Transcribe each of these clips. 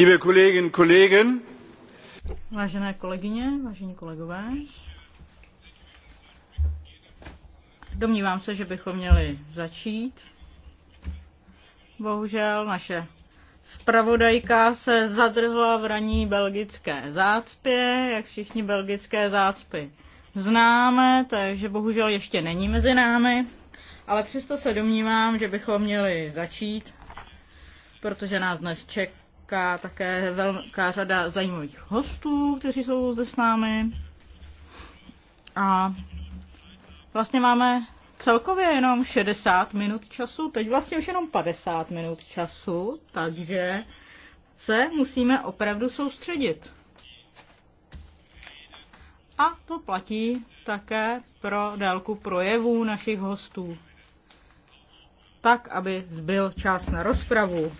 Liebe Kolleginnen Kollegen. Vážené kolegyně, vážení kolegové. Domnívám se, že bychom měli začít. Bohužel naše Spravodajka se zadrhla v raní belgické zácpě, jak všichni belgické zácpy známe, takže bohužel ještě není mezi námi, ale přesto se domnívám, že bychom měli začít, protože nás dnes čeká čeká také velká řada zajímavých hostů, kteří jsou zde s námi. A vlastně máme celkově jenom 60 minut času, teď vlastně už jenom 50 minut času, takže se musíme opravdu soustředit. A to platí také pro délku projevů našich hostů. Tak, aby zbyl čas na rozpravu.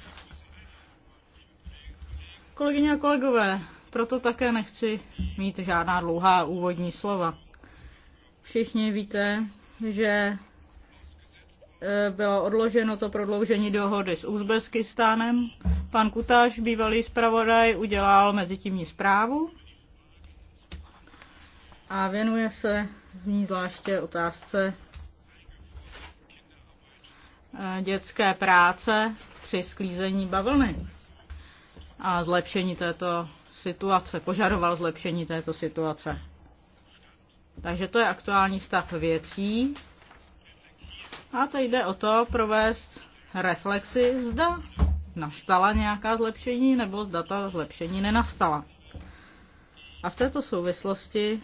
Kolegyně a kolegové, proto také nechci mít žádná dlouhá úvodní slova. Všichni víte, že e, bylo odloženo to prodloužení dohody s Uzbekistánem. Pan Kutáš, bývalý zpravodaj, udělal mezitímní zprávu a věnuje se z ní zvláště otázce e, dětské práce při sklízení bavlny a zlepšení této situace, požadoval zlepšení této situace. Takže to je aktuální stav věcí. A to jde o to provést reflexy, zda nastala nějaká zlepšení nebo zda ta zlepšení nenastala. A v této souvislosti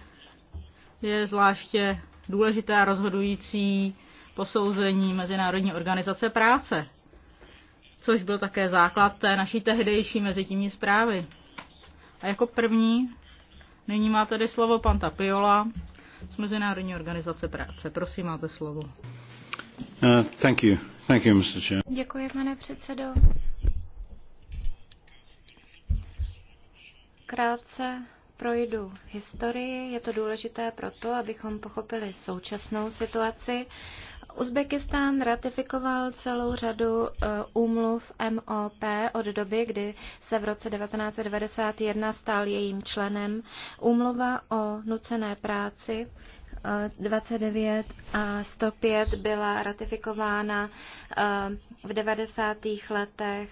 je zvláště důležité a rozhodující posouzení Mezinárodní organizace práce, což byl také základ té naší tehdejší mezitímní zprávy. A jako první nyní má tedy slovo pan Tapiola z Mezinárodní organizace práce. Prosím, máte slovo. Uh, thank you. Thank you, Mr. Chair. Děkuji, pane předsedo. Krátce projdu historii. Je to důležité proto, abychom pochopili současnou situaci. Uzbekistán ratifikoval celou řadu eh, úmluv MOP od doby, kdy se v roce 1991 stal jejím členem. Úmluva o nucené práci 29 eh, a 105 byla ratifikována eh, v 90. letech.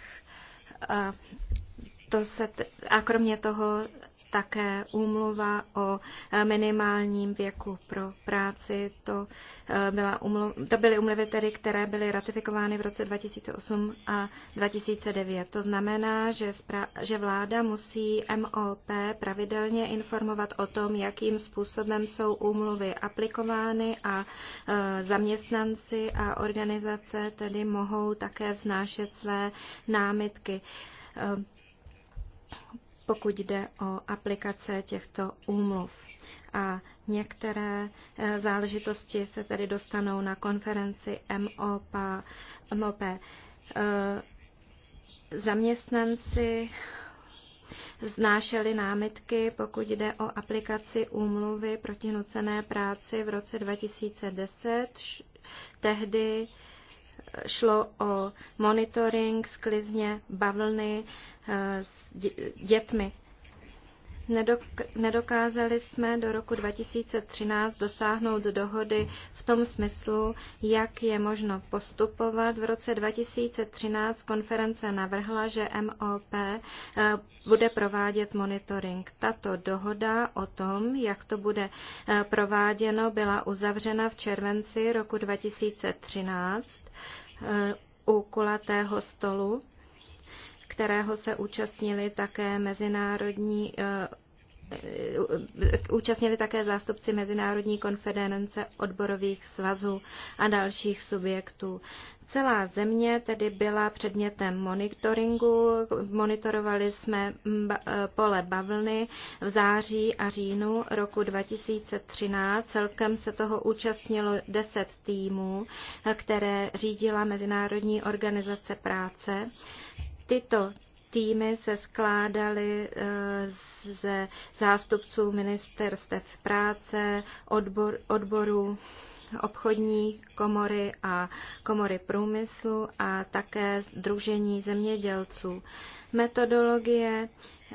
To se t- a kromě toho také úmluva o eh, minimálním věku pro práci. To, eh, byla umluv, to byly umluvy tedy, které byly ratifikovány v roce 2008 a 2009. To znamená, že, spra, že vláda musí MOP pravidelně informovat o tom, jakým způsobem jsou úmluvy aplikovány a eh, zaměstnanci a organizace tedy mohou také vznášet své námitky pokud jde o aplikace těchto úmluv. A některé eh, záležitosti se tedy dostanou na konferenci MOP. MOP. Eh, zaměstnanci znášeli námitky, pokud jde o aplikaci úmluvy proti nucené práci v roce 2010. Tehdy šlo o monitoring sklizně bavlny eh, s dětmi. Nedokázali jsme do roku 2013 dosáhnout dohody v tom smyslu, jak je možno postupovat. V roce 2013 konference navrhla, že MOP eh, bude provádět monitoring. Tato dohoda o tom, jak to bude eh, prováděno, byla uzavřena v červenci roku 2013 eh, u kulatého stolu kterého se účastnili také mezinárodní eh, eh, účastnili také zástupci Mezinárodní konfederace odborových svazů a dalších subjektů. Celá země tedy byla předmětem monitoringu. Monitorovali jsme mm, eh, pole bavlny v září a říjnu roku 2013. Celkem se toho účastnilo 10 týmů, které řídila Mezinárodní organizace práce. Tyto týmy se skládaly eh, ze zástupců ministerstev práce, odbor, odborů obchodní komory a komory průmyslu a také Združení zemědělců. Metodologie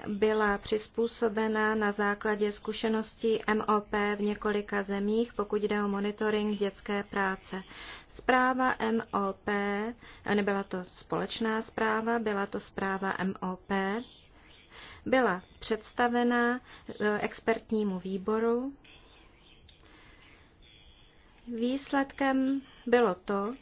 byla přizpůsobena na základě zkušeností MOP v několika zemích, pokud jde o monitoring dětské práce. Zpráva MOP, nebyla to společná zpráva, byla to zpráva MOP, byla představena eh, expertnímu výboru Výsledkem bylo to,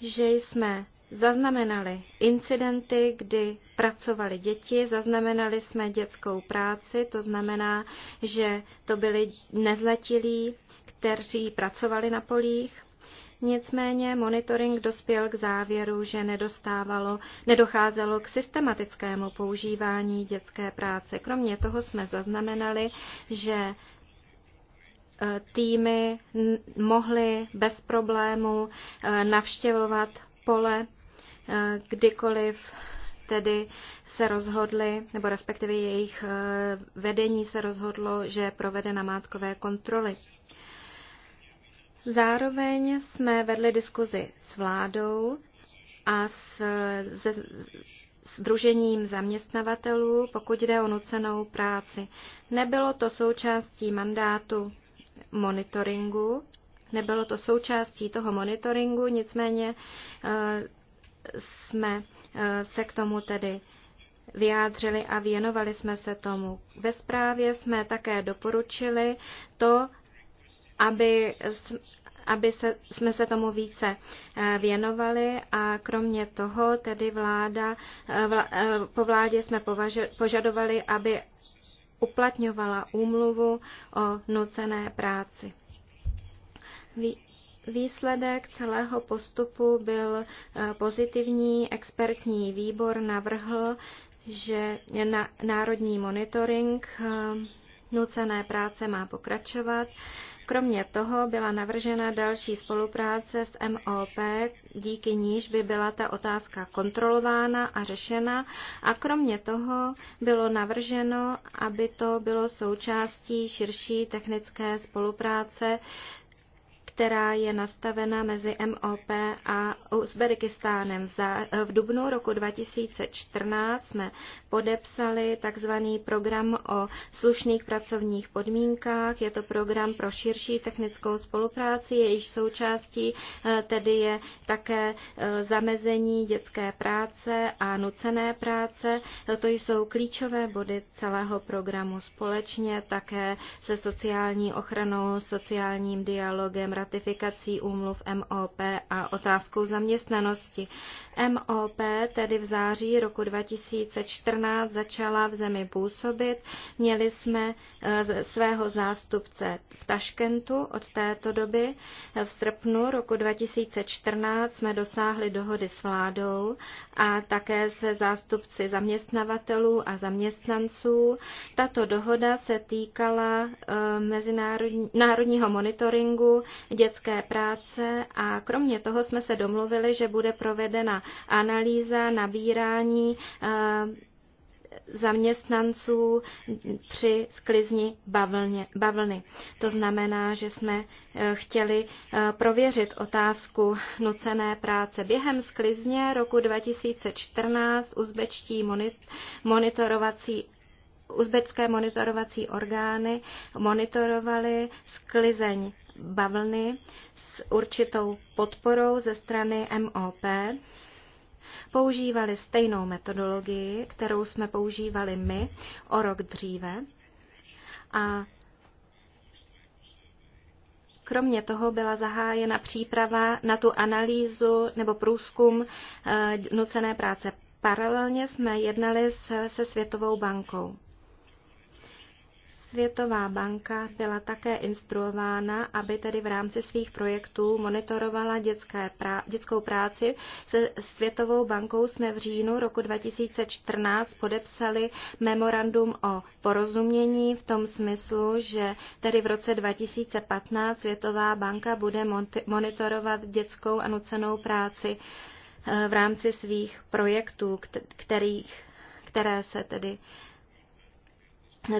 že jsme zaznamenali incidenty, kdy pracovali děti, zaznamenali jsme dětskou práci, to znamená, že to byli nezletilí, kteří pracovali na polích. Nicméně monitoring dospěl k závěru, že nedostávalo, nedocházelo k systematickému používání dětské práce. Kromě toho jsme zaznamenali, že týmy mohly bez problému eh, navštěvovat pole, eh, kdykoliv tedy se rozhodli, nebo respektive jejich eh, vedení se rozhodlo, že provede namátkové kontroly. Zároveň jsme vedli diskuzi s vládou a s, se Združením zaměstnavatelů, pokud jde o nucenou práci. Nebylo to součástí mandátu monitoringu. Nebylo to součástí toho monitoringu, nicméně eh, jsme eh, se k tomu tedy vyjádřili a věnovali jsme se tomu. Ve zprávě jsme také doporučili to, aby, aby se, jsme se tomu více eh, věnovali a kromě toho tedy vláda, vla, po vládě jsme považ, požadovali, aby uplatňovala úmluvu o nucené práci. Výsledek celého postupu byl eh, pozitivní. Expertní výbor navrhl, že národní monitoring eh, nucené práce má pokračovat. Kromě toho byla navržena další spolupráce s MOP, díky níž by byla ta otázka kontrolována a řešena. A kromě toho bylo navrženo, aby to bylo součástí širší technické spolupráce která je nastavena mezi MOP a Uzbekistánem. V dubnu roku 2014 jsme podepsali takzvaný program o slušných pracovních podmínkách. Je to program pro širší technickou spolupráci, jejíž součástí eh, tedy je také eh, zamezení dětské práce a nucené práce. Eh, to jsou klíčové body celého programu společně také se sociální ochranou, sociálním dialogem, ratifikací úmluv MOP a otázkou zaměstnanosti. MOP tedy v září roku 2014 začala v zemi působit. Měli jsme eh, svého zástupce v Taškentu od této doby. Eh, v srpnu roku 2014 jsme dosáhli dohody s vládou a také se zástupci zaměstnavatelů a zaměstnanců. Tato dohoda se týkala eh, mezinárodního národního monitoringu dětské práce a kromě toho jsme se domluvili, že bude provedena analýza nabírání eh, zaměstnanců při sklizni bavlně, bavlny. To znamená, že jsme eh, chtěli eh, prověřit otázku nucené práce. Během sklizně roku 2014 uzbečtí monitorovací uzbecké monitorovací orgány monitorovaly sklizeň bavlny s určitou podporou ze strany MOP. Používali stejnou metodologii, kterou jsme používali my o rok dříve. A kromě toho byla zahájena příprava na tu analýzu nebo průzkum eh, nucené práce. Paralelně jsme jednali se, se Světovou bankou. Světová banka byla také instruována, aby tedy v rámci svých projektů monitorovala dětské prá- dětskou práci. Se Světovou bankou jsme v říjnu roku 2014 podepsali memorandum o porozumění v tom smyslu, že tedy v roce 2015 Světová banka bude monitorovat dětskou a nucenou práci eh, v rámci svých projektů, kterých, které se tedy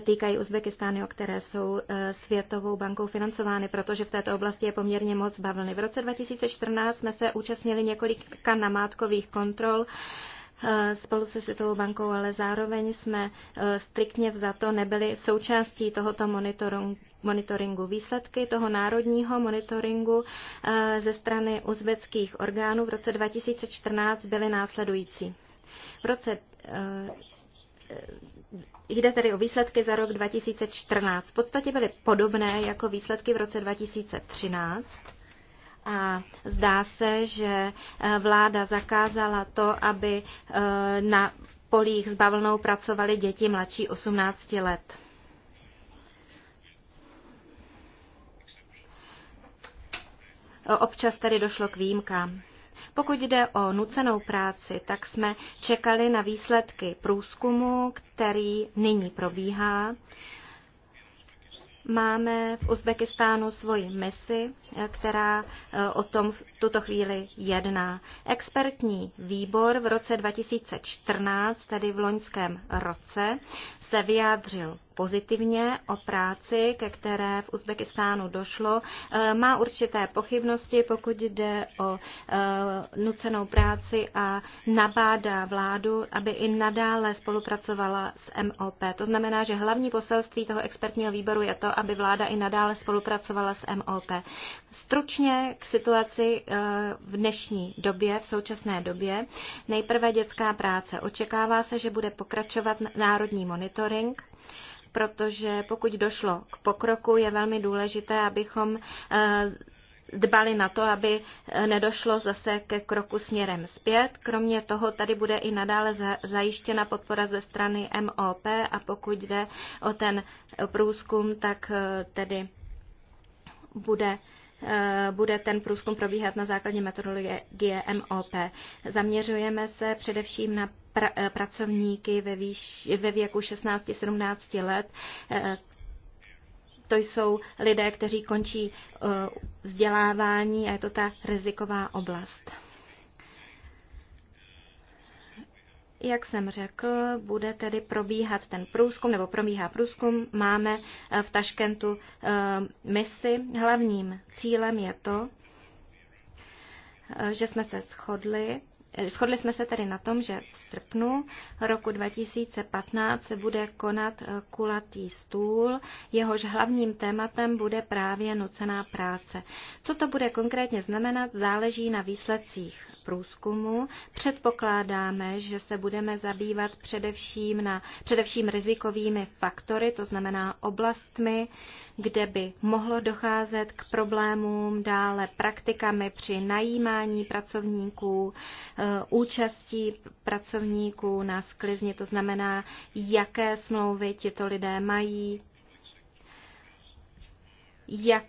týkají Uzbekistánu, které jsou e, Světovou bankou financovány, protože v této oblasti je poměrně moc bavlny. V roce 2014 jsme se účastnili několika namátkových kontrol e, spolu se Světovou bankou, ale zároveň jsme e, striktně vzato nebyli součástí tohoto monitoringu. Výsledky toho národního monitoringu ze strany uzbeckých orgánů v roce 2014 byly následující. V roce Jde tedy o výsledky za rok 2014. V podstatě byly podobné jako výsledky v roce 2013. A zdá se, že eh, vláda zakázala to, aby eh, na polích s bavlnou pracovali děti mladší 18 let. Občas tady došlo k výjimkám. Pokud jde o nucenou práci, tak jsme čekali na výsledky průzkumu, který nyní probíhá. Máme v Uzbekistánu svoji misi, která eh, o tom v tuto chvíli jedná. Expertní výbor v roce 2014, tedy v loňském roce, se vyjádřil pozitivně o práci, ke které v Uzbekistánu došlo. Eh, má určité pochybnosti, pokud jde o eh, nucenou práci a nabádá vládu, aby i nadále spolupracovala s MOP. To znamená, že hlavní poselství toho expertního výboru je to, aby vláda i nadále spolupracovala s MOP. Stručně k situaci eh, v dnešní době, v současné době. Nejprve dětská práce. Očekává se, že bude pokračovat národní monitoring protože pokud došlo k pokroku, je velmi důležité, abychom eh, dbali na to, aby eh, nedošlo zase ke kroku směrem zpět. Kromě toho tady bude i nadále zajištěna podpora ze strany MOP a pokud jde o ten průzkum, tak eh, tedy bude Eh, bude ten průzkum probíhat na základě metodologie MOP. Zaměřujeme se především na pra- eh, pracovníky ve, výš- ve věku 16-17 let, eh, to jsou lidé, kteří končí vzdělávání a je to ta riziková oblast. Jak jsem řekl, bude tedy probíhat ten průzkum, nebo probíhá průzkum. Máme eh, v Taškentu eh, misi. Hlavním cílem je to, eh, že jsme se shodli, Shodli jsme se tedy na tom, že v srpnu roku 2015 se bude konat kulatý stůl, jehož hlavním tématem bude právě nucená práce. Co to bude konkrétně znamenat, záleží na výsledcích průzkumu. Předpokládáme, že se budeme zabývat především, na, především rizikovými faktory, to znamená oblastmi, kde by mohlo docházet k problémům, dále praktikami při najímání pracovníků, eh, účastí pracovníků na sklizni, to znamená, jaké smlouvy tito lidé mají, jak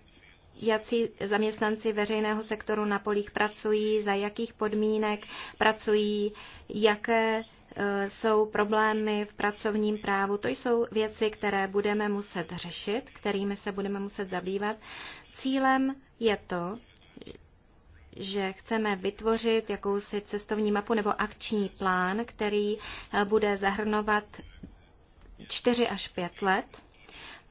jací zaměstnanci veřejného sektoru na polích pracují, za jakých podmínek pracují, jaké e, jsou problémy v pracovním právu. To jsou věci, které budeme muset řešit, kterými se budeme muset zabývat. Cílem je to, že chceme vytvořit jakousi cestovní mapu nebo akční plán, který e, bude zahrnovat 4 až 5 let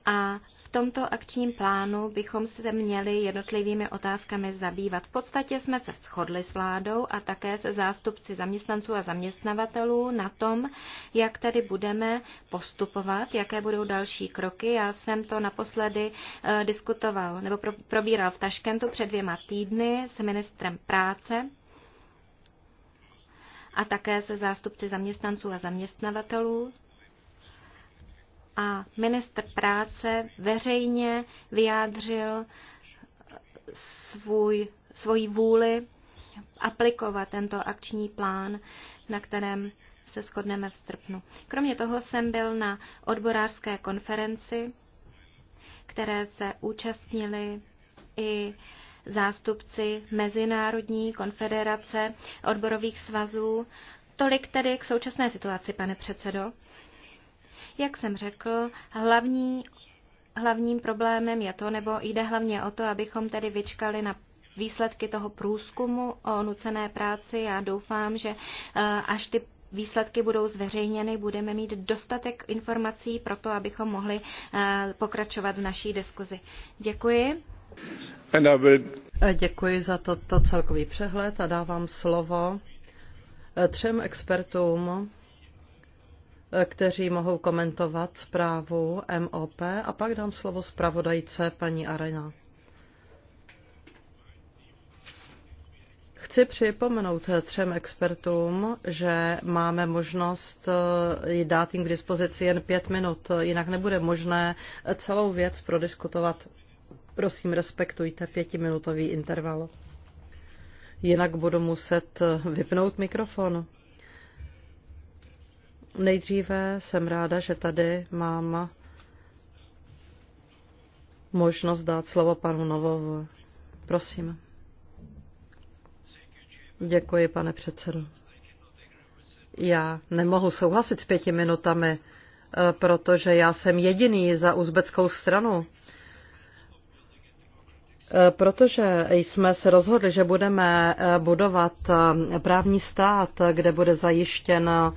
a tomto akčním plánu bychom se měli jednotlivými otázkami zabývat. V podstatě jsme se shodli s vládou a také se zástupci zaměstnanců a zaměstnavatelů na tom, jak tedy budeme postupovat, jaké budou další kroky. Já jsem to naposledy eh, diskutoval nebo probíral v Taškentu před dvěma týdny s ministrem práce a také se zástupci zaměstnanců a zaměstnavatelů a ministr práce veřejně vyjádřil svůj, svoji vůli aplikovat tento akční plán, na kterém se shodneme v srpnu. Kromě toho jsem byl na odborářské konferenci, které se účastnili i zástupci Mezinárodní konfederace odborových svazů. Tolik tedy k současné situaci, pane předsedo. Jak jsem řekl, hlavní, hlavním problémem je to, nebo jde hlavně o to, abychom tedy vyčkali na výsledky toho průzkumu o nucené práci. Já doufám, že eh, až ty výsledky budou zveřejněny, budeme mít dostatek informací pro to, abychom mohli eh, pokračovat v naší diskuzi. Děkuji. Eh, děkuji za toto celkový přehled a dávám slovo třem expertům kteří mohou komentovat zprávu MOP a pak dám slovo zpravodajce paní Arena. Chci připomenout třem expertům, že máme možnost eh, dát jim k dispozici jen pět minut, jinak nebude možné celou věc prodiskutovat. Prosím, respektujte pětiminutový interval. Jinak budu muset vypnout mikrofon. Nejdříve jsem ráda, že tady mám možnost dát slovo panu Novovu. Prosím. Děkuji, pane předsedo. Já nemohu souhlasit s pěti minutami, eh, protože já jsem jediný za uzbeckou stranu Eh, protože jsme se rozhodli, že budeme eh, budovat eh, právní stát, kde bude zajištěna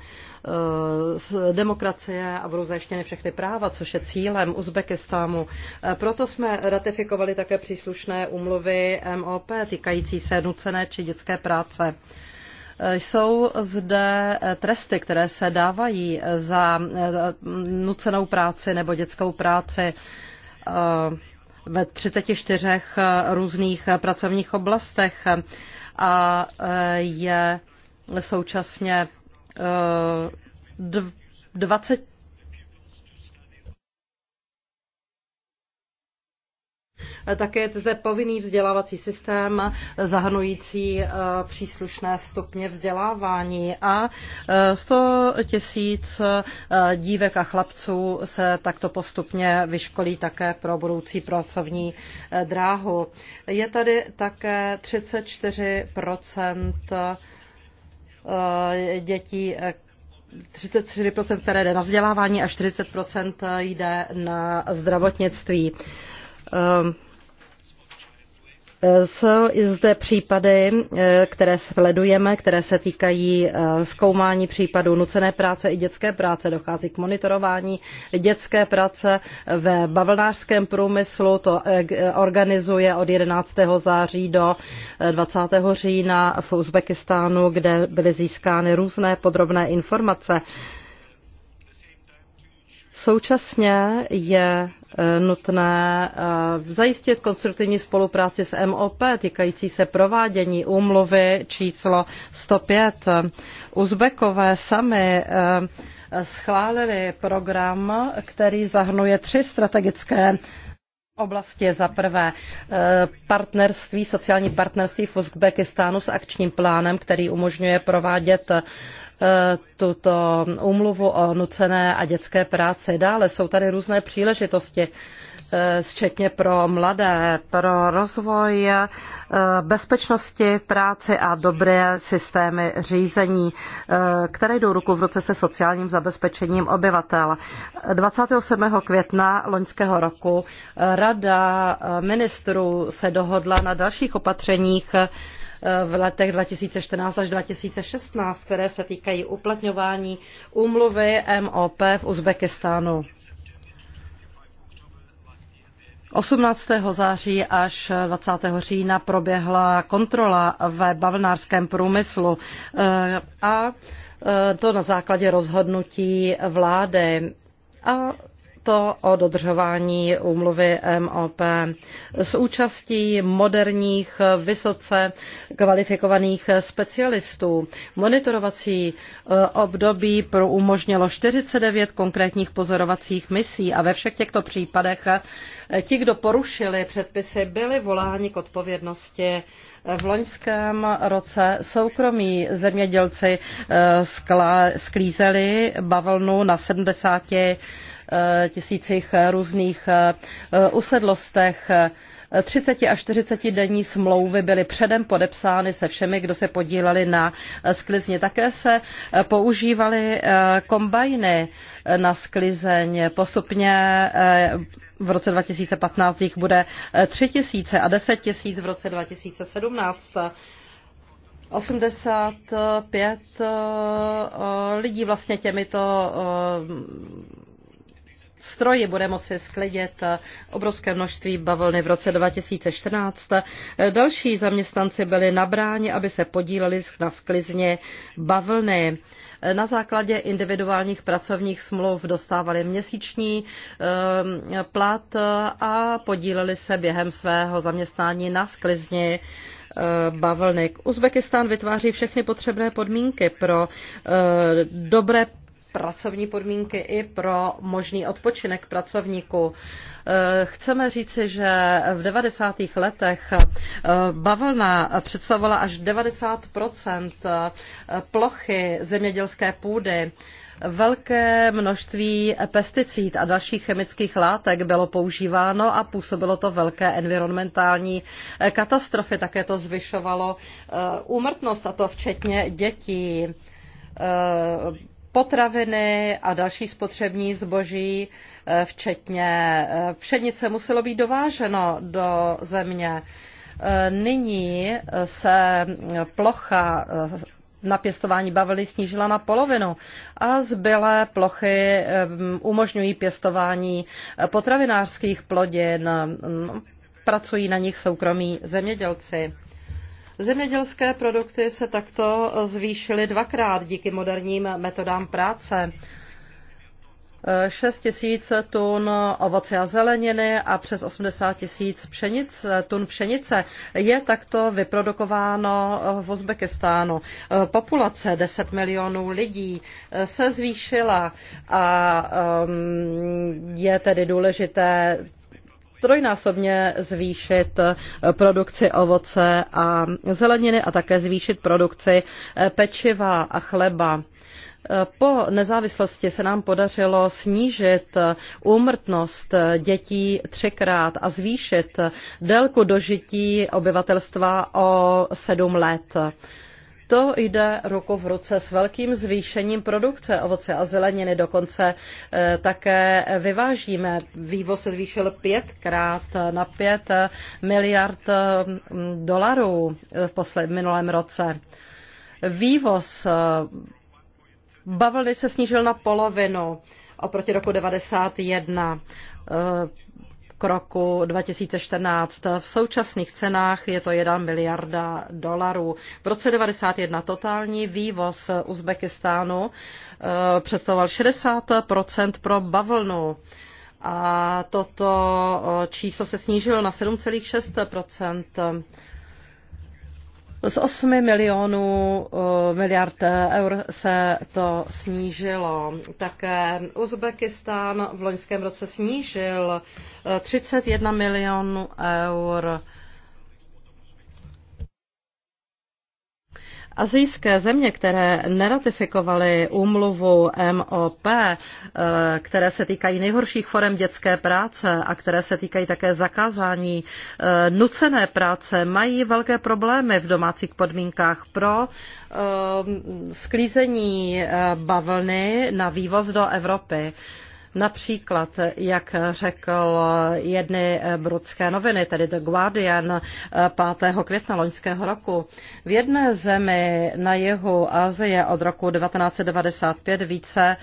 demokracie a budou zajištěny všechny práva, což je cílem Uzbekistánu. Proto jsme ratifikovali také příslušné umluvy MOP týkající se nucené či dětské práce. Jsou zde tresty, které se dávají za nucenou práci nebo dětskou práci ve 34 eh, různých eh, pracovních oblastech eh, a je současně 20 Eh, také je zde povinný vzdělávací systém eh, zahrnující eh, příslušné stupně vzdělávání a 100 tisíc dívek a chlapců se takto postupně vyškolí také pro budoucí pracovní dráhu. Je tady také 34 dětí, 33%, které jde na vzdělávání a 40% jde na zdravotnictví. Jsou zde případy, eh, které sledujeme, které se týkají eh, zkoumání případů nucené práce i dětské práce. Dochází k monitorování dětské práce ve bavlnářském průmyslu. To eh, organizuje od 11. září do 20. října v Uzbekistánu, kde byly získány různé podrobné informace Současně je e, nutné e, zajistit konstruktivní spolupráci s MOP týkající se provádění úmluvy číslo 105. Uzbekové sami e, schválili program, který zahrnuje tři strategické oblasti. Za prvé partnerství, sociální partnerství v Uzbekistánu s akčním plánem, který umožňuje provádět E, tuto úmluvu o nucené a dětské práci. Dále jsou tady různé příležitosti e, včetně pro mladé, pro rozvoj e, bezpečnosti práci a dobré systémy řízení, které jdou ruku v ruce se sociálním zabezpečením obyvatel. 27. května loňského roku Rada ministrů se dohodla na dalších opatřeních v letech 2014 až 2016, které se týkají uplatňování úmluvy MOP v Uzbekistánu. 18. září až 20. října proběhla kontrola ve bavlnářském průmyslu eh, a eh, to na základě rozhodnutí vlády. A to o dodržování úmluvy MOP s účastí moderních, vysoce kvalifikovaných specialistů. Monitorovací eh, období pro umožnilo 49 konkrétních pozorovacích misí a ve všech těchto případech eh, ti, kdo porušili předpisy, byli voláni k odpovědnosti eh, v loňském roce soukromí zemědělci sklízeli bavlnu na 70 Eh, tisících eh, různých eh, usedlostech. 30 až 40 denní smlouvy byly předem podepsány se všemi, kdo se podíleli na sklizni. Také se používaly kombajny na sklizeň. Postupně v roce 2015 jich bude 3 tisíce a 10 tisíc v roce 2017. 85 lidí vlastně těmito Stroje bude moci sklidit eh, obrovské množství bavlny v roce 2014. Eh, další zaměstnanci byli nabráni, aby se podíleli na sklizně bavlny. Eh, na základě individuálních pracovních smluv dostávali měsíční plat a podíleli se během svého zaměstnání na sklizni bavlny. Uzbekistán vytváří všechny potřebné podmínky pro dobré pracovní podmínky i pro možný odpočinek pracovníků. Eh, chceme říci, že v 90. letech eh, bavlna představovala až 90 eh, plochy zemědělské půdy. Velké množství pesticid a dalších chemických látek bylo používáno a působilo to velké environmentální katastrofy. Také to zvyšovalo úmrtnost, a to včetně dětí potraviny a další spotřební zboží, eh, včetně eh, pšenice, muselo být dováženo do země. Eh, nyní se plocha na pěstování bavlny snížila na polovinu a zbylé plochy umožňují pěstování potravinářských plodin. Mm, pracují na nich soukromí zemědělci. Zemědělské produkty se takto zvýšily dvakrát díky moderním metodám práce. 6 tisíc tun ovoce a zeleniny a přes 80 tisíc pšenic, tun pšenice je takto vyprodukováno v Uzbekistánu. Populace 10 milionů lidí se zvýšila a um, je tedy důležité trojnásobně zvýšit eh, produkci ovoce a zeleniny a také zvýšit produkci eh, pečiva a chleba. Eh, po nezávislosti se nám podařilo snížit úmrtnost dětí třikrát a zvýšit délku dožití obyvatelstva o sedm let. To jde ruku v ruce s velkým zvýšením produkce ovoce a zeleniny. Dokonce eh, také vyvážíme. Vývoz se zvýšil pětkrát na pět eh, miliard eh, dolarů v posled, minulém roce. Vývoz bavlny se snížil na polovinu oproti roku 1991 roku 2014. V současných cenách je to 1 miliarda dolarů. V roce 1991 totální vývoz Uzbekistánu eh, představoval 60 pro bavlnu a toto eh, číslo se snížilo na 7,6 z 8 milionů eh, miliard eur se to snížilo. Také Uzbekistán v loňském roce snížil 31 eh, milionů eur Azijské země, které neratifikovaly úmluvu MOP, eh, které se týkají nejhorších forem dětské práce a které se týkají také zakázání eh, nucené práce, mají velké problémy v domácích podmínkách pro eh, sklízení bavlny na vývoz do Evropy. Například, jak řekl jedny brudské noviny, tedy The Guardian 5. května loňského roku, v jedné zemi na jihu Asie od roku 1995 více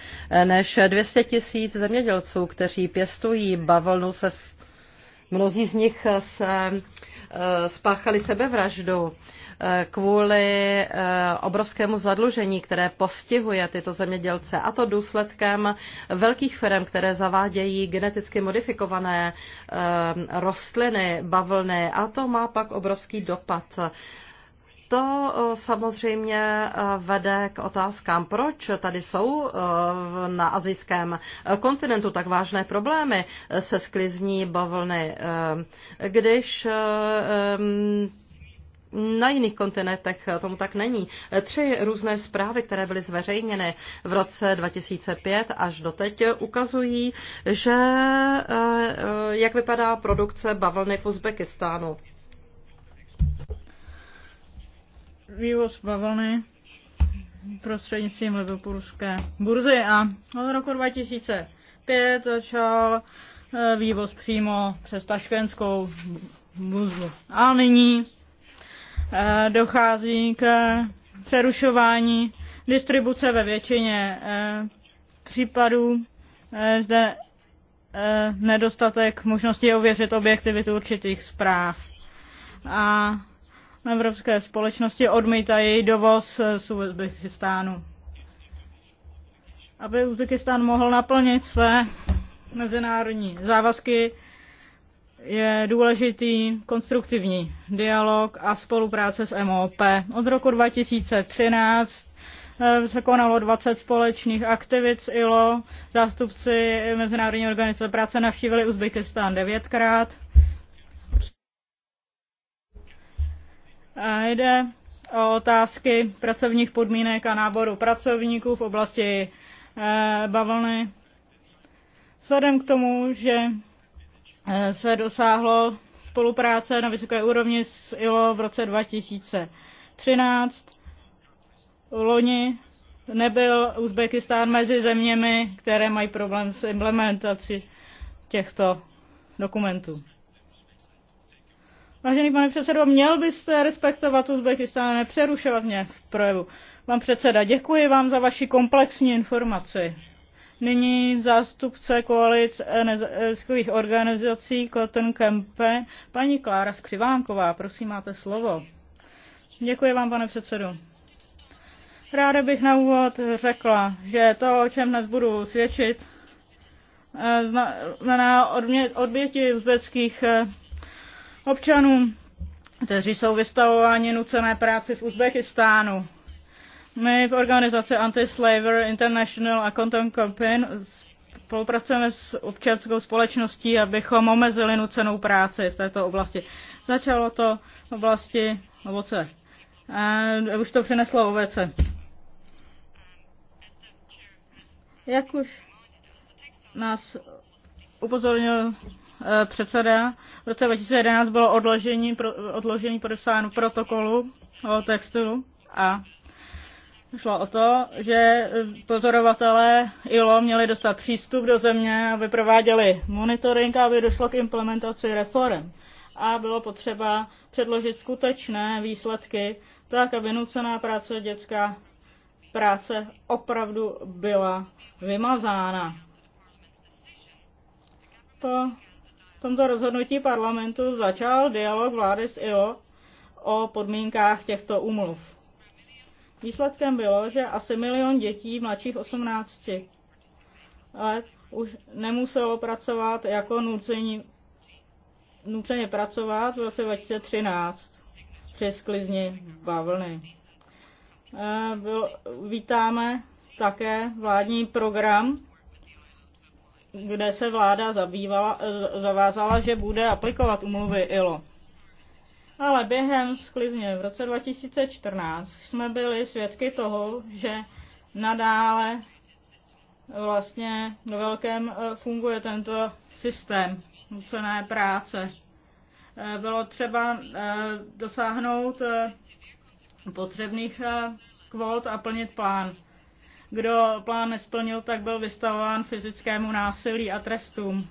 než 200 tisíc zemědělců, kteří pěstují bavlnu, se mnozí z nich se eh, spáchali sebevraždu kvůli eh, obrovskému zadlužení, které postihuje tyto zemědělce, a to důsledkem velkých firm, které zavádějí geneticky modifikované eh, rostliny, bavlny, a to má pak obrovský dopad. To eh, samozřejmě vede k otázkám, proč tady jsou na azijském kontinentu tak vážné problémy se sklizní bavlny, když na jiných kontinentech tomu tak není. Tři různé zprávy, které byly zveřejněny v roce 2005 až doteď, ukazují, že eh, jak vypadá produkce bavlny v Uzbekistánu. Vývoz bavlny prostřednictvím Liverpoolské burzy a od roku 2005 začal eh, vývoz přímo přes Taškenskou burzu. A nyní Eh, dochází k eh, přerušování distribuce ve většině eh, případů. Zde nedostatek možnosti ověřit objektivitu určitých zpráv. A evropské společnosti odmítají dovoz z Uzbekistánu. Aby Uzbekistán mohl naplnit své mezinárodní závazky, je důležitý konstruktivní dialog a spolupráce s MOP. Od roku 2013 eh, se konalo 20 společných aktivit s ILO. Zástupci Mezinárodní organizace práce navštívili Uzbekistán devětkrát. A jde o otázky pracovních podmínek a náboru pracovníků v oblasti eh, bavlny. Vzhledem k tomu, že Eh, se dosáhlo spolupráce na vysoké úrovni s ILO v roce 2013. Loni nebyl Uzbekistán mezi zeměmi, které mají problém s implementací těchto dokumentů. Vážený pane předsedo, měl byste respektovat Uzbekistán a nepřerušovat mě v projevu. Pan předseda, děkuji vám za vaši komplexní informaci. Nyní zástupce koalic eh, neziskových eh, organizací Cotton Campaign, paní Klára Skřivánková, prosím, máte slovo. Děkuji vám, pane předsedu. Ráda bych na úvod řekla, že to, o čem dnes budu svědčit, eh, znamená odběti uzbeckých občanů, kteří jsou vystavováni nucené práci v Uzbekistánu. My v organizaci Anti-Slaver International a Content Campaign spolupracujeme s občanskou společností, abychom omezili nucenou práci v této oblasti. Začalo to v oblasti ovoce. A už to přineslo ovoce. Jak už nás upozornil eh, předseda, v roce 2011 bylo odložení, odložení podepsáno protokolu o textilu a Šlo o to, že pozorovatelé ILO měli dostat přístup do země, aby prováděli monitoring a aby došlo k implementaci reform. A bylo potřeba předložit skutečné výsledky, tak aby nucená práce dětská práce opravdu byla vymazána. Po tomto rozhodnutí parlamentu začal dialog vlády s ILO o podmínkách těchto umluv. Výsledkem bylo, že asi milion dětí mladších 18 let už nemuselo pracovat jako nucení, nuceně pracovat v roce 2013 při sklizni bavlny. Eh, bylo, vítáme také vládní program, kde se vláda zabývala, eh, zavázala, že bude aplikovat umluvy ILO. Ale během sklizně v roce 2014 jsme byli svědky toho, že nadále vlastně do velkém eh, funguje tento systém nucené práce. Eh, bylo třeba eh, dosáhnout potřebných kvót a plnit plán. Kdo plán nesplnil, tak byl vystavován fyzickému násilí a trestům.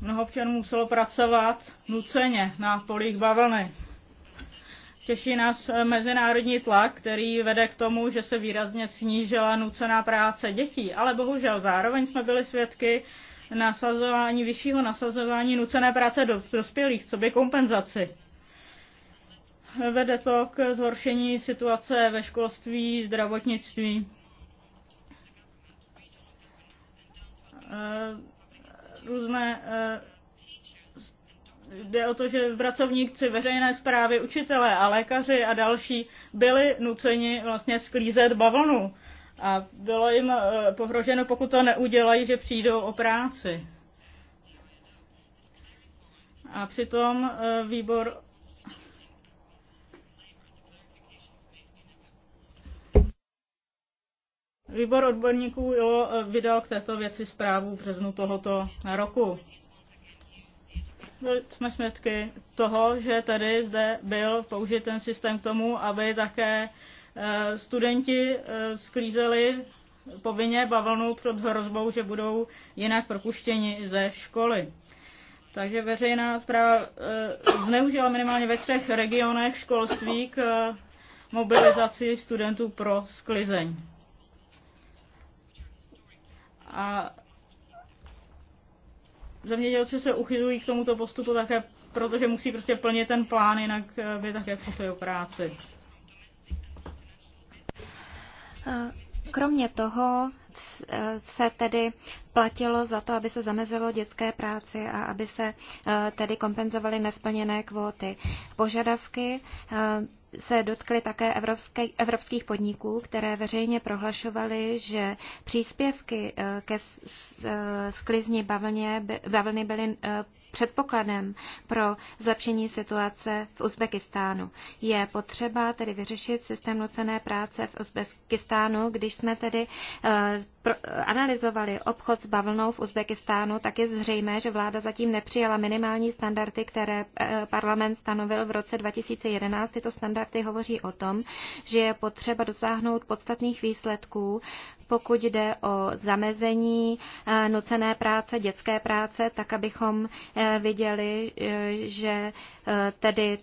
Mnoho občanů muselo pracovat nuceně na polích bavlny. Těší nás eh, mezinárodní tlak, který vede k tomu, že se výrazně snížila nucená práce dětí, ale bohužel zároveň jsme byli svědky nasazování, vyššího nasazování nucené práce do dospělých, co by kompenzaci. Vede to k zhoršení situace ve školství, zdravotnictví. E různé eh, jde o to, že pracovníci veřejné zprávy, učitelé a lékaři a další byli nuceni vlastně sklízet bavlnu. A bylo jim eh, pohroženo, pokud to neudělají, že přijdou o práci. A přitom eh, výbor Výbor odborníků ILO vydal k této věci zprávu v březnu tohoto roku. Byli jsme svědky toho, že tady zde byl použit ten systém k tomu, aby také eh, studenti eh, sklízeli povinně bavlnu před hrozbou, že budou jinak propuštěni ze školy. Takže veřejná zpráva eh, zneužila minimálně ve třech regionech školství k mobilizaci studentů pro sklizeň. A zemědělci se uchylují k tomuto postupu také, protože musí prostě plnit ten plán, jinak by eh, také přišli o práci. Eh, kromě toho eh, se tedy platilo za to, aby se zamezilo dětské práci a aby se eh, tedy kompenzovaly nesplněné kvóty. Požadavky eh, se dotkly také evropské, evropských podniků, které veřejně prohlašovaly, že příspěvky eh, ke sklizni bavlně, bavlny byly předpokladem pro zlepšení situace v Uzbekistánu. Je potřeba tedy vyřešit systém nucené práce v Uzbekistánu, když jsme tedy analyzovali obchod s bavlnou v Uzbekistánu, tak je zřejmé, že vláda zatím nepřijala minimální standardy, které eh, parlament stanovil v roce 2011. Tyto standardy hovoří o tom, že je potřeba dosáhnout podstatných výsledků, pokud jde o zamezení eh, nucené práce, dětské práce, tak abychom eh, viděli, že tedy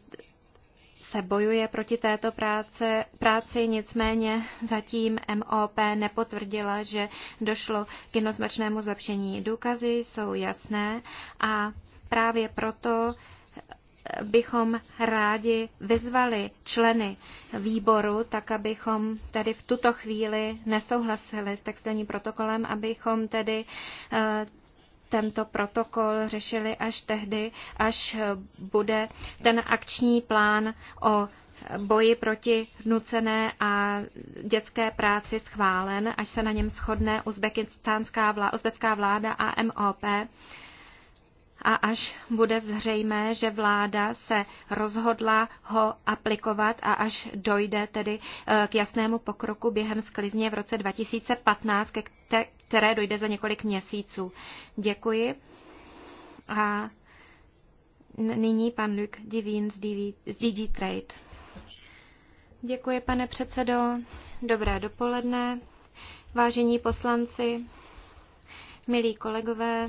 se bojuje proti této práce, práci, nicméně zatím MOP nepotvrdila, že došlo k jednoznačnému zlepšení. Důkazy jsou jasné a právě proto bychom rádi vyzvali členy výboru, tak abychom tedy v tuto chvíli nesouhlasili s textilním protokolem, abychom tedy eh, tento protokol řešili až tehdy, až bude ten akční plán o boji proti nucené a dětské práci schválen, až se na něm shodne uzbekistánská vláda, uzbecká vláda a MOP a až bude zřejmé, že vláda se rozhodla ho aplikovat a až dojde tedy eh, k jasnému pokroku během sklizně v roce 2015, které dojde za několik měsíců. Děkuji. A nyní pan Luc Divín z DG Trade. Děkuji, pane předsedo. Dobré dopoledne. Vážení poslanci, milí kolegové,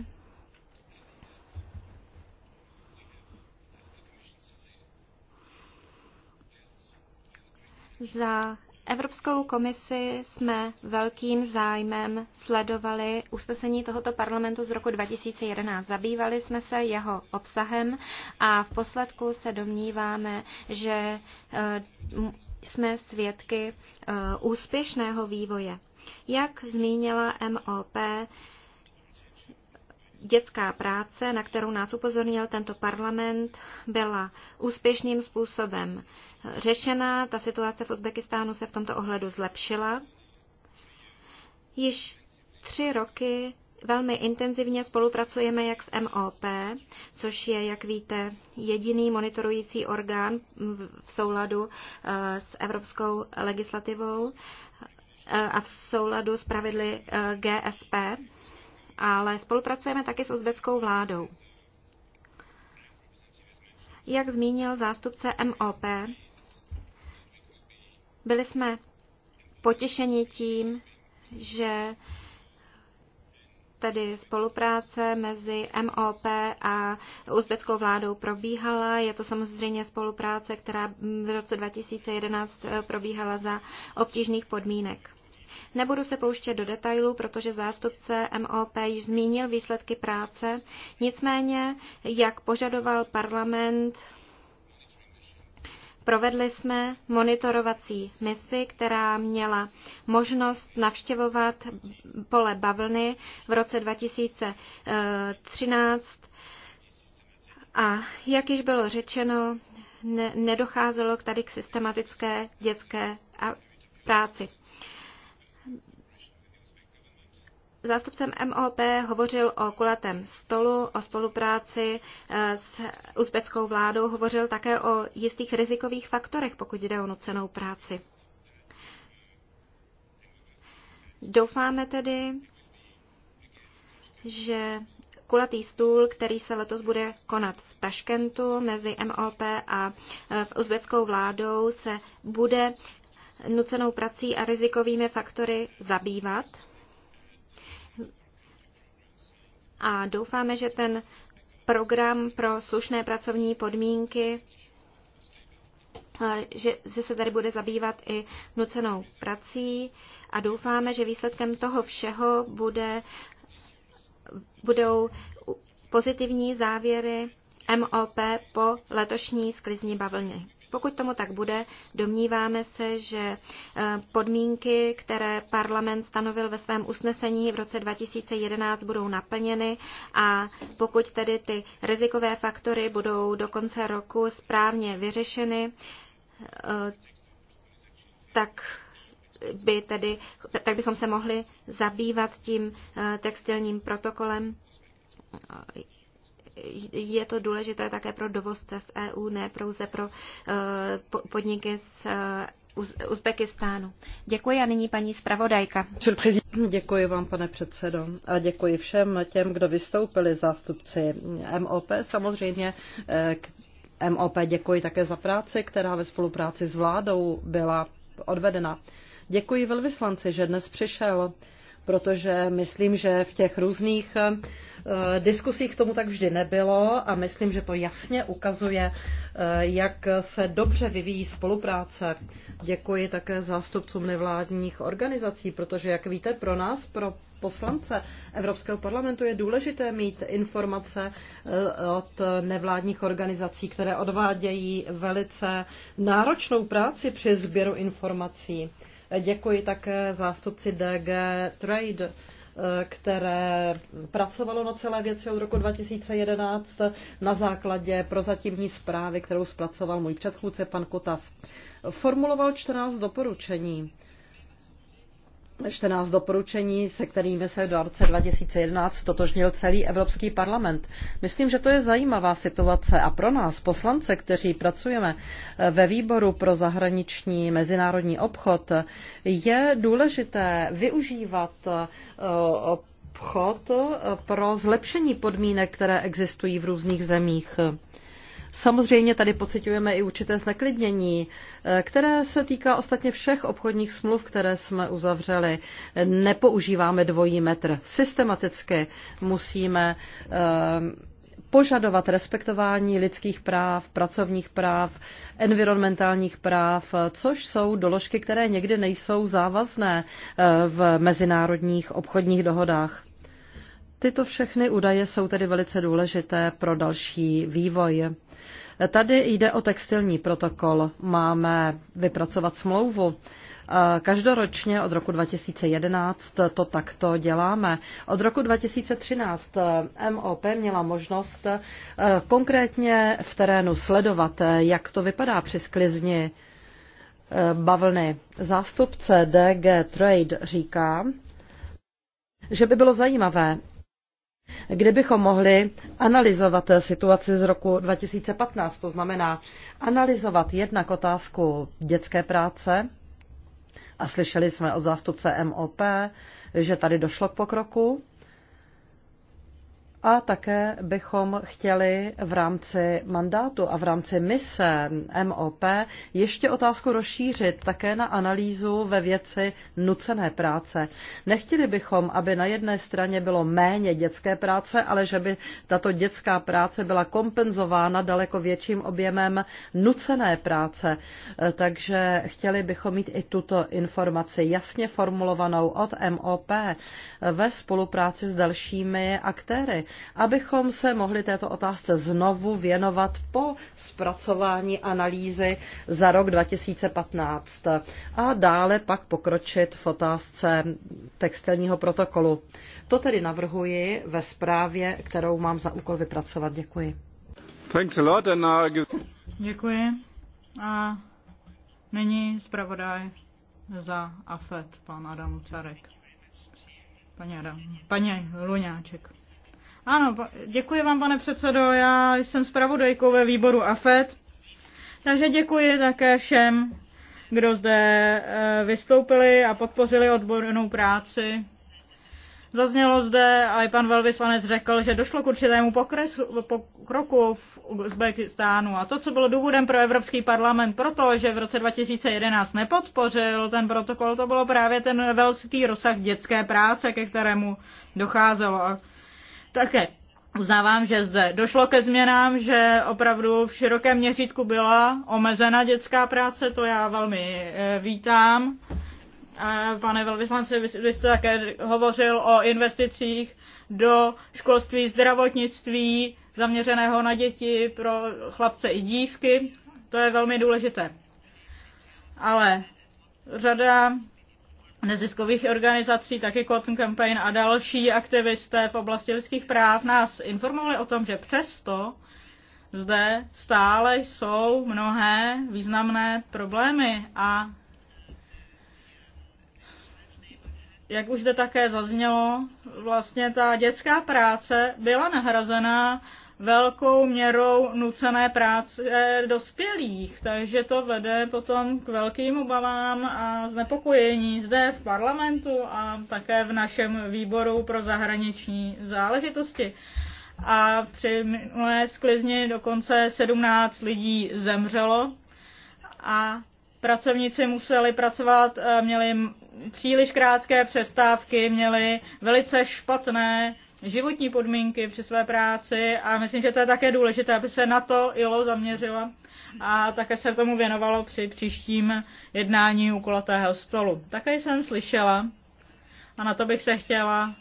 za Evropskou komisi jsme velkým zájmem sledovali usnesení tohoto parlamentu z roku 2011. Zabývali jsme se jeho obsahem a v posledku se domníváme, že e, jsme svědky e, úspěšného vývoje. Jak zmínila MOP, dětská práce, na kterou nás upozornil tento parlament, byla úspěšným způsobem řešena. Ta situace v Uzbekistánu se v tomto ohledu zlepšila. Již tři roky velmi intenzivně spolupracujeme jak s MOP, což je, jak víte, jediný monitorující orgán v souladu eh, s evropskou legislativou eh, a v souladu s pravidly eh, GSP ale spolupracujeme také s uzbeckou vládou. Jak zmínil zástupce MOP, byli jsme potěšeni tím, že tedy spolupráce mezi MOP a uzbeckou vládou probíhala. Je to samozřejmě spolupráce, která v roce 2011 probíhala za obtížných podmínek. Nebudu se pouštět do detailů, protože zástupce MOP již zmínil výsledky práce. Nicméně, jak požadoval parlament, Provedli jsme monitorovací misi, která měla možnost navštěvovat pole bavlny v roce 2013 eh, a jak již bylo řečeno, nedocházelo k tady k systematické dětské práci. zástupcem MOP hovořil o kulatém stolu, o spolupráci eh, s uzbeckou vládou, hovořil také o jistých rizikových faktorech, pokud jde o nucenou práci. Doufáme tedy, že kulatý stůl, který se letos bude konat v Taškentu mezi MOP a eh, uzbeckou vládou, se bude nucenou prací a rizikovými faktory zabývat a doufáme, že ten program pro slušné pracovní podmínky, eh, že, že se tady bude zabývat i nucenou prací a doufáme, že výsledkem toho všeho bude, budou pozitivní závěry MOP po letošní sklizni bavlny. Pokud tomu tak bude, domníváme se, že eh, podmínky, které parlament stanovil ve svém usnesení v roce 2011, budou naplněny a pokud tedy ty rizikové faktory budou do konce roku správně vyřešeny, eh, tak by tedy, tak bychom se mohli zabývat tím eh, textilním protokolem je to důležité také pro dovozce z EU, ne pouze pro eh, podniky z eh, Uzbekistánu. Děkuji a nyní paní zpravodajka. Děkuji vám, pane předsedo, a děkuji všem těm, kdo vystoupili zástupci MOP, samozřejmě eh, MOP děkuji také za práci, která ve spolupráci s vládou byla odvedena. Děkuji velvyslanci, že dnes přišel protože myslím, že v těch různých eh, diskusích tomu tak vždy nebylo a myslím, že to jasně ukazuje, eh, jak se dobře vyvíjí spolupráce. Děkuji také zástupcům nevládních organizací, protože, jak víte, pro nás, pro poslance Evropského parlamentu je důležité mít informace eh, od nevládních organizací, které odvádějí velice náročnou práci při sběru informací. Děkuji také zástupci DG Trade, které pracovalo na celé věci od roku 2011 na základě prozatímní zprávy, kterou zpracoval můj předchůdce pan Kotas. Formuloval 14 doporučení 14 doporučení, se kterými se do roce 2011 totožnil celý Evropský parlament. Myslím, že to je zajímavá situace a pro nás, poslance, kteří pracujeme eh, ve výboru pro zahraniční mezinárodní obchod, je důležité využívat eh, obchod eh, pro zlepšení podmínek, které existují v různých zemích. Samozřejmě tady pocitujeme i určité zneklidnění, eh, které se týká ostatně všech obchodních smluv, které jsme uzavřeli. Nepoužíváme dvojí metr. Systematicky musíme eh, požadovat respektování lidských práv, pracovních práv, environmentálních práv, eh, což jsou doložky, které někdy nejsou závazné v mezinárodních obchodních dohodách. Tyto všechny údaje jsou tedy velice důležité pro další vývoj. Tady jde o textilní protokol. Máme vypracovat smlouvu. Každoročně od roku 2011 to takto děláme. Od roku 2013 MOP měla možnost eh, konkrétně v terénu sledovat, eh, jak to vypadá při sklizni eh, bavlny. Zástupce DG Trade říká, že by bylo zajímavé kde bychom mohli analyzovat situaci z roku 2015. To znamená analyzovat jednak otázku dětské práce, a slyšeli jsme od zástupce MOP, že tady došlo k pokroku, a také bychom chtěli v rámci mandátu a v rámci mise MOP ještě otázku rozšířit také na analýzu ve věci nucené práce. Nechtěli bychom, aby na jedné straně bylo méně dětské práce, ale že by tato dětská práce byla kompenzována daleko větším objemem nucené práce. Takže chtěli bychom mít i tuto informaci jasně formulovanou od MOP ve spolupráci s dalšími aktéry abychom se mohli této otázce znovu věnovat po zpracování analýzy za rok 2015 a dále pak pokročit v otázce textilního protokolu. To tedy navrhuji ve zprávě, kterou mám za úkol vypracovat. Děkuji. Thanks a lot and, uh, Děkuji. A nyní zpravodaj za AFET, pan Adam Carek. Paní Adam, paní Luňáček. Ano, děkuji vám, pane předsedo. Já jsem zpravodajkou ve výboru Afet. takže děkuji také všem, kdo zde eh, vystoupili a podpořili odbornou práci. Zaznělo zde, a i pan velvyslanec řekl, že došlo k určitému pokresu, pokroku v Uzbekistánu. A to, co bylo důvodem pro Evropský parlament, protože že v roce 2011 nepodpořil ten protokol, to bylo právě ten velký rozsah dětské práce, ke kterému docházelo. Také uznávám, že zde došlo ke změnám, že opravdu v širokém měřítku byla omezena dětská práce, to já velmi eh, vítám. Pane velvyslanci, vy jste také hovořil o investicích do školství, zdravotnictví, zaměřeného na děti pro chlapce i dívky. To je velmi důležité. Ale řada neziskových organizací, taky Cotton Campaign a další aktivisté v oblasti lidských práv nás informovali o tom, že přesto zde stále jsou mnohé významné problémy a jak už zde také zaznělo, vlastně ta dětská práce byla nahrazená velkou měrou nucené práce dospělých, takže to vede potom k velkým obavám a znepokojení zde v parlamentu a také v našem výboru pro zahraniční záležitosti. A při minulé sklizni dokonce 17 lidí zemřelo a pracovníci museli pracovat, eh, měli příliš krátké přestávky, měli velice špatné životní podmínky při své práci a myslím, že to je také důležité, aby se na to ILO zaměřila a také se tomu věnovalo při příštím jednání u kulatého stolu. Také jsem slyšela, a na to bych se chtěla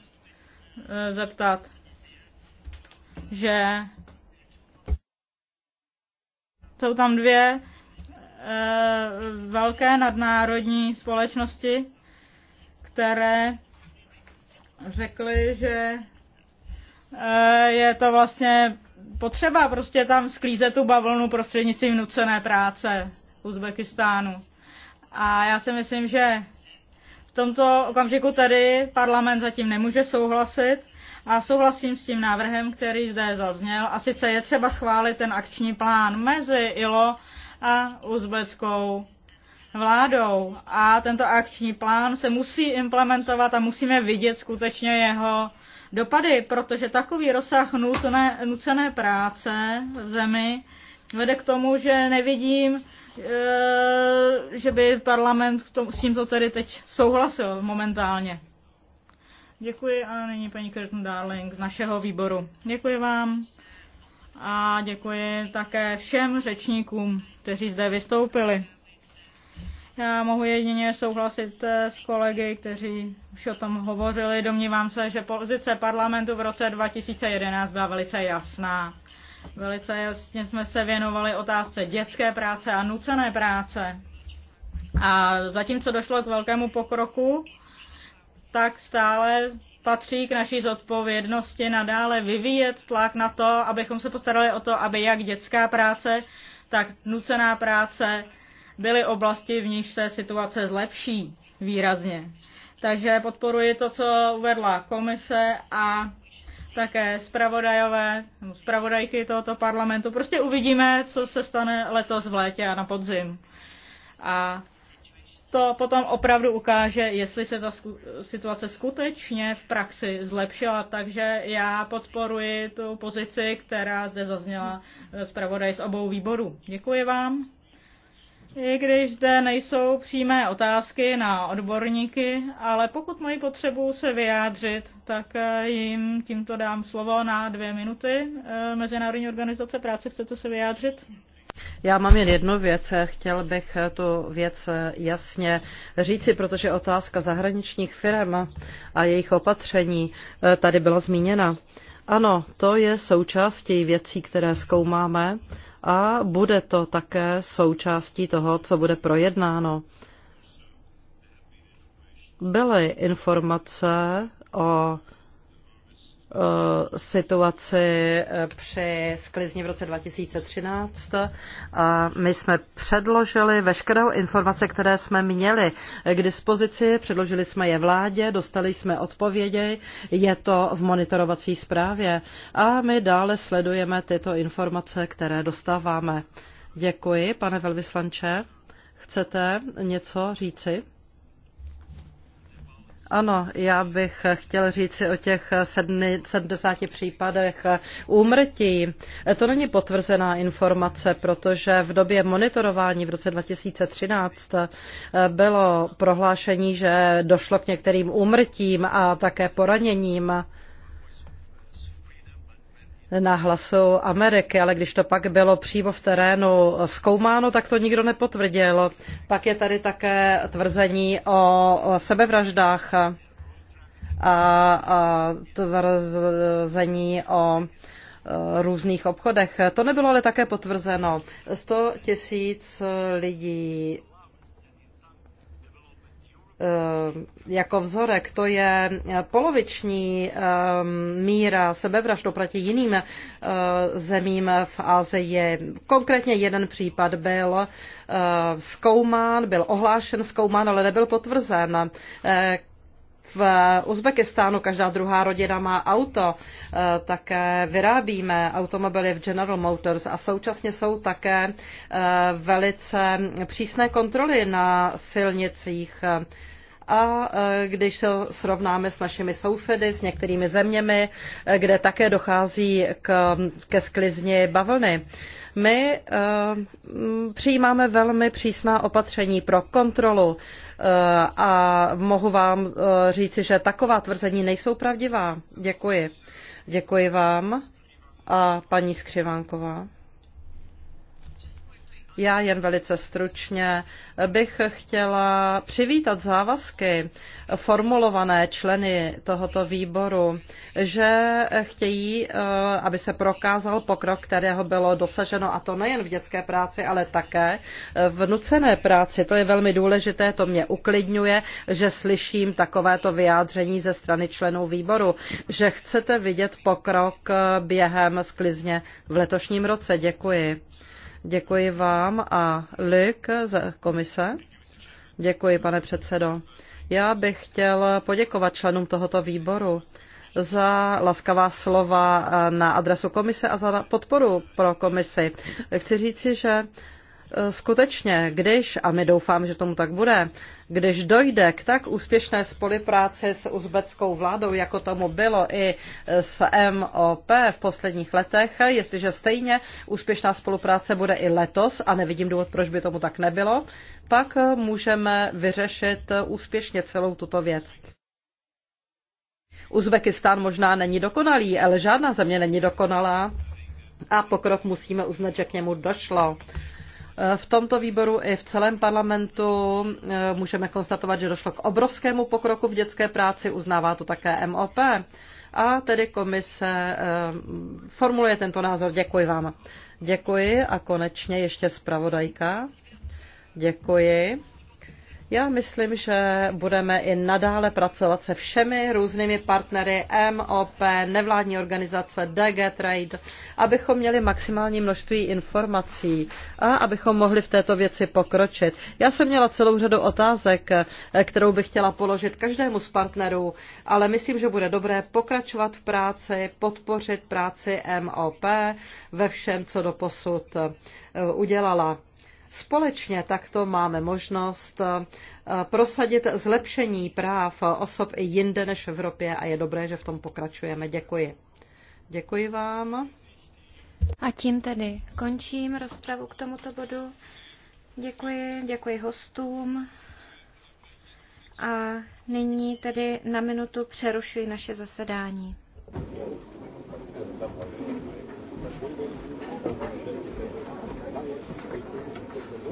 e, zeptat, že jsou tam dvě e, velké nadnárodní společnosti, které řekly, že Eh, je to vlastně potřeba prostě tam sklízet tu bavlnu prostřednictvím nucené práce Uzbekistánu. A já si myslím, že v tomto okamžiku tady parlament zatím nemůže souhlasit a souhlasím s tím návrhem, který zde zazněl. A sice je třeba schválit ten akční plán mezi ILO a uzbeckou vládou. A tento akční plán se musí implementovat a musíme vidět skutečně jeho dopady, protože takový rozsah nutné, nucené práce v zemi vede k tomu, že nevidím, e, že by parlament tom, s tímto tedy teď souhlasil momentálně. Děkuji a nyní paní Curtin Darling z našeho výboru. Děkuji vám a děkuji také všem řečníkům, kteří zde vystoupili. Já mohu jedině souhlasit eh, s kolegy, kteří už o tom hovořili. Domnívám se, že pozice parlamentu v roce 2011 byla velice jasná. Velice jasně jsme se věnovali otázce dětské práce a nucené práce. A zatímco došlo k velkému pokroku, tak stále patří k naší zodpovědnosti nadále vyvíjet tlak na to, abychom se postarali o to, aby jak dětská práce, tak nucená práce byly oblasti, v níž se situace zlepší výrazně. Takže podporuji to, co uvedla komise a také zpravodajové, zpravodajky tohoto parlamentu. Prostě uvidíme, co se stane letos v létě a na podzim. A to potom opravdu ukáže, jestli se ta situace skutečně v praxi zlepšila. Takže já podporuji tu pozici, která zde zazněla eh, zpravodaj z obou výborů. Děkuji vám. I když zde nejsou přímé otázky na odborníky, ale pokud mají potřebu se vyjádřit, tak eh, jim tímto dám slovo na dvě minuty. Eh, Mezinárodní organizace práce, chcete se vyjádřit? Já mám jen jednu věc. Chtěl bych eh, tu věc jasně říci, protože otázka zahraničních firm a jejich opatření tady byla zmíněna. Ano, to je součástí věcí, které zkoumáme a bude to také součástí toho, co bude projednáno. Byly informace o Eh, situaci eh, při sklizni v roce 2013 a my jsme předložili veškerou informace, které jsme měli k dispozici, předložili jsme je vládě, dostali jsme odpovědi, je to v monitorovací zprávě a my dále sledujeme tyto informace, které dostáváme. Děkuji, pane velvyslanče. Chcete něco říci? Ano, já bych chtěl říct si o těch 70 případech úmrtí. To není potvrzená informace, protože v době monitorování v roce 2013 bylo prohlášení, že došlo k některým úmrtím a také poraněním na hlasu Ameriky, ale když to pak bylo přímo v terénu zkoumáno, tak to nikdo nepotvrdil. Pak je tady také tvrzení o sebevraždách a, a tvrzení o různých obchodech. To nebylo ale také potvrzeno. 100 tisíc lidí Eh, jako vzorek, to je poloviční eh, míra sebevražd oproti jiným eh, zemím v Ázii Konkrétně jeden případ byl zkoumán, byl ohlášen, zkoumán, ale nebyl potvrzen. V Uzbekistánu každá druhá rodina má auto, také vyrábíme automobily v General Motors a současně jsou také velice přísné kontroly na silnicích a e, když se srovnáme s našimi sousedy, s některými zeměmi, e, kde také dochází k, ke sklizni bavlny, my uh, přijímáme velmi přísná opatření pro kontrolu uh, a mohu vám uh, říci, že taková tvrzení nejsou pravdivá. Děkuji. Děkuji vám a paní Skřivánková. Já jen velice stručně bych chtěla přivítat závazky formulované členy tohoto výboru, že chtějí, eh, aby se prokázal pokrok, kterého bylo dosaženo, a to nejen v dětské práci, ale také v nucené práci. To je velmi důležité, to mě uklidňuje, že slyším takovéto vyjádření ze strany členů výboru, že chcete vidět pokrok eh, během sklizně v letošním roce. Děkuji. Děkuji vám a Lik z komise. Děkuji, pane předsedo. Já bych chtěl poděkovat členům tohoto výboru za laskavá slova eh, na adresu komise a za podporu pro komisi. Chci říci, že Eh, skutečně, když, a my doufám, že tomu tak bude, když dojde k tak úspěšné spolupráci s uzbeckou vládou, jako tomu bylo i s MOP v posledních letech, jestliže stejně úspěšná spolupráce bude i letos, a nevidím důvod, proč by tomu tak nebylo, pak eh, můžeme vyřešit eh, úspěšně celou tuto věc. Uzbekistán možná není dokonalý, ale žádná země není dokonalá a pokrok musíme uznat, že k němu došlo. Eh, v tomto výboru i v celém parlamentu eh, můžeme konstatovat, že došlo k obrovskému pokroku v dětské práci, uznává to také MOP. A tedy komise eh, formuluje tento názor. Děkuji vám. Děkuji a konečně ještě zpravodajka. Děkuji. Já myslím, že budeme i nadále pracovat se všemi různými partnery MOP, nevládní organizace, DG Trade, abychom měli maximální množství informací a abychom mohli v této věci pokročit. Já jsem měla celou řadu otázek, kterou bych chtěla položit každému z partnerů, ale myslím, že bude dobré pokračovat v práci, podpořit práci MOP ve všem, co do posud eh, udělala. Společně takto máme možnost eh, prosadit zlepšení práv osob i jinde než v Evropě a je dobré, že v tom pokračujeme. Děkuji. Děkuji vám. A tím tedy končím rozpravu k tomuto bodu. Děkuji, děkuji hostům. A nyní tedy na minutu přerušuji naše zasedání.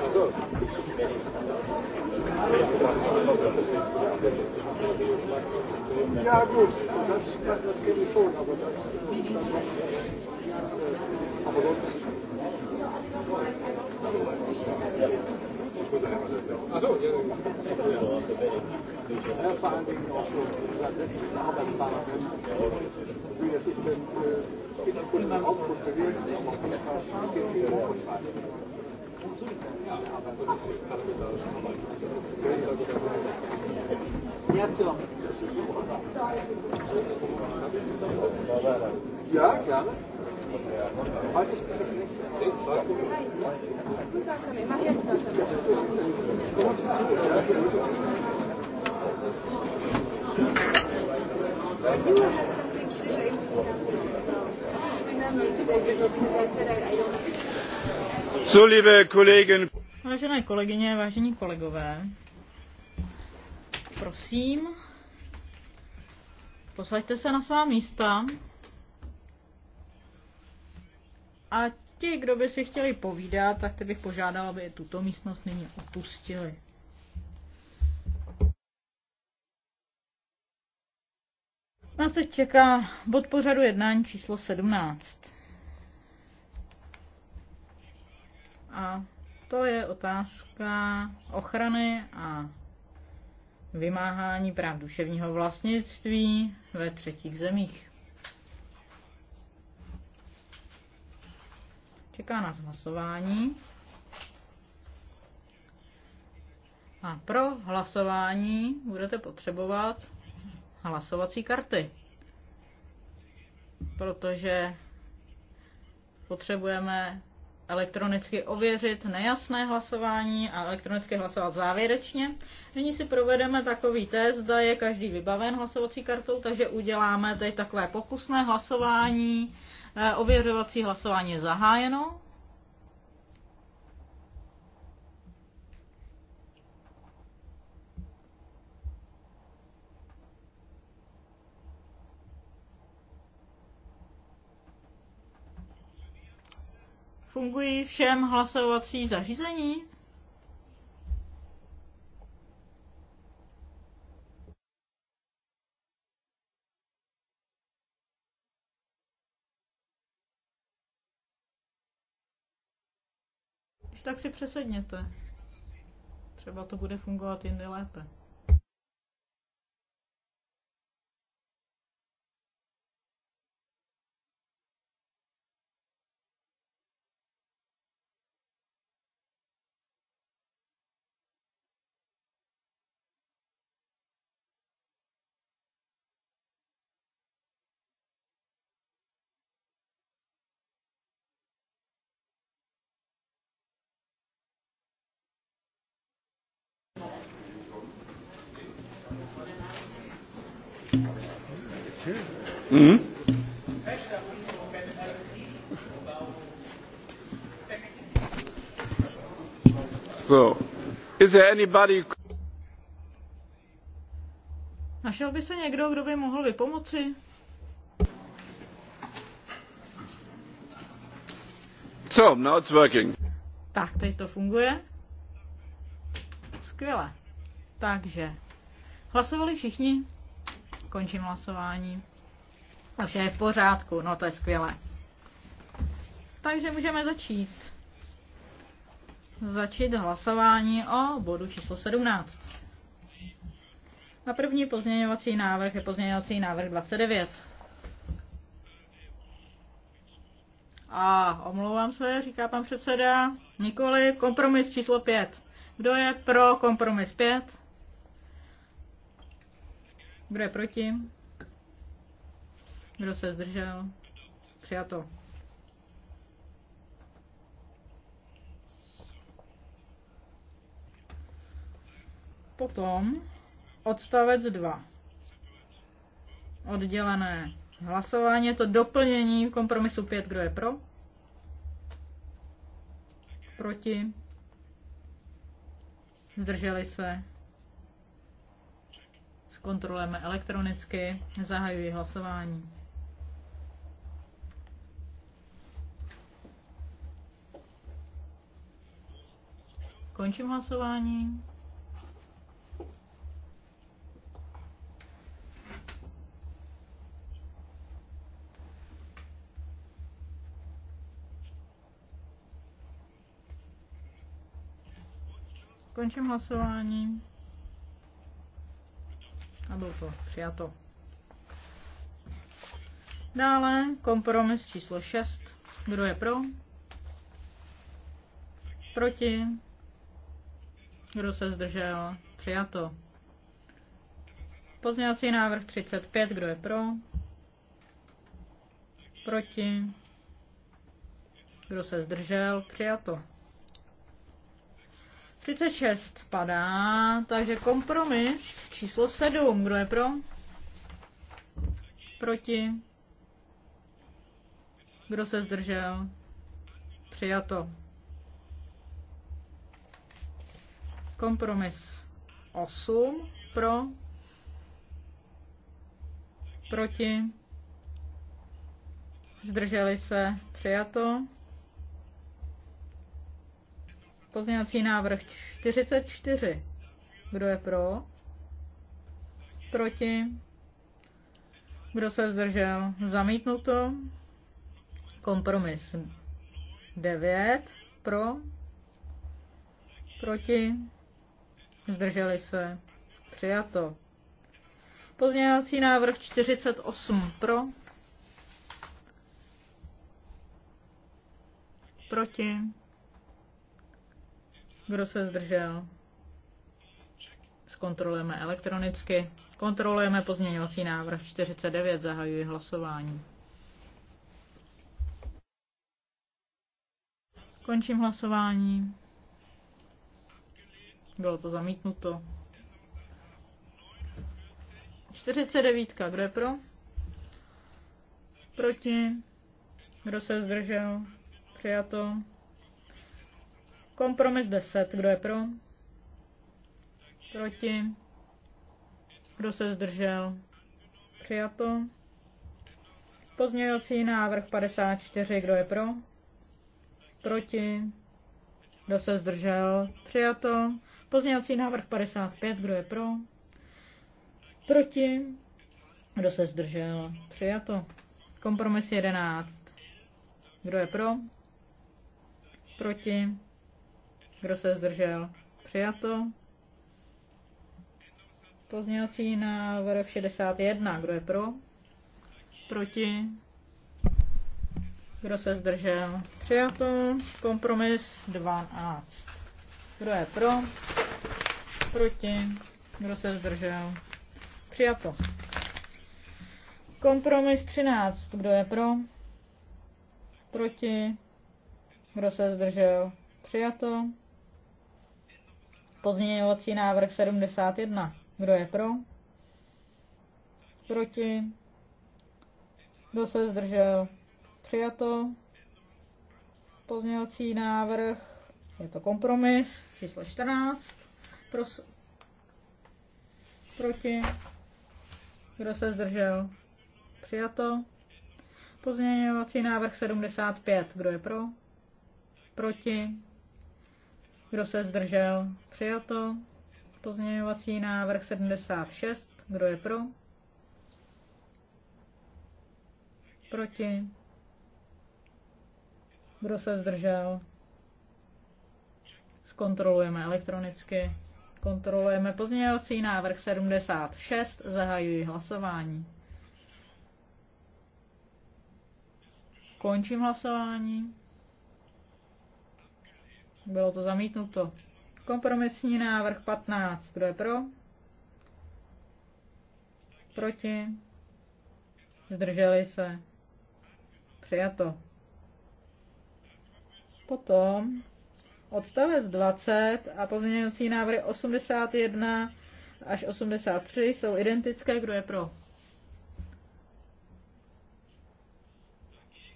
Also, Ja gut, das, das, das kenne ich schon, aber das... Aber sonst... Also, ja. Ja, vor allen Dingen auch so, letztlich ein Arbeitspartner, wie das sich denn äh, in der Kundenauskunft bewegt, aber es geht viel Hochbeschreibung. Ja, gerne. Heute ist es schlecht. Ich muss sagen, ich mache jetzt das. I remember today because I said I, I don't Vážené kolegyně, vážení kolegové, prosím, posaďte se na svá místa a ti, kdo by si chtěli povídat, tak ty bych požádal, aby tuto místnost nyní opustili. Nás teď čeká bod pořadu jednání číslo 17. a to je otázka ochrany a vymáhání práv duševního vlastnictví ve třetích zemích. Čeká nás hlasování. A pro hlasování budete potřebovat hlasovací karty, protože potřebujeme elektronicky ověřit nejasné hlasování a elektronicky hlasovat závěrečně. Nyní si provedeme takový test, zda je každý vybaven hlasovací kartou, takže uděláme tady takové pokusné hlasování. Eh, ověřovací hlasování je zahájeno. Fungují všem hlasovací zařízení? Když tak si přesedněte. Třeba to bude fungovat jindy lépe. Mhm. So, Našel by se někdo, kdo by mohl vypomoci? So, now it's working. Tak, teď to funguje. Skvěle. Takže, hlasovali všichni? Končím hlasování. A vše je v pořádku, no to je skvělé. Takže můžeme začít. Začít hlasování o bodu číslo 17. A první pozměňovací návrh je pozměňovací návrh 29. A omlouvám se, říká pan předseda. Nikoli, kompromis číslo 5. Kdo je pro kompromis 5? Kdo je proti? Kdo se zdržel? Přijato. Potom odstavec 2. Oddělené hlasování je to doplnění kompromisu 5. Kdo je pro? Proti? Zdrželi se? Zkontrolujeme elektronicky. Zahajuji hlasování. Končím hlasování. Končím hlasování. A bylo to přijato. Dále kompromis číslo 6. Kdo je pro? Proti? Kdo se zdržel? Přijato. Pozměňovací návrh 35. Kdo je pro? Proti? Kdo se zdržel? Přijato. 36 padá, takže kompromis číslo 7. Kdo je pro? Proti? Kdo se zdržel? Přijato. Kompromis 8 pro, proti, zdrželi se, přijato. Pozměňovací návrh 44. Kdo je pro? Proti? Kdo se zdržel? Zamítnuto. Kompromis 9. Pro? Proti? zdrželi se, přijato. Pozměňovací návrh 48 pro, proti, kdo se zdržel, zkontrolujeme elektronicky. Kontrolujeme pozměňovací návrh 49, zahajuji hlasování. Končím hlasování. Bylo to zamítnuto. 49. Kdo je pro? Proti? Kdo se zdržel? Přijato. Kompromis 10. Kdo je pro? Proti? Kdo se zdržel? Přijato. Pozměňovací návrh 54. Kdo je pro? Proti? Kdo se zdržel? Přijato. Pozněvací návrh 55. Kdo je pro? Proti? Kdo se zdržel? Přijato. Kompromis 11. Kdo je pro? Proti? Kdo se zdržel? Přijato. Pozněvací návrh 61. Kdo je pro? Proti? Kdo se zdržel? Přijato. Kompromis 12. Kdo je pro? Proti. Kdo se zdržel? Přijato. Kompromis 13. Kdo je pro? Proti. Kdo se zdržel? Přijato. Pozměňovací návrh 71. Kdo je pro? Proti. Kdo se zdržel? Přijato. Pozměňovací návrh. Je to kompromis. Číslo 14. Pros- proti. Kdo se zdržel? Přijato. Pozměňovací návrh 75. Kdo je pro? Proti? Kdo se zdržel? Přijato. Pozměňovací návrh 76. Kdo je pro? Proti? Kdo se zdržel? Zkontrolujeme elektronicky. Kontrolujeme pozměňovací návrh 76. Zahajuji hlasování. Končím hlasování. Bylo to zamítnuto. Kompromisní návrh 15. Kdo je pro? Proti? Zdrželi se? Přijato. Potom odstavec 20 a pozměňovací návrhy 81 až 83 jsou identické. Kdo je pro?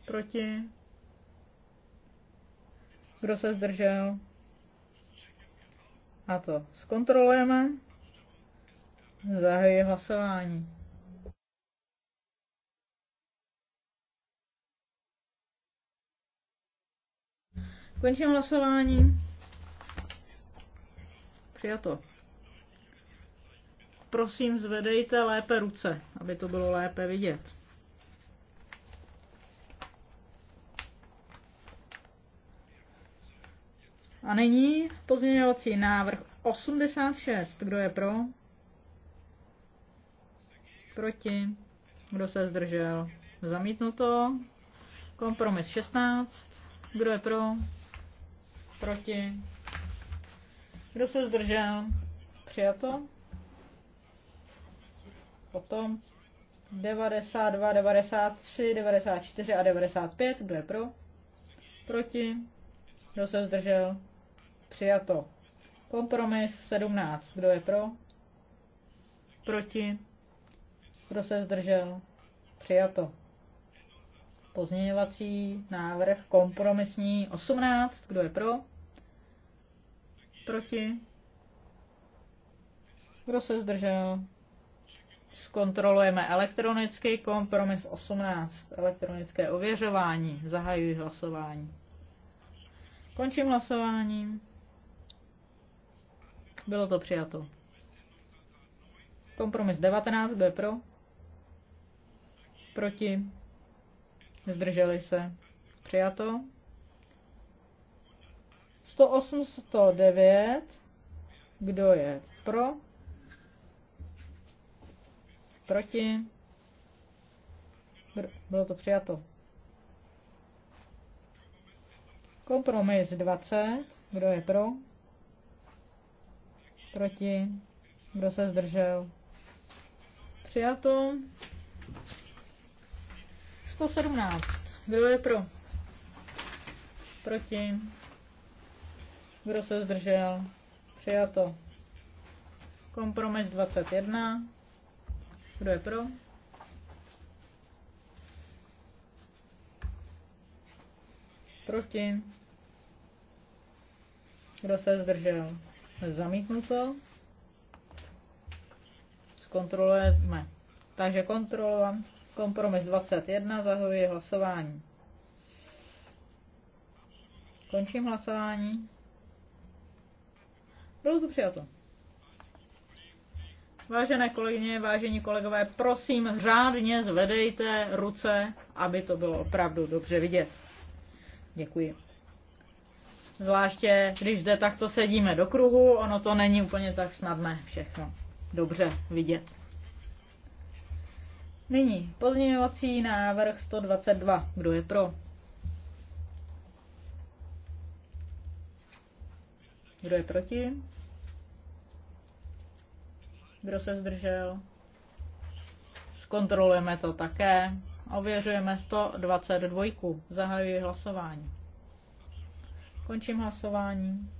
Proti? Kdo se zdržel? A to zkontrolujeme. Zahajuji hlasování. Končím hlasování. Přijato. Prosím, zvedejte lépe ruce, aby to bylo lépe vidět. A nyní pozměňovací návrh 86. Kdo je pro? Proti? Kdo se zdržel? Zamítnuto. Kompromis 16. Kdo je pro? Proti? Kdo se zdržel? Přijato? Potom 92, 93, 94 a 95. Kdo je pro? Proti? Kdo se zdržel? Přijato. Kompromis 17. Kdo je pro? Proti? Kdo se zdržel? Přijato. Pozměňovací návrh kompromisní 18. Kdo je pro? Proti? Kdo se zdržel? Zkontrolujeme elektronický kompromis 18, elektronické ověřování. Zahajuji hlasování. Končím hlasování. Bylo to přijato. Kompromis 19 B pro. Proti. Zdrželi se. Přijato. 108, 109. Kdo je pro? Proti? Bylo to přijato. Kompromis 20. Kdo je pro? Proti? Kdo se zdržel? Přijato. 117. Kdo je pro? Proti? Kdo se zdržel? Přijato. Kompromis 21. Kdo je pro? Proti? Kdo se zdržel? Zamítnuto. Zkontrolujeme. Takže kontrolovám. Kompromis 21. Zahajuji hlasování. Končím hlasování. Bylo to přijato. Vážené kolegyně, vážení kolegové, prosím, řádně zvedejte ruce, aby to bylo opravdu dobře vidět. Děkuji. Zvláště, když zde takto sedíme do kruhu, ono to není úplně tak snadné všechno dobře vidět. Nyní pozměňovací návrh 122. Kdo je pro? Kdo je proti? Kdo se zdržel? Zkontrolujeme to také. Ověřujeme 122. Zahajuji hlasování. Končím hlasování.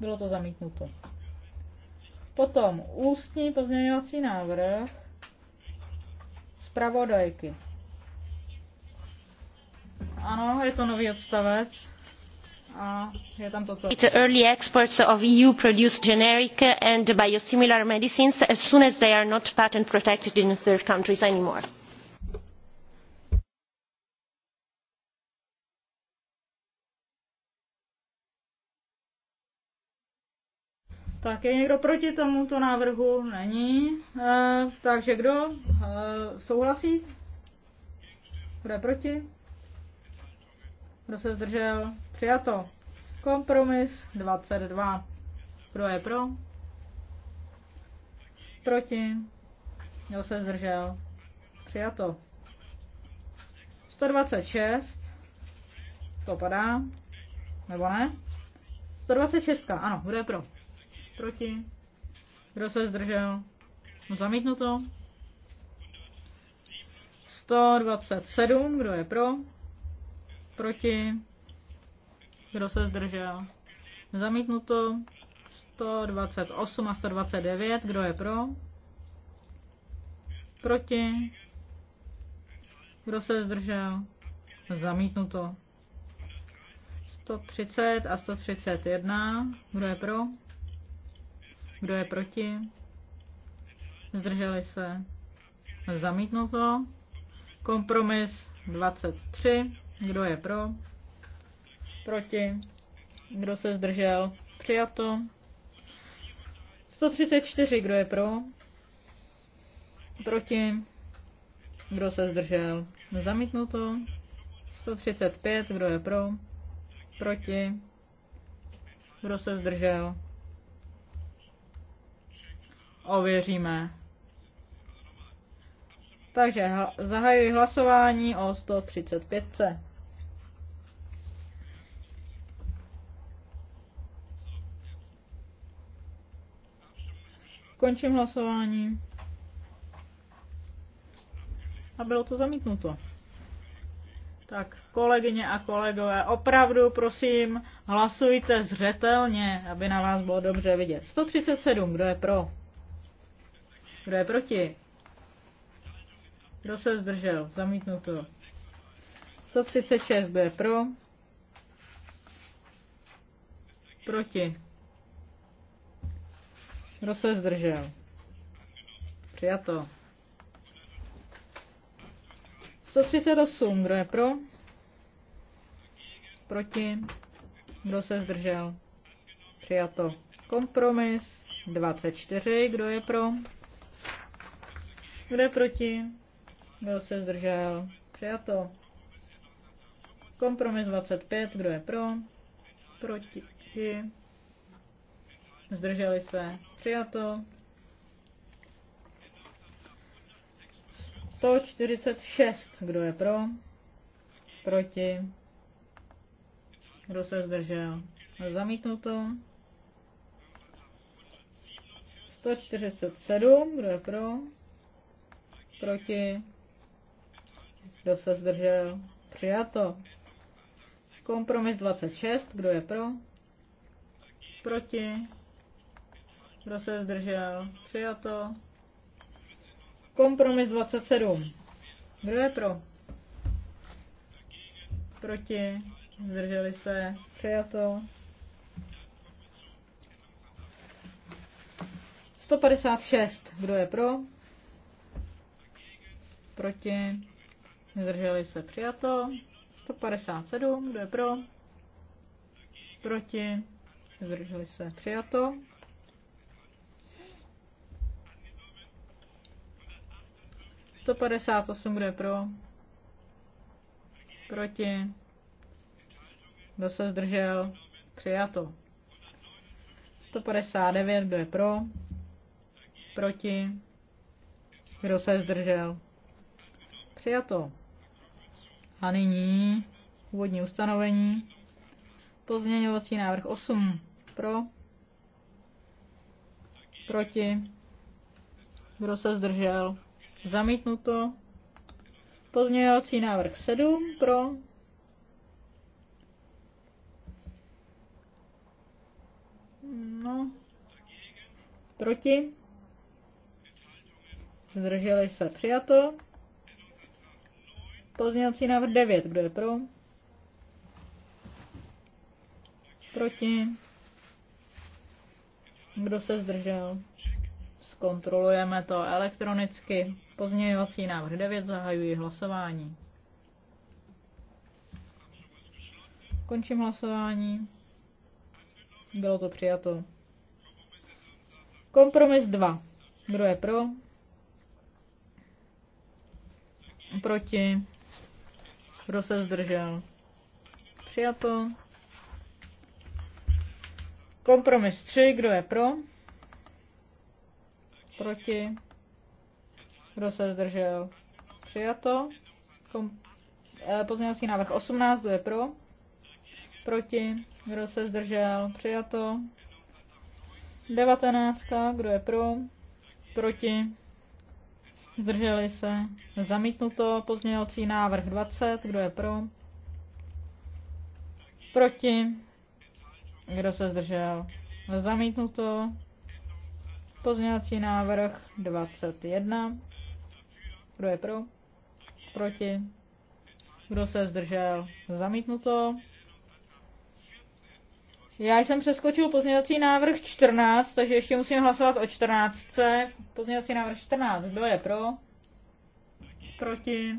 Bylo to zamítnuto. Potom ústní pozměňovací návrh zpravodajky. Ano, je to nový odstavec. It early exports of EU produced generic and biosimilar medicines as soon as they are not patent protected in third countries anymore. Tak je někdo proti tomuto návrhu? Není. E, takže kdo e, souhlasí? Kdo je proti? Kdo se zdržel? Přijato. Kompromis 22. Kdo je pro? Proti? Kdo se zdržel? Přijato. 126. To padá. Nebo ne? 126. Ano, kdo je pro? Proti? Kdo se zdržel? Zamítnuto. 127. Kdo je pro? proti, kdo se zdržel. Zamítnuto 128 a 129, kdo je pro, proti, kdo se zdržel, zamítnuto. 130 a 131, kdo je pro, kdo je proti, zdrželi se, zamítnuto. Kompromis 23, kdo je pro? Proti? Kdo se zdržel? Přijato. 134. Kdo je pro? Proti? Kdo se zdržel? Zamítnuto. 135. Kdo je pro? Proti? Kdo se zdržel? Ověříme. Takže zahajuji hlasování o 135. Končím hlasování. A bylo to zamítnuto. Tak, kolegyně a kolegové, opravdu prosím, hlasujte zřetelně, aby na vás bylo dobře vidět. 137, kdo je pro? Kdo je proti? Kdo se zdržel? Zamítnuto. 136, kdo je pro? Proti. Kdo se zdržel? Přijato. 138. Kdo je pro? Proti? Kdo se zdržel? Přijato. Kompromis 24. Kdo je pro? Kdo je proti? Kdo se zdržel? Přijato. Kompromis 25. Kdo je pro? Proti? Zdrželi se? Přijato. 146. Kdo je pro? Proti? Kdo se zdržel? Zamítnuto. 147. Kdo je pro? Proti? Kdo se zdržel? Přijato. Kompromis 26. Kdo je pro? Proti? Kdo se zdržel? Přijato. Kompromis 27. Kdo je pro? Proti? Zdrželi se? Přijato. 156. Kdo je pro? Proti? Zdrželi se? Přijato. 157. Kdo je pro? Proti? Zdrželi se? Přijato. 158, bude pro? Proti? Kdo se zdržel? Přijato. 159, bude pro? Proti? Kdo se zdržel? Přijato. A nyní úvodní ustanovení. Pozměňovací návrh 8. Pro. Proti. Kdo se zdržel? Zamítnuto. Pozměňovací návrh 7 pro. No. Proti. Zdrželi se. Přijato. Pozměňovací návrh 9. Kdo je pro? Proti. Kdo se zdržel? Zkontrolujeme to elektronicky. Pozměňovací návrh 9 zahajuji hlasování. Končím hlasování. Bylo to přijato. Kompromis 2. Kdo je pro? Proti? Kdo se zdržel? Přijato. Kompromis 3. Kdo je pro? Proti? Kdo se zdržel? Přijato. Kom- eh, pozměňovací návrh 18, kdo je pro? Proti. Kdo se zdržel? Přijato. 19, kdo je pro? Proti. Zdrželi se. Zamítnuto. Pozměňovací návrh 20, kdo je pro? Proti. Kdo se zdržel? Zamítnuto. Pozměňovací návrh 21. Kdo je pro? Proti? Kdo se zdržel? Zamítnuto. Já jsem přeskočil pozměňovací návrh 14, takže ještě musím hlasovat o 14. Pozměňovací návrh 14. Kdo je pro? Proti?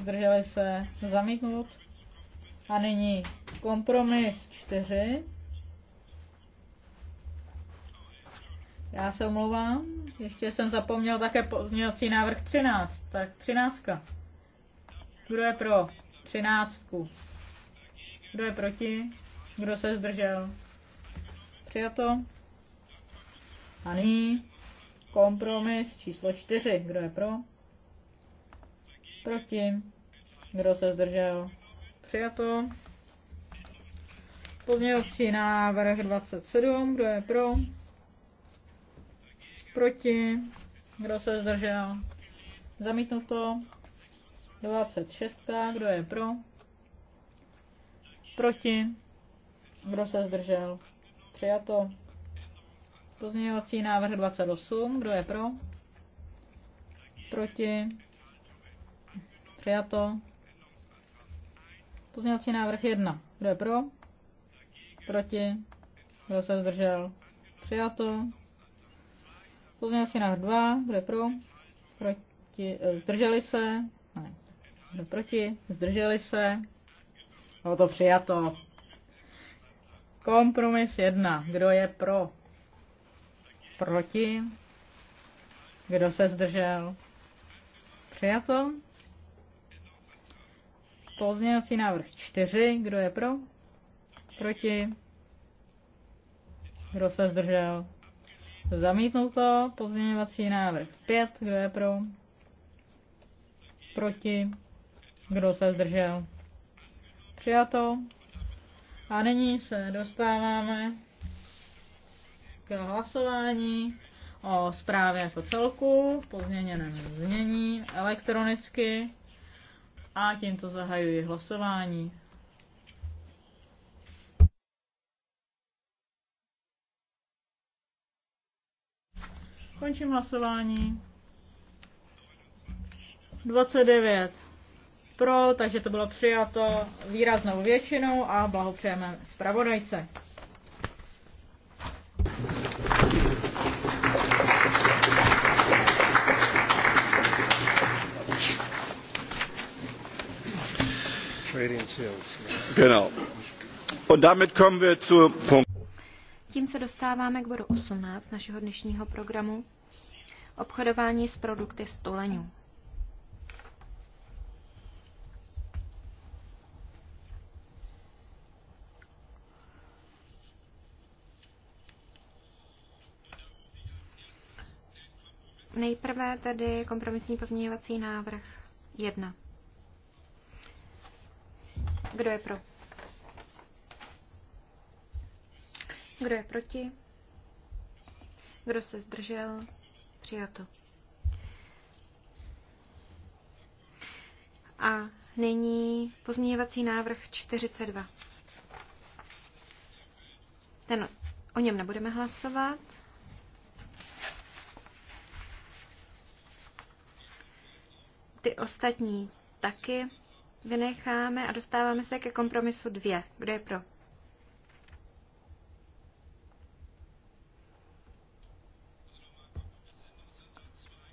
Zdrželi se? Zamítnut. A nyní kompromis 4. Já se omlouvám, ještě jsem zapomněl také pozměňovací návrh 13, tak 13. Kdo je pro? 13. Kdo je proti? Kdo se zdržel? Přijato. A nyní kompromis číslo 4. Kdo je pro? Proti. Kdo se zdržel? Přijato. Pozměňovací návrh 27. Kdo je pro? Proti? Kdo se zdržel? Zamítnuto. 26. Kdo je pro? Proti? Kdo se zdržel? Přijato. Pozměňovací návrh 28. Kdo je pro? Proti? Přijato. Pozměňovací návrh 1. Kdo je pro? Proti? Kdo se zdržel? Přijato. Pozměňovací návrh 2, bude pro, proti, eh, zdrželi se, ne, bude proti, zdrželi se, bylo to přijato. Kompromis 1, kdo je pro, proti, kdo se zdržel, přijato. Pozměňovací návrh 4, kdo je pro, proti, kdo se zdržel, Zamítnuto. Pozměňovací návrh 5. Kdo je pro? Proti? Kdo se zdržel? Přijato. A nyní se dostáváme k hlasování o zprávě jako celku, pozměněném znění elektronicky a tímto zahajuji hlasování. Končím hlasování. 29 pro, takže to bylo přijato výraznou většinou a blahopřejeme zpravodajce. Genau. Und damit kommen wir zu Punkt. Tím se dostáváme k bodu 18 našeho dnešního programu. Obchodování s produkty stuleňů. Nejprve tedy kompromisní pozměňovací návrh 1. Kdo je pro? Kdo je proti? Kdo se zdržel? Přijato. A nyní pozměňovací návrh 42. Ten, o něm nebudeme hlasovat. Ty ostatní taky vynecháme a dostáváme se ke kompromisu 2. Kdo je pro?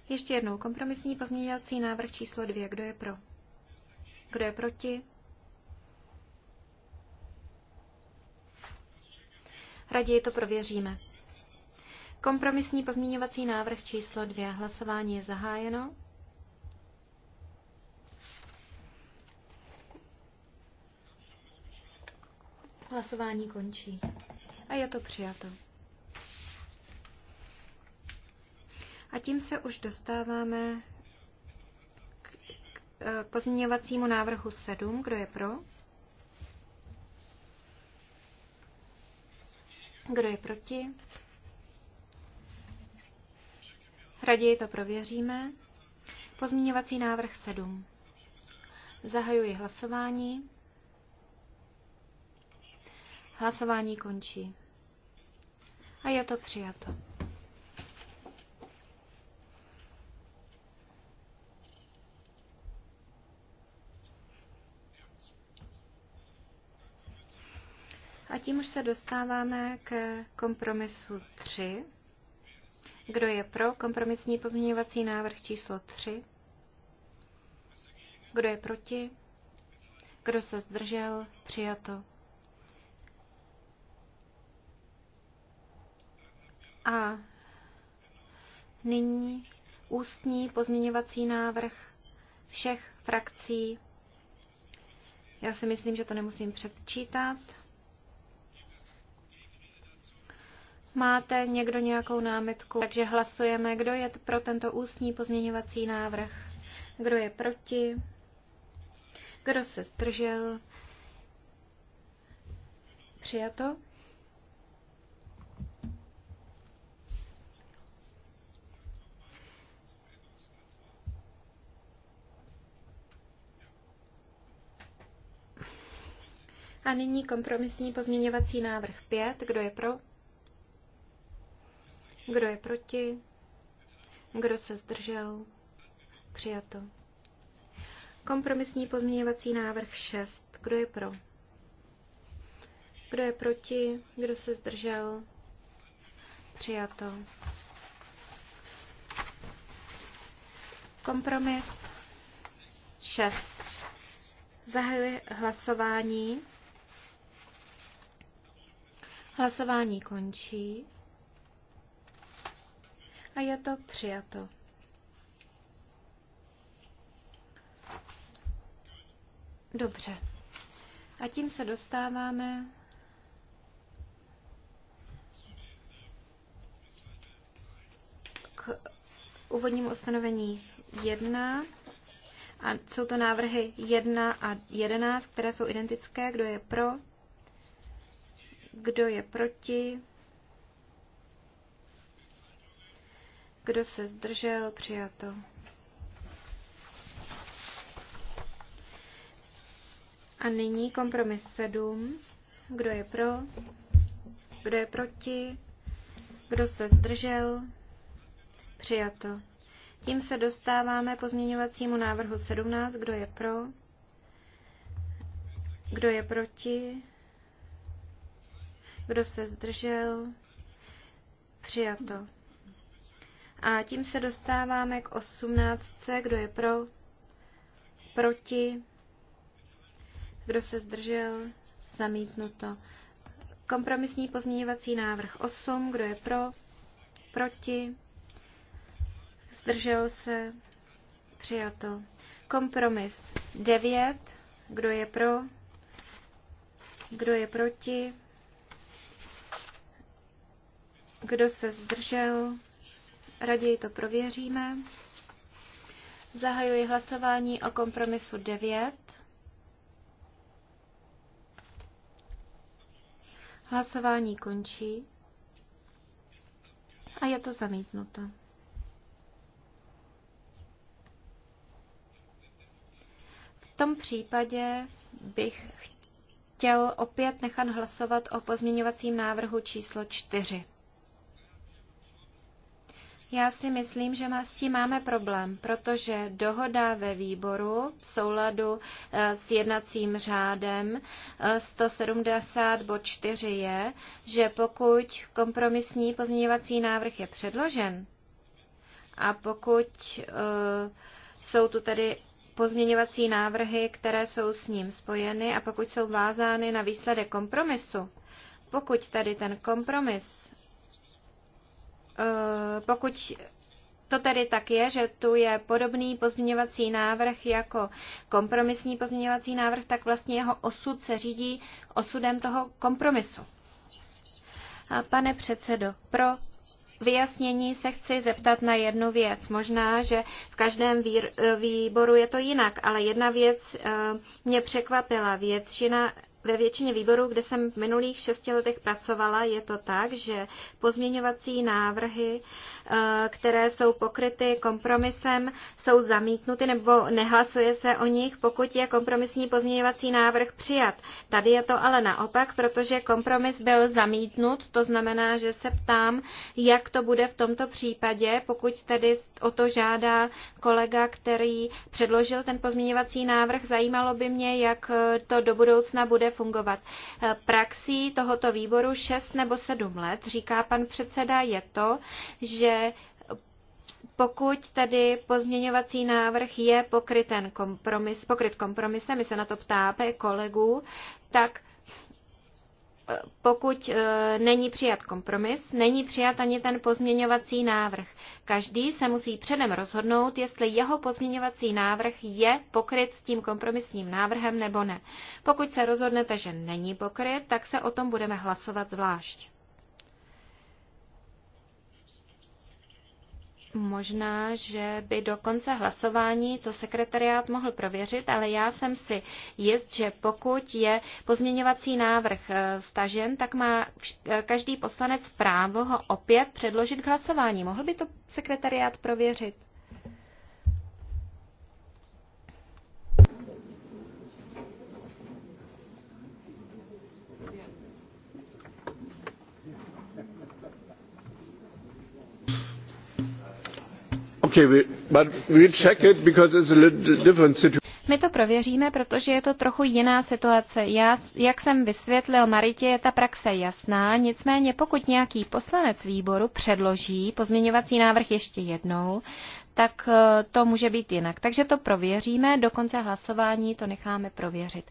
Ještě jednou kompromisní pozměňovací návrh číslo dvě. Kdo je pro? Kdo je proti? Raději to prověříme. Kompromisní pozměňovací návrh číslo dvě. Hlasování je zahájeno. Hlasování končí. A je to přijato. A tím se už dostáváme k eh, pozměňovacímu návrhu 7. Kdo je pro? Kdo je proti? Raději to prověříme. Pozměňovací návrh 7. Zahajuji hlasování. Hlasování končí. A je to přijato. A tím už se dostáváme k kompromisu 3. Kdo je pro kompromisní pozměňovací návrh číslo 3? Kdo je proti? Kdo se zdržel? Přijato. A nyní ústní pozměňovací návrh všech frakcí. Já si myslím, že to nemusím předčítat. Máte někdo nějakou námitku? Takže hlasujeme, kdo je pro tento ústní pozměňovací návrh, kdo je proti, kdo se zdržel. Přijato. A nyní kompromisní pozměňovací návrh 5. Kdo je pro? Kdo je proti? Kdo se zdržel? Přijato. Kompromisní pozměňovací návrh 6. Kdo je pro? Kdo je proti? Kdo se zdržel? Přijato. Kompromis 6. Zahajuji hlasování. Hlasování končí a je to přijato. Dobře. A tím se dostáváme k úvodnímu ustanovení 1. A jsou to návrhy 1 a 11, které jsou identické. Kdo je pro? Kdo je proti? Kdo se zdržel? Přijato. A nyní kompromis 7. Kdo je pro? Kdo je proti? Kdo se zdržel? Přijato. Tím se dostáváme pozměňovacímu návrhu 17. Kdo je pro? Kdo je proti? Kdo se zdržel? Přijato. A tím se dostáváme k osmnáctce, Kdo je pro? Proti? Kdo se zdržel? Zamítnuto. Kompromisní pozměňovací návrh 8. Kdo je pro? Proti? Zdržel se? Přijato. Kompromis 9. Kdo je pro? Kdo je proti? Kdo se zdržel? Raději to prověříme. Zahajuji hlasování o kompromisu 9. Hlasování končí a je to zamítnuto. V tom případě bych chtěl opět nechat hlasovat o pozměňovacím návrhu číslo 4. Já si myslím, že s tím máme problém, protože dohoda ve výboru v souladu eh, s jednacím řádem 170 eh, bod 4 je, že pokud kompromisní pozměňovací návrh je předložen a pokud eh, jsou tu tedy pozměňovací návrhy, které jsou s ním spojeny a pokud jsou vázány na výsledek kompromisu, pokud tady ten kompromis Eh, pokud to tedy tak je, že tu je podobný pozměňovací návrh jako kompromisní pozměňovací návrh, tak vlastně jeho osud se řídí osudem toho kompromisu. A pane předsedo, pro vyjasnění se chci zeptat na jednu věc. Možná, že v každém eh, výboru je to jinak, ale jedna věc eh, mě překvapila. Většina ve většině výborů, kde jsem v minulých šesti letech pracovala, je to tak, že pozměňovací návrhy, eh, které jsou pokryty kompromisem, jsou zamítnuty nebo nehlasuje se o nich, pokud je kompromisní pozměňovací návrh přijat. Tady je to ale naopak, protože kompromis byl zamítnut, to znamená, že se ptám, jak to bude v tomto případě, pokud tedy o to žádá kolega, který předložil ten pozměňovací návrh. Zajímalo by mě, jak to do budoucna bude fungovat eh, praxí tohoto výboru 6 nebo 7 let, říká pan předseda, je to, že pokud tedy pozměňovací návrh je pokryten kompromis, pokryt kompromisem, my se na to ptáme kolegů, tak pokud e, není přijat kompromis, není přijat ani ten pozměňovací návrh. Každý se musí předem rozhodnout, jestli jeho pozměňovací návrh je pokryt s tím kompromisním návrhem nebo ne. Pokud se rozhodnete, že není pokryt, tak se o tom budeme hlasovat zvlášť. Možná, že by do konce hlasování to sekretariát mohl prověřit, ale já jsem si jist, že pokud je pozměňovací návrh eh, stažen, tak má eh, každý poslanec právo ho opět předložit k hlasování. Mohl by to sekretariát prověřit? My to prověříme, protože je to trochu jiná situace. Já, jak jsem vysvětlil Maritě, je ta praxe jasná, nicméně pokud nějaký poslanec výboru předloží pozměňovací návrh ještě jednou, tak eh, to může být jinak. Takže to prověříme, do konce hlasování to necháme prověřit.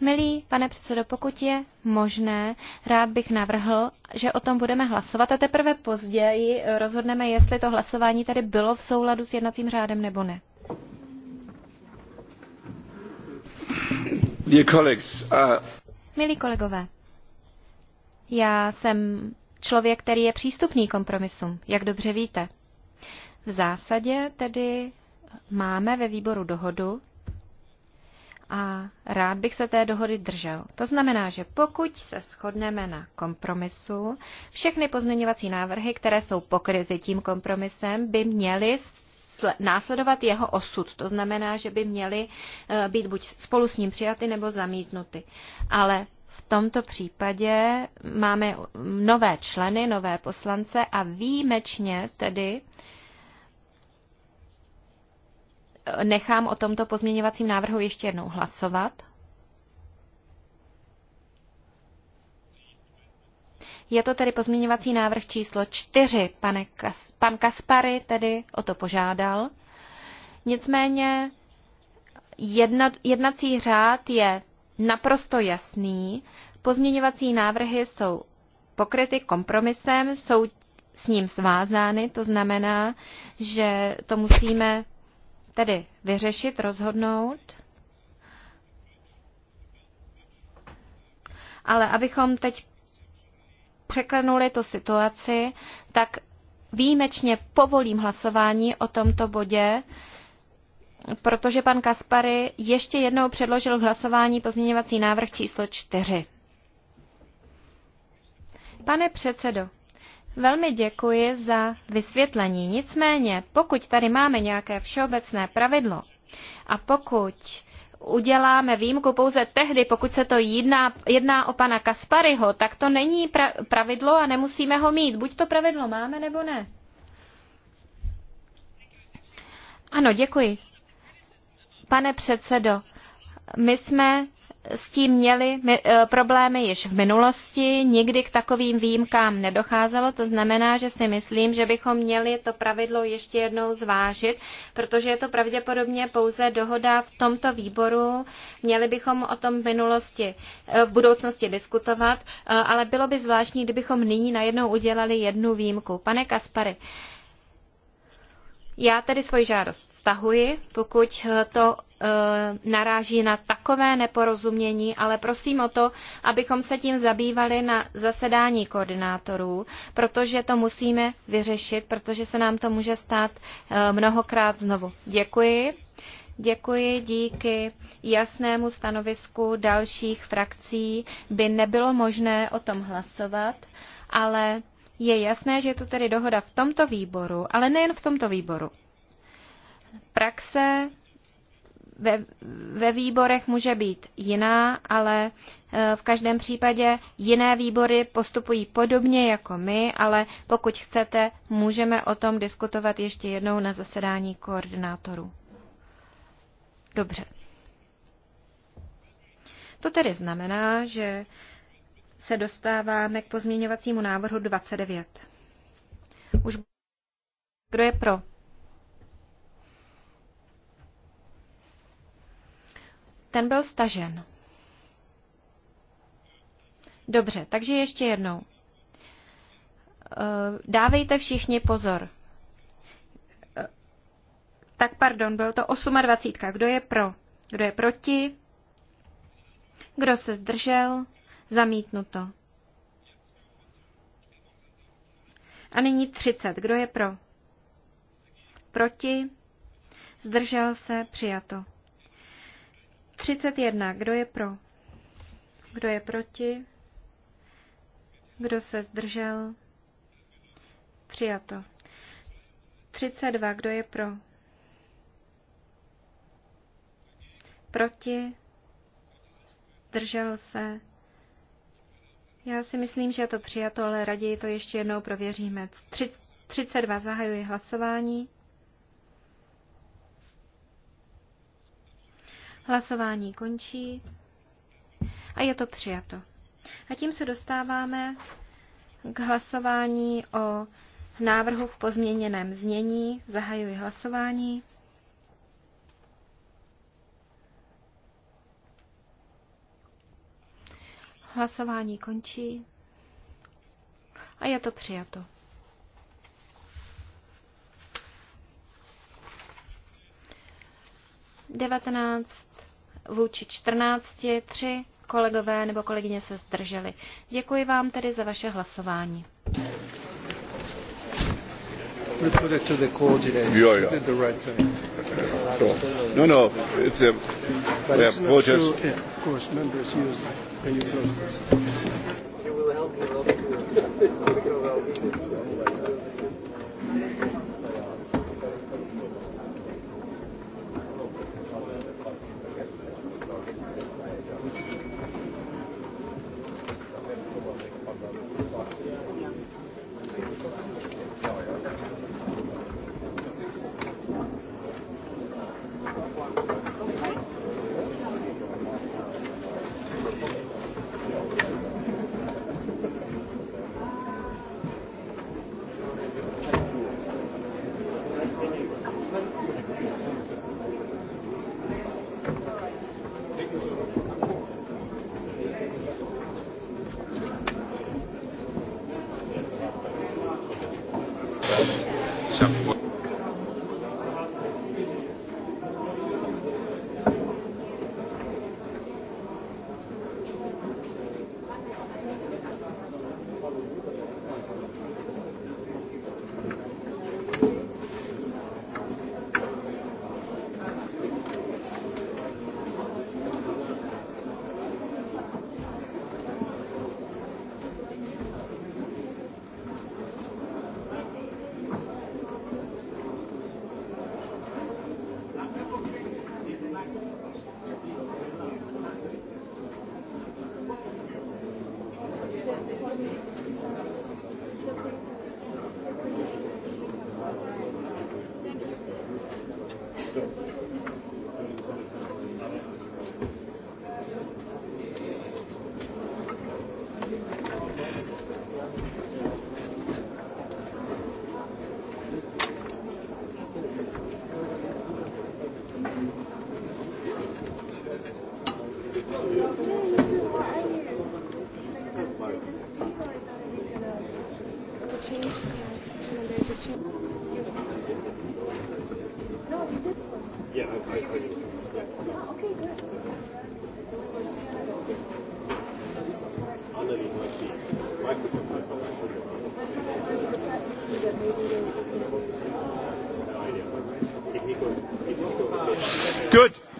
Milý pane předsedo, pokud je možné, rád bych navrhl, že o tom budeme hlasovat a teprve později rozhodneme, jestli to hlasování tady bylo v souladu s jednacím řádem nebo ne. Uh, Milí kolegové, já jsem člověk, který je přístupný kompromisům, jak dobře víte. V zásadě tedy máme ve výboru dohodu, a rád bych se té dohody držel. To znamená, že pokud se shodneme na kompromisu, všechny pozměňovací návrhy, které jsou pokryty tím kompromisem, by měly následovat jeho osud. To znamená, že by měly eh, být buď spolu s ním přijaty nebo zamítnuty. Ale v tomto případě máme nové členy, nové poslance a výjimečně tedy uh, nechám o tomto pozměňovacím návrhu ještě jednou hlasovat. Je to tedy pozměňovací návrh číslo čtyři. Pane Kas- pan Kaspary tedy o to požádal. Nicméně jedna, jednací řád je naprosto jasný. Pozměňovací návrhy jsou pokryty kompromisem, jsou s ním svázány, to znamená, že to musíme tedy vyřešit, rozhodnout, ale abychom teď překlenuli tu situaci, tak výjimečně povolím hlasování o tomto bodě, protože pan Kaspary ještě jednou předložil k hlasování pozměňovací návrh číslo 4. Pane předsedo, velmi děkuji za vysvětlení. Nicméně, pokud tady máme nějaké všeobecné pravidlo a pokud uděláme výjimku pouze tehdy, pokud se to jedná, jedná o pana Kaspariho, tak to není pra, pravidlo a nemusíme ho mít. Buď to pravidlo máme, nebo ne. Ano, děkuji. Pane předsedo, my jsme s tím měli eh, problémy již v minulosti, nikdy k takovým výjimkám nedocházelo, to znamená, že si myslím, že bychom měli to pravidlo ještě jednou zvážit, protože je to pravděpodobně pouze dohoda v tomto výboru, měli bychom o tom v minulosti, eh, v budoucnosti diskutovat, eh, ale bylo by zvláštní, kdybychom nyní najednou udělali jednu výjimku. Pane Kaspary, já tedy svoji žádost stahuji, pokud to Eh, naráží na takové neporozumění, ale prosím o to, abychom se tím zabývali na zasedání koordinátorů, protože to musíme vyřešit, protože se nám to může stát eh, mnohokrát znovu. Děkuji. Děkuji, díky jasnému stanovisku dalších frakcí by nebylo možné o tom hlasovat, ale je jasné, že je tu tedy dohoda v tomto výboru, ale nejen v tomto výboru. Praxe ve, ve výborech může být jiná, ale eh, v každém případě jiné výbory postupují podobně jako my, ale pokud chcete, můžeme o tom diskutovat ještě jednou na zasedání koordinátorů. Dobře. To tedy znamená, že se dostáváme k pozměňovacímu návrhu 29. Už kdo je pro? Ten byl stažen. Dobře, takže ještě jednou. Eh, dávejte všichni pozor. Eh, tak pardon, byl to 28. Kdo je pro? Kdo je proti? Kdo se zdržel? Zamítnuto. A nyní 30. Kdo je pro? Proti? Zdržel se? Přijato. 31. Kdo je pro? Kdo je proti? Kdo se zdržel? Přijato. 32. Kdo je pro? Proti? Zdržel se? Já si myslím, že je to přijato, ale raději to ještě jednou prověříme. 32. Zahajuji hlasování. Hlasování končí a je to přijato. A tím se dostáváme k hlasování o návrhu v pozměněném znění. Zahajuji hlasování. Hlasování končí a je to přijato. Devatenáct vůči 14, 3 kolegové nebo kolegyně se zdrželi. Děkuji vám tedy za vaše hlasování. Thank no, no, uh, you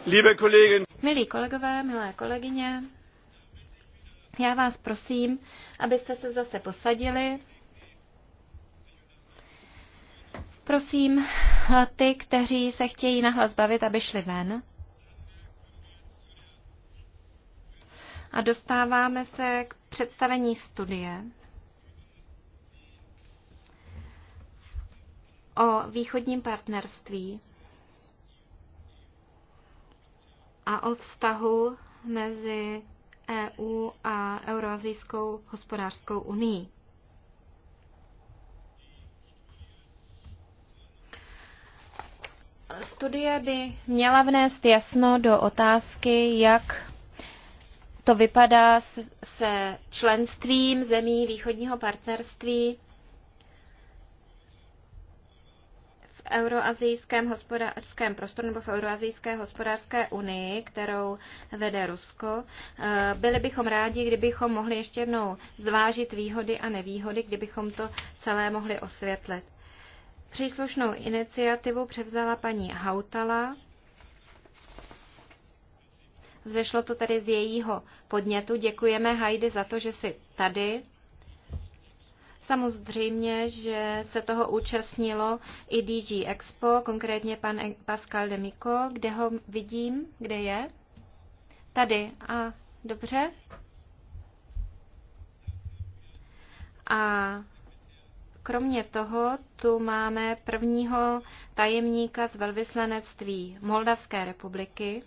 Liebe Kollegin. Milí kolegové, milé kolegyně, já vás prosím, abyste se zase posadili. Prosím ty, kteří se chtějí nahlas bavit, aby šli ven. A dostáváme se k představení studie o východním partnerství a o vztahu mezi EU a Euroazijskou hospodářskou unii. Studie by měla vnést jasno do otázky, jak to vypadá se členstvím zemí východního partnerství euroazijském hospodářském prostoru nebo v euroazijské hospodářské unii, kterou vede Rusko. Eh, byli bychom rádi, kdybychom mohli ještě jednou zvážit výhody a nevýhody, kdybychom to celé mohli osvětlit. Příslušnou iniciativu převzala paní Hautala. Vzešlo to tedy z jejího podnětu. Děkujeme Heidi za to, že jsi tady. Samozřejmě, že se toho účastnilo i DG Expo, konkrétně pan e- Pascal Demiko. Kde ho vidím? Kde je? Tady. A dobře. A kromě toho tu máme prvního tajemníka z velvyslanectví Moldavské republiky,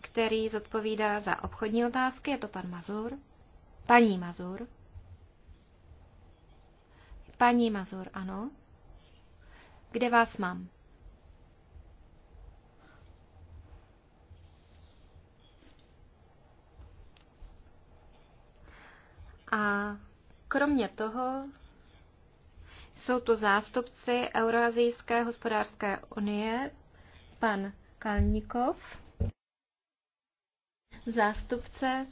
který zodpovídá za obchodní otázky, je to pan Mazur, paní Mazur. Paní Mazur, ano. Kde vás mám? A kromě toho jsou tu zástupci Euroazijské hospodářské unie, pan Kalníkov, zástupce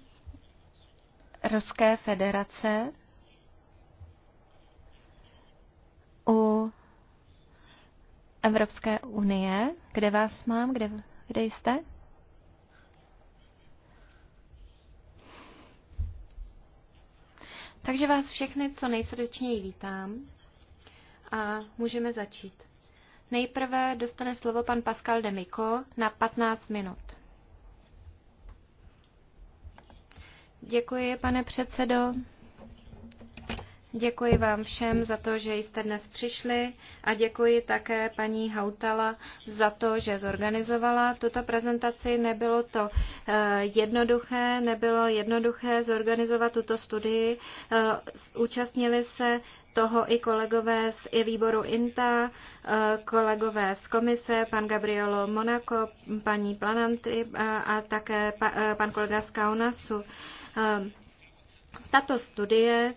Ruské federace, u Evropské unie. Kde vás mám? Kde, kde jste? Takže vás všechny co nejsrdečněji vítám a můžeme začít. Nejprve dostane slovo pan Pascal Demiko na 15 minut. Děkuji, pane předsedo. Děkuji vám všem za to, že jste dnes přišli a děkuji také paní Hautala za to, že zorganizovala tuto prezentaci. Nebylo to eh, jednoduché, nebylo jednoduché zorganizovat tuto studii. Eh, účastnili se toho i kolegové z i výboru INTA, eh, kolegové z komise, pan Gabriolo Monaco, paní Plananty a také pan kolega z Kaunasu. Tato studie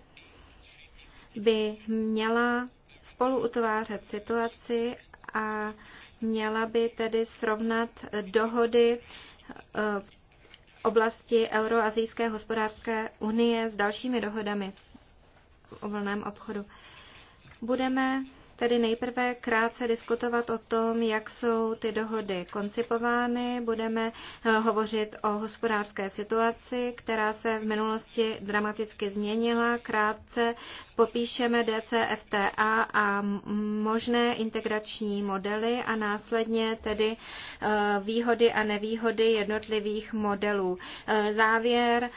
by měla spolu utvářet situaci a měla by tedy srovnat dohody eh, oblasti Euroazijské hospodářské unie s dalšími dohodami o volném obchodu. Budeme tedy nejprve krátce diskutovat o tom, jak jsou ty dohody koncipovány. Budeme eh, hovořit o hospodářské situaci, která se v minulosti dramaticky změnila. Krátce popíšeme DCFTA a možné integrační modely a následně tedy eh, výhody a nevýhody jednotlivých modelů. Eh, závěr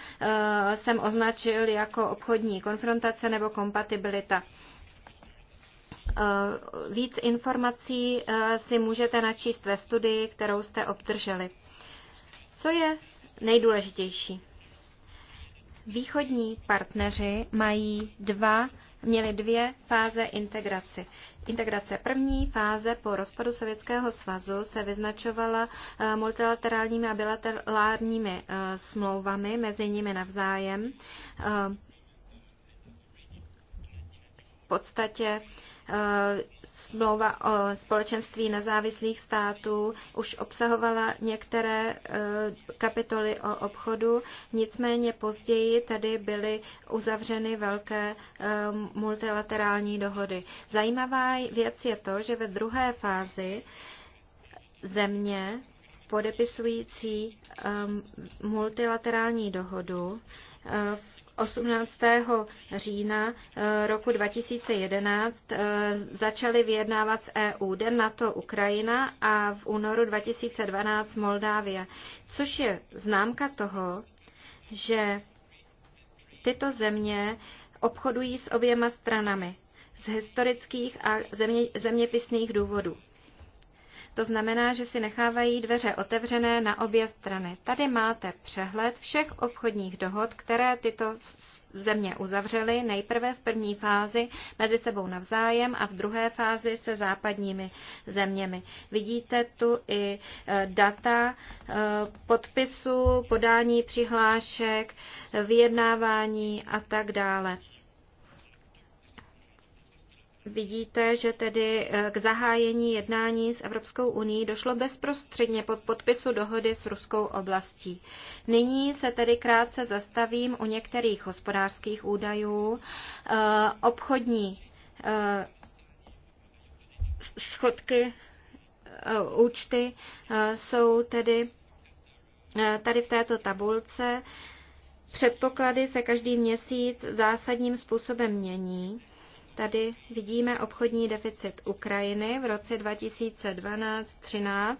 jsem označil jako obchodní konfrontace nebo kompatibilita. Eh, víc informací eh, si můžete načíst ve studii, kterou jste obdrželi. Co je nejdůležitější? Východní partneři mají dva, měli dvě fáze integrace. Integrace první fáze po rozpadu Sovětského svazu se vyznačovala eh, multilaterálními a bilaterálními smlouvami mezi nimi navzájem. V podstatě smlouva o společenství nezávislých států už obsahovala některé e, kapitoly o obchodu, nicméně později tady byly uzavřeny velké e, multilaterální dohody. Zajímavá věc je to, že ve druhé fázi země podepisující e, multilaterální dohodu v 18. října eh, roku 2011 eh, začaly vyjednávat s EU, den na to Ukrajina a v únoru 2012 Moldávie, což je známka toho, že tyto země obchodují s oběma stranami z historických a země, zeměpisných důvodů. To znamená, že si nechávají dveře otevřené na obě strany. Tady máte přehled všech obchodních dohod, které tyto země uzavřely, nejprve v první fázi mezi sebou navzájem a v druhé fázi se západními zeměmi. Vidíte tu i eh, data eh, podpisu, podání přihlášek, eh, vyjednávání a tak dále. Vidíte, že tedy eh, k zahájení jednání s Evropskou uní došlo bezprostředně pod podpisu dohody s ruskou oblastí. Nyní se tedy krátce zastavím u některých hospodářských údajů. Eh, obchodní eh, schodky účty jsou tedy tady v této tabulce. Předpoklady se každý měsíc zásadním způsobem mění. Tady vidíme obchodní deficit Ukrajiny v roce 2012-13.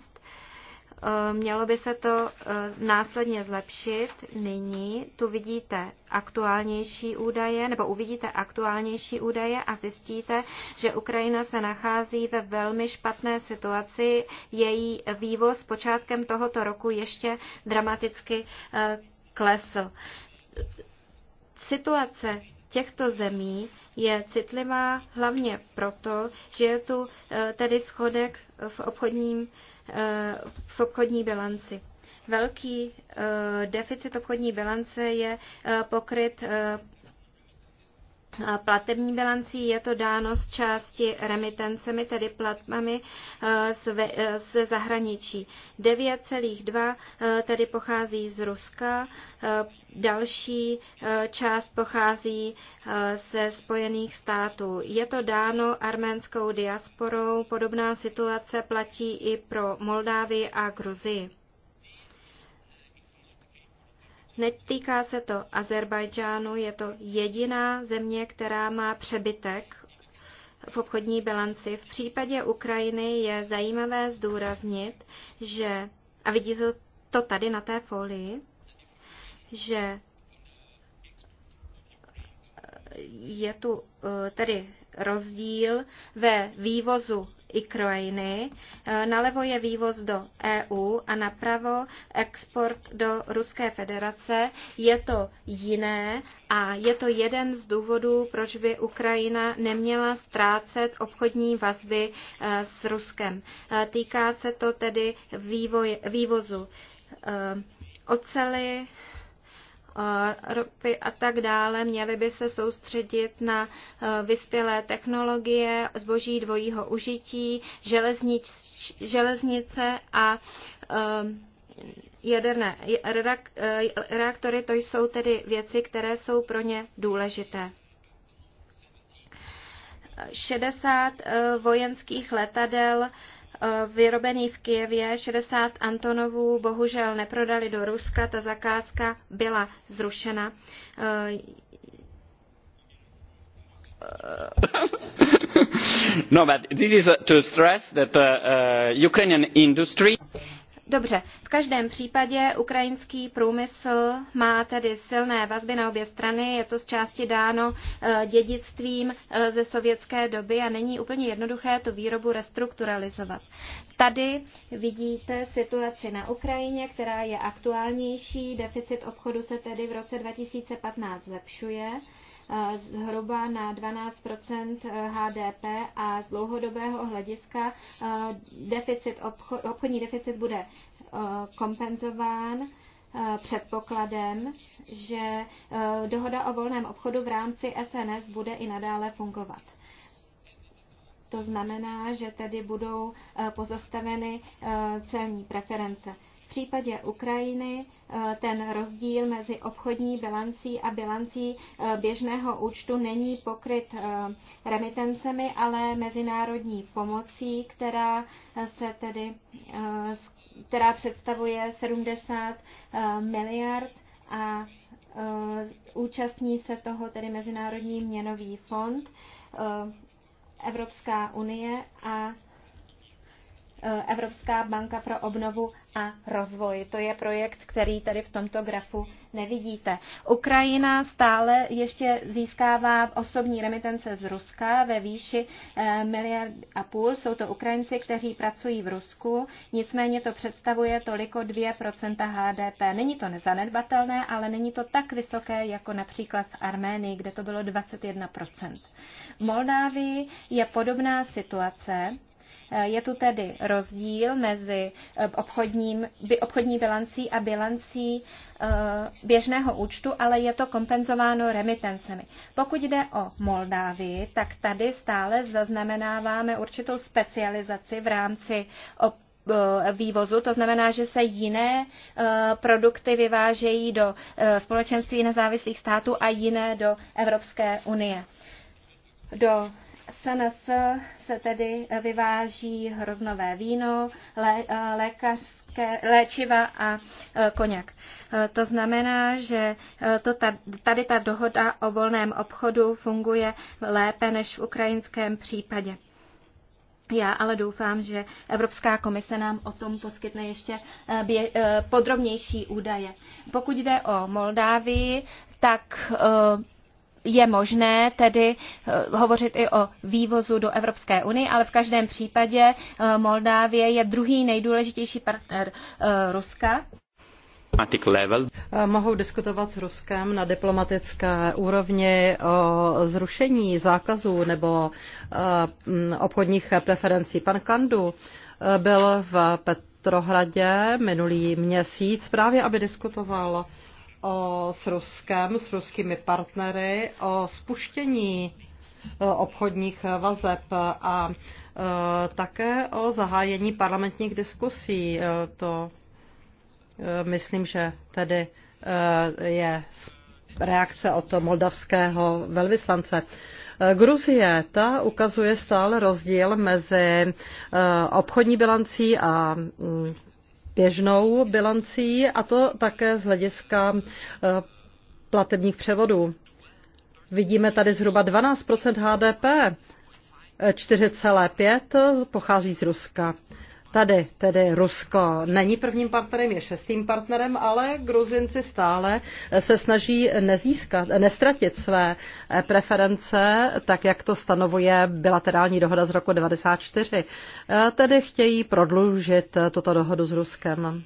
Eh, mělo by se to eh, následně zlepšit. Nyní tu vidíte aktuálnější údaje, nebo uvidíte aktuálnější údaje a zjistíte, že Ukrajina se nachází ve velmi špatné situaci. Její vývoz počátkem tohoto roku ještě dramaticky eh, klesl. Situace těchto zemí je citlivá hlavně proto, že je tu eh, tedy schodek v, obchodním, eh, v obchodní bilanci. Velký eh, deficit obchodní bilance je pokryt platební bilancí je to dáno z části remitencemi, tedy platbami eh, eh, ze zahraničí. 9,2 eh, tedy pochází z Ruska, další část pochází ze Spojených států. Je to dáno arménskou diasporou, podobná situace platí i pro Moldávii a Gruzii. Netýká se to Azerbajdžánu, je to jediná země, která má přebytek v obchodní bilanci. V případě Ukrajiny je zajímavé zdůraznit, že, a vidíte to tady na té folii, že je tu eh, tedy rozdíl ve vývozu i krojiny, e, nalevo je vývoz do EU a napravo export do Ruské federace. Je to jiné a je to jeden z důvodů, proč by Ukrajina neměla ztrácet obchodní vazby e, s Ruskem. E, týká se to tedy vývoj, vývozu oceli. Eh, ropy a tak dále, měly by se soustředit na eh, vyspělé technologie, zboží dvojího užití, železnič, železnice a eh, jaderné reaktory, to jsou tedy věci, které jsou pro ně důležité. 60 vojenských letadel Eh, vyrobený v Kijevě, 60 Antonovů bohužel neprodali do Ruska, ta zakázka byla zrušena. Eh, no, but this is uh, to stress that the uh, uh, Ukrainian industry Dobře, v každém případě ukrajinský průmysl má tedy silné vazby na obě strany, je to z části dáno eh, dědictvím eh, ze sovětské doby a není úplně jednoduché tu výrobu restrukturalizovat. Tady vidíte situaci na Ukrajině, která je aktuálnější, deficit obchodu se tedy v roce 2015 zlepšuje. Eh, zhruba na 12 eh, HDP a z dlouhodobého hlediska eh, deficit, obchodní deficit bude kompenzován předpokladem, že dohoda o volném obchodu v rámci SNS bude i nadále fungovat. To znamená, že tedy budou pozastaveny celní preference. V případě Ukrajiny eh, ten rozdíl mezi obchodní bilancí a bilancí eh, běžného účtu není pokryt eh, remitencemi, ale mezinárodní pomocí, která se tedy která představuje 70 miliard a účastní se toho tedy Mezinárodní měnový fond, Evropská unie a Eh, Evropská banka pro obnovu a rozvoj. To je projekt, který tady v tomto grafu nevidíte. Ukrajina stále ještě získává osobní remitence z Ruska ve výši eh, miliard a půl. Jsou to Ukrajinci, kteří pracují v Rusku, nicméně to představuje toliko 2% HDP. Není to nezanedbatelné, ale není to tak vysoké jako například v Arménii, kde to bylo 21%. V Moldávii je podobná situace, Eh, je tu tedy rozdíl mezi eh, obchodním, obchodní bilancí a bilancí eh, běžného účtu, ale je to kompenzováno remitencemi. Pokud jde o Moldávii, tak tady stále zaznamenáváme určitou specializaci v rámci vývozu, to znamená, že se jiné produkty vyvážejí do společenství nezávislých států a jiné do Evropské unie. Do SNS se tedy vyváží hroznové víno, lé, eh, lékařské léčiva a eh, koněk. Eh, to znamená, že to tady ta dohoda o volném obchodu funguje lépe než v ukrajinském případě. Já ale doufám, že Evropská komise nám o tom poskytne ještě podrobnější údaje. Pokud jde o Moldávii, tak je možné tedy eh, hovořit i o vývozu do Evropské unie, ale v každém případě eh, Moldávie je druhý nejdůležitější partner eh, Ruska. Level. Mohou diskutovat s Ruskem na diplomatické úrovni o zrušení zákazů nebo obchodních preferencí. Pan Kandu byl v Petrohradě minulý měsíc právě, aby diskutoval o, s Ruskem, s ruskými partnery, o spuštění e, obchodních vazeb a e, také o zahájení parlamentních diskusí. E, to myslím, že tedy je reakce od moldavského velvyslance. Gruzie, ta ukazuje stále rozdíl mezi obchodní bilancí a mm, běžnou bilancí a to také z hlediska eh, platebních převodů. Vidíme tady zhruba 12 HDP, 4,5 pochází z Ruska. Tady tedy Rusko není prvním partnerem, je šestým partnerem, ale Gruzinci stále se snaží nezískat, nestratit své preference, tak jak to stanovuje bilaterální dohoda z roku 1994. E, tedy chtějí prodloužit tuto dohodu s Ruskem.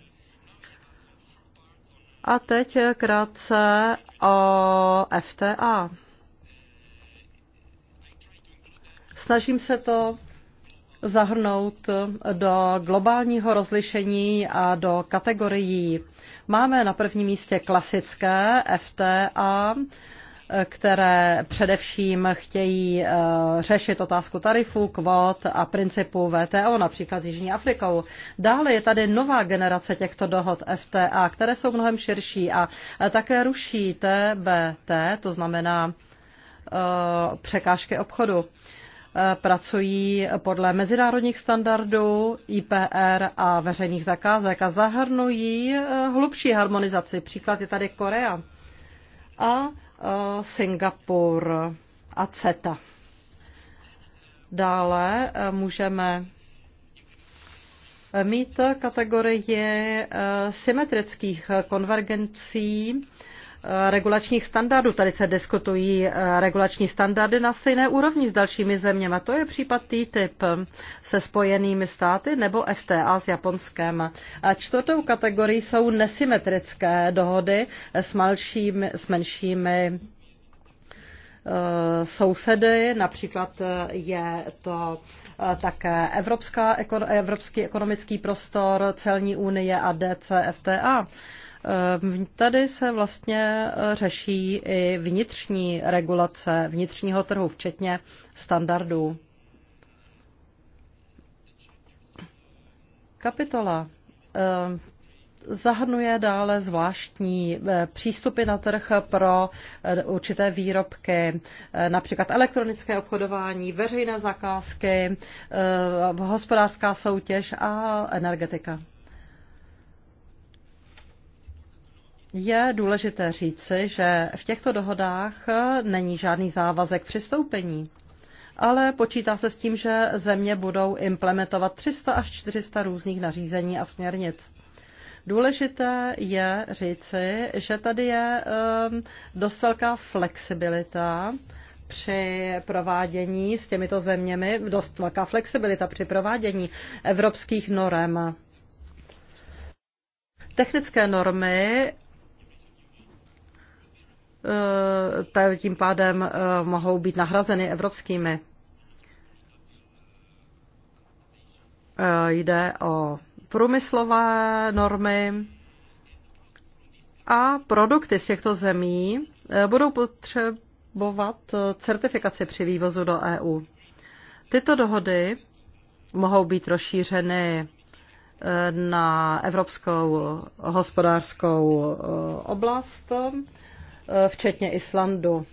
A teď krátce o FTA. Snažím se to zahrnout do globálního rozlišení a do kategorií. Máme na prvním místě klasické FTA, které především chtějí eh, řešit otázku tarifů, kvot a principu VTO, například s Jižní Afrikou. Dále je tady nová generace těchto dohod FTA, které jsou mnohem širší a eh, také ruší TBT, to znamená eh, překážky obchodu. Eh, pracují podle mezinárodních standardů IPR a veřejných zakázek a zahrnují eh, hlubší harmonizaci. Příklad je tady Korea a eh, Singapur a CETA. Dále můžeme mít kategorie symetrických konvergencí Eh, regulačních standardů. Tady se diskutují eh, regulační standardy na stejné úrovni s dalšími zeměmi. To je případ TTIP se spojenými státy nebo FTA s Japonskem. A čtvrtou kategorii jsou nesymetrické dohody s, malšími, s menšími eh, sousedy, například je to také Evropská, Evropský ekonomický prostor, celní unie a DCFTA. Ehm, tady se vlastně e, řeší i vnitřní regulace vnitřního trhu, včetně standardů. Kapitola ehm, zahrnuje dále zvláštní e, přístupy na trh pro e, určité výrobky, například elektronické obchodování, veřejné zakázky, hospodářská soutěž a energetika. Je důležité říci, že v těchto dohodách není žádný závazek přistoupení, ale počítá se s tím, že země budou implementovat 300 až 400 různých nařízení a směrnic. Důležité je říci, že tady je ehm, dost velká flexibilita při provádění s těmito zeměmi, dost velká flexibilita při provádění evropských norem. Technické normy Eh, tím pádem eh, mohou být nahrazeny evropskými. Eh, jde o průmyslové normy a produkty z těchto zemí budou potřebovat certifikaci při vývozu do EU. Tyto dohody mohou být rozšířeny na evropskou hospodářskou oblast Eh, včetně Islandu.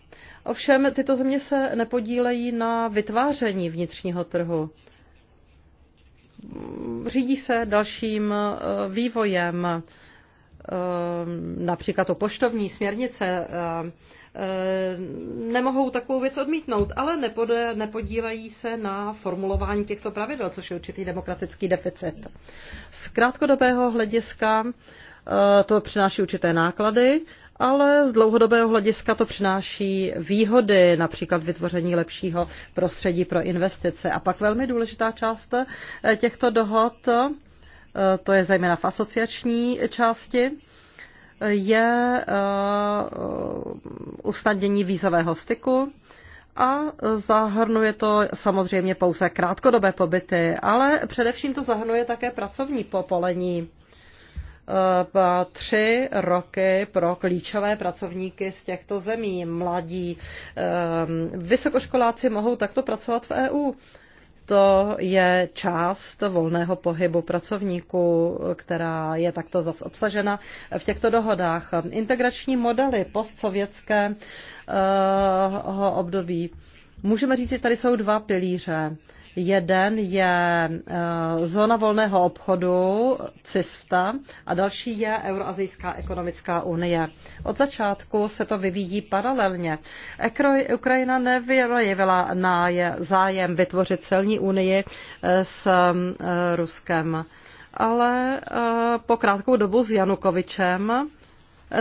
Ovšem tyto země se nepodílejí na vytváření vnitřního trhu. Řídí se dalším eh, vývojem, eh, například o poštovní směrnice, nemohou takovou věc odmítnout, ale nepodílejí se na formulování těchto pravidel, což je určitý demokratický deficit. Z krátkodobého hlediska to přináší určité náklady ale z dlouhodobého hlediska to přináší výhody, například vytvoření lepšího prostředí pro investice. A pak velmi důležitá část eh, těchto dohod, eh, to je zejména v asociační části, je eh, usnadnění vízového styku a zahrnuje to samozřejmě pouze krátkodobé pobyty, ale především to zahrnuje také pracovní popolení Eh, tři roky pro klíčové pracovníky z těchto zemí, mladí. Eh, vysokoškoláci mohou takto pracovat v EU. To je část volného pohybu pracovníků, která je takto zas obsažena v těchto dohodách. Integrační modely postsovětského eh, období. Můžeme říct, že tady jsou dva pilíře. Jeden je eh, zóna volného obchodu CISFTA a další je Euroazijská ekonomická unie. Od začátku se to vyvíjí paralelně. Ukrajina nevyrojevila na zájem vytvořit celní unii eh, s eh, Ruskem ale po krátkou dobu s Janukovičem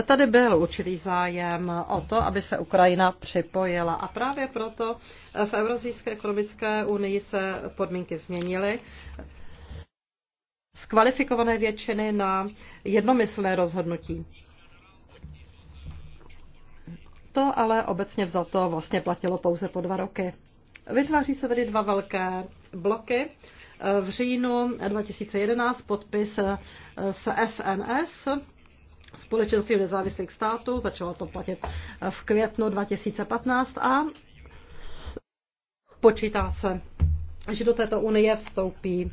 Tady byl určitý zájem o to, aby se Ukrajina připojila a právě proto v Eurazijské ekonomické unii se podmínky změnily z kvalifikované většiny na jednomyslné rozhodnutí. To ale obecně vzato vlastně platilo pouze po dva roky. Vytváří se tedy dva velké bloky. V říjnu 2011 podpis s SNS společenství nezávislých států, začalo to platit v květnu 2015 a počítá se, že do této unie vstoupí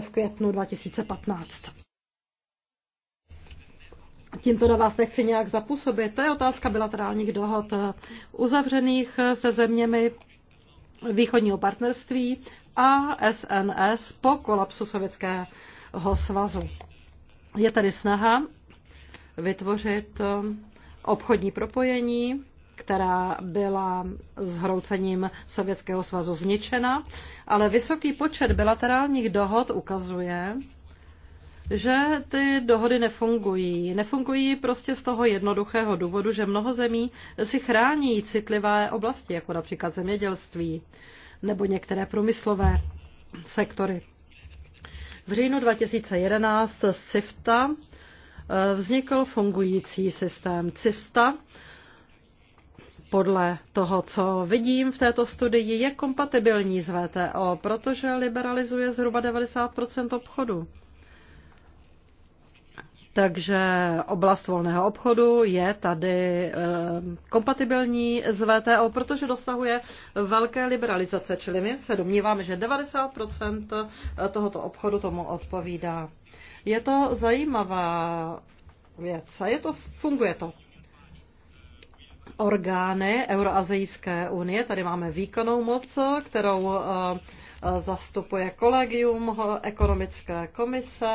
v květnu 2015. Tímto na vás nechci nějak zapůsobit. To je otázka bilaterálních dohod uzavřených se zeměmi východního partnerství a SNS po kolapsu Sovětského svazu. Je tady snaha vytvořit eh, obchodní propojení, která byla zhroucením Sovětského svazu zničena, ale vysoký počet bilaterálních dohod ukazuje, že ty dohody nefungují. Nefungují prostě z toho jednoduchého důvodu, že mnoho zemí si chrání citlivé oblasti, jako například zemědělství nebo některé průmyslové sektory. V říjnu 2011 z CIFTA eh, vznikl fungující systém CIFTA. Podle toho, co vidím v této studii, je kompatibilní s VTO, protože liberalizuje zhruba 90 obchodu. Takže oblast volného obchodu je tady eh, kompatibilní s VTO, protože dosahuje velké liberalizace, čili my se domníváme, že 90% eh, tohoto obchodu tomu odpovídá. Je to zajímavá věc a je to, funguje to. Orgány Euroazijské unie, tady máme výkonnou moc, kterou eh, zastupuje kolegium ekonomické komise,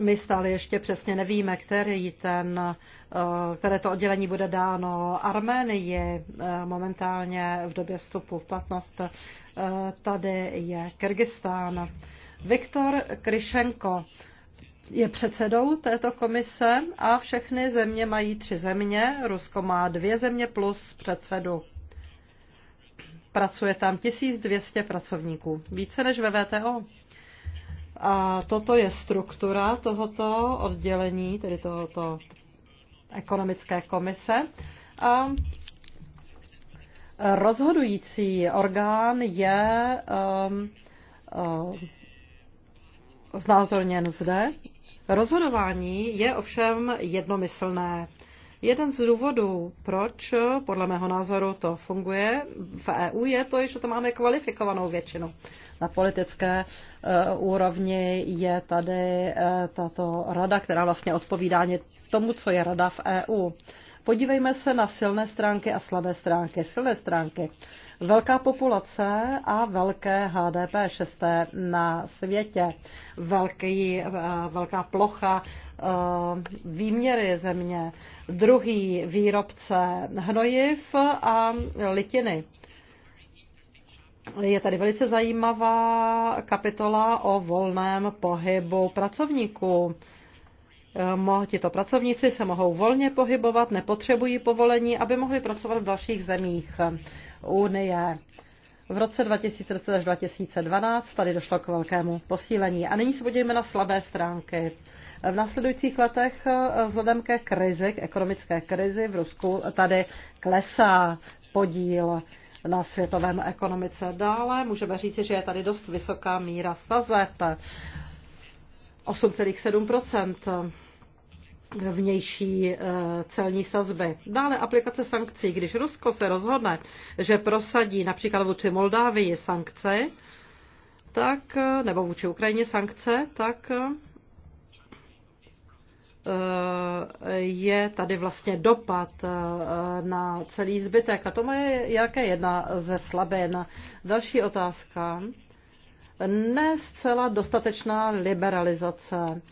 my stále ještě přesně nevíme, který ten, eh, které to oddělení bude dáno Arménii eh, momentálně v době vstupu v platnost. Eh, tady je Kyrgyzstán. Viktor Kryšenko je předsedou této komise a všechny země mají tři země. Rusko má dvě země plus předsedu. Pracuje tam 1200 pracovníků, více než ve VTO. A toto je struktura tohoto oddělení, tedy tohoto ekonomické komise. A rozhodující orgán je um, um, znázorněn zde. Rozhodování je ovšem jednomyslné. Jeden z důvodů, proč podle mého názoru to funguje v EU, je to, že tam máme kvalifikovanou většinu. Na politické eh, úrovni je tady eh, tato rada, která vlastně odpovídá tomu, co je rada v EU. Podívejme se na silné stránky a slabé stránky. Silné stránky. Velká populace a velké HDP, šesté na světě, velký, eh, velká plocha eh, výměry země, druhý výrobce hnojiv a litiny. Je tady velice zajímavá kapitola o volném pohybu pracovníků. Eh, tito pracovníci se mohou volně pohybovat, nepotřebují povolení, aby mohli pracovat v dalších zemích unie. V roce 2010 až 2012 tady došlo k velkému posílení. A nyní se podívejme na slabé stránky. V následujících letech eh, vzhledem ke krizi, k ekonomické krizi v Rusku, tady klesá podíl na světovém ekonomice. Dále můžeme říci, že je tady dost vysoká míra sazeb, 8,7 vnější eh, celní sazby. Dále aplikace sankcí. Když Rusko se rozhodne, že prosadí například vůči Moldávii sankce, tak, eh, nebo vůči Ukrajině sankce, tak eh, je tady vlastně dopad na celý zbytek. A to je jaké jedna ze slabin. Další otázka. Ne zcela dostatečná liberalizace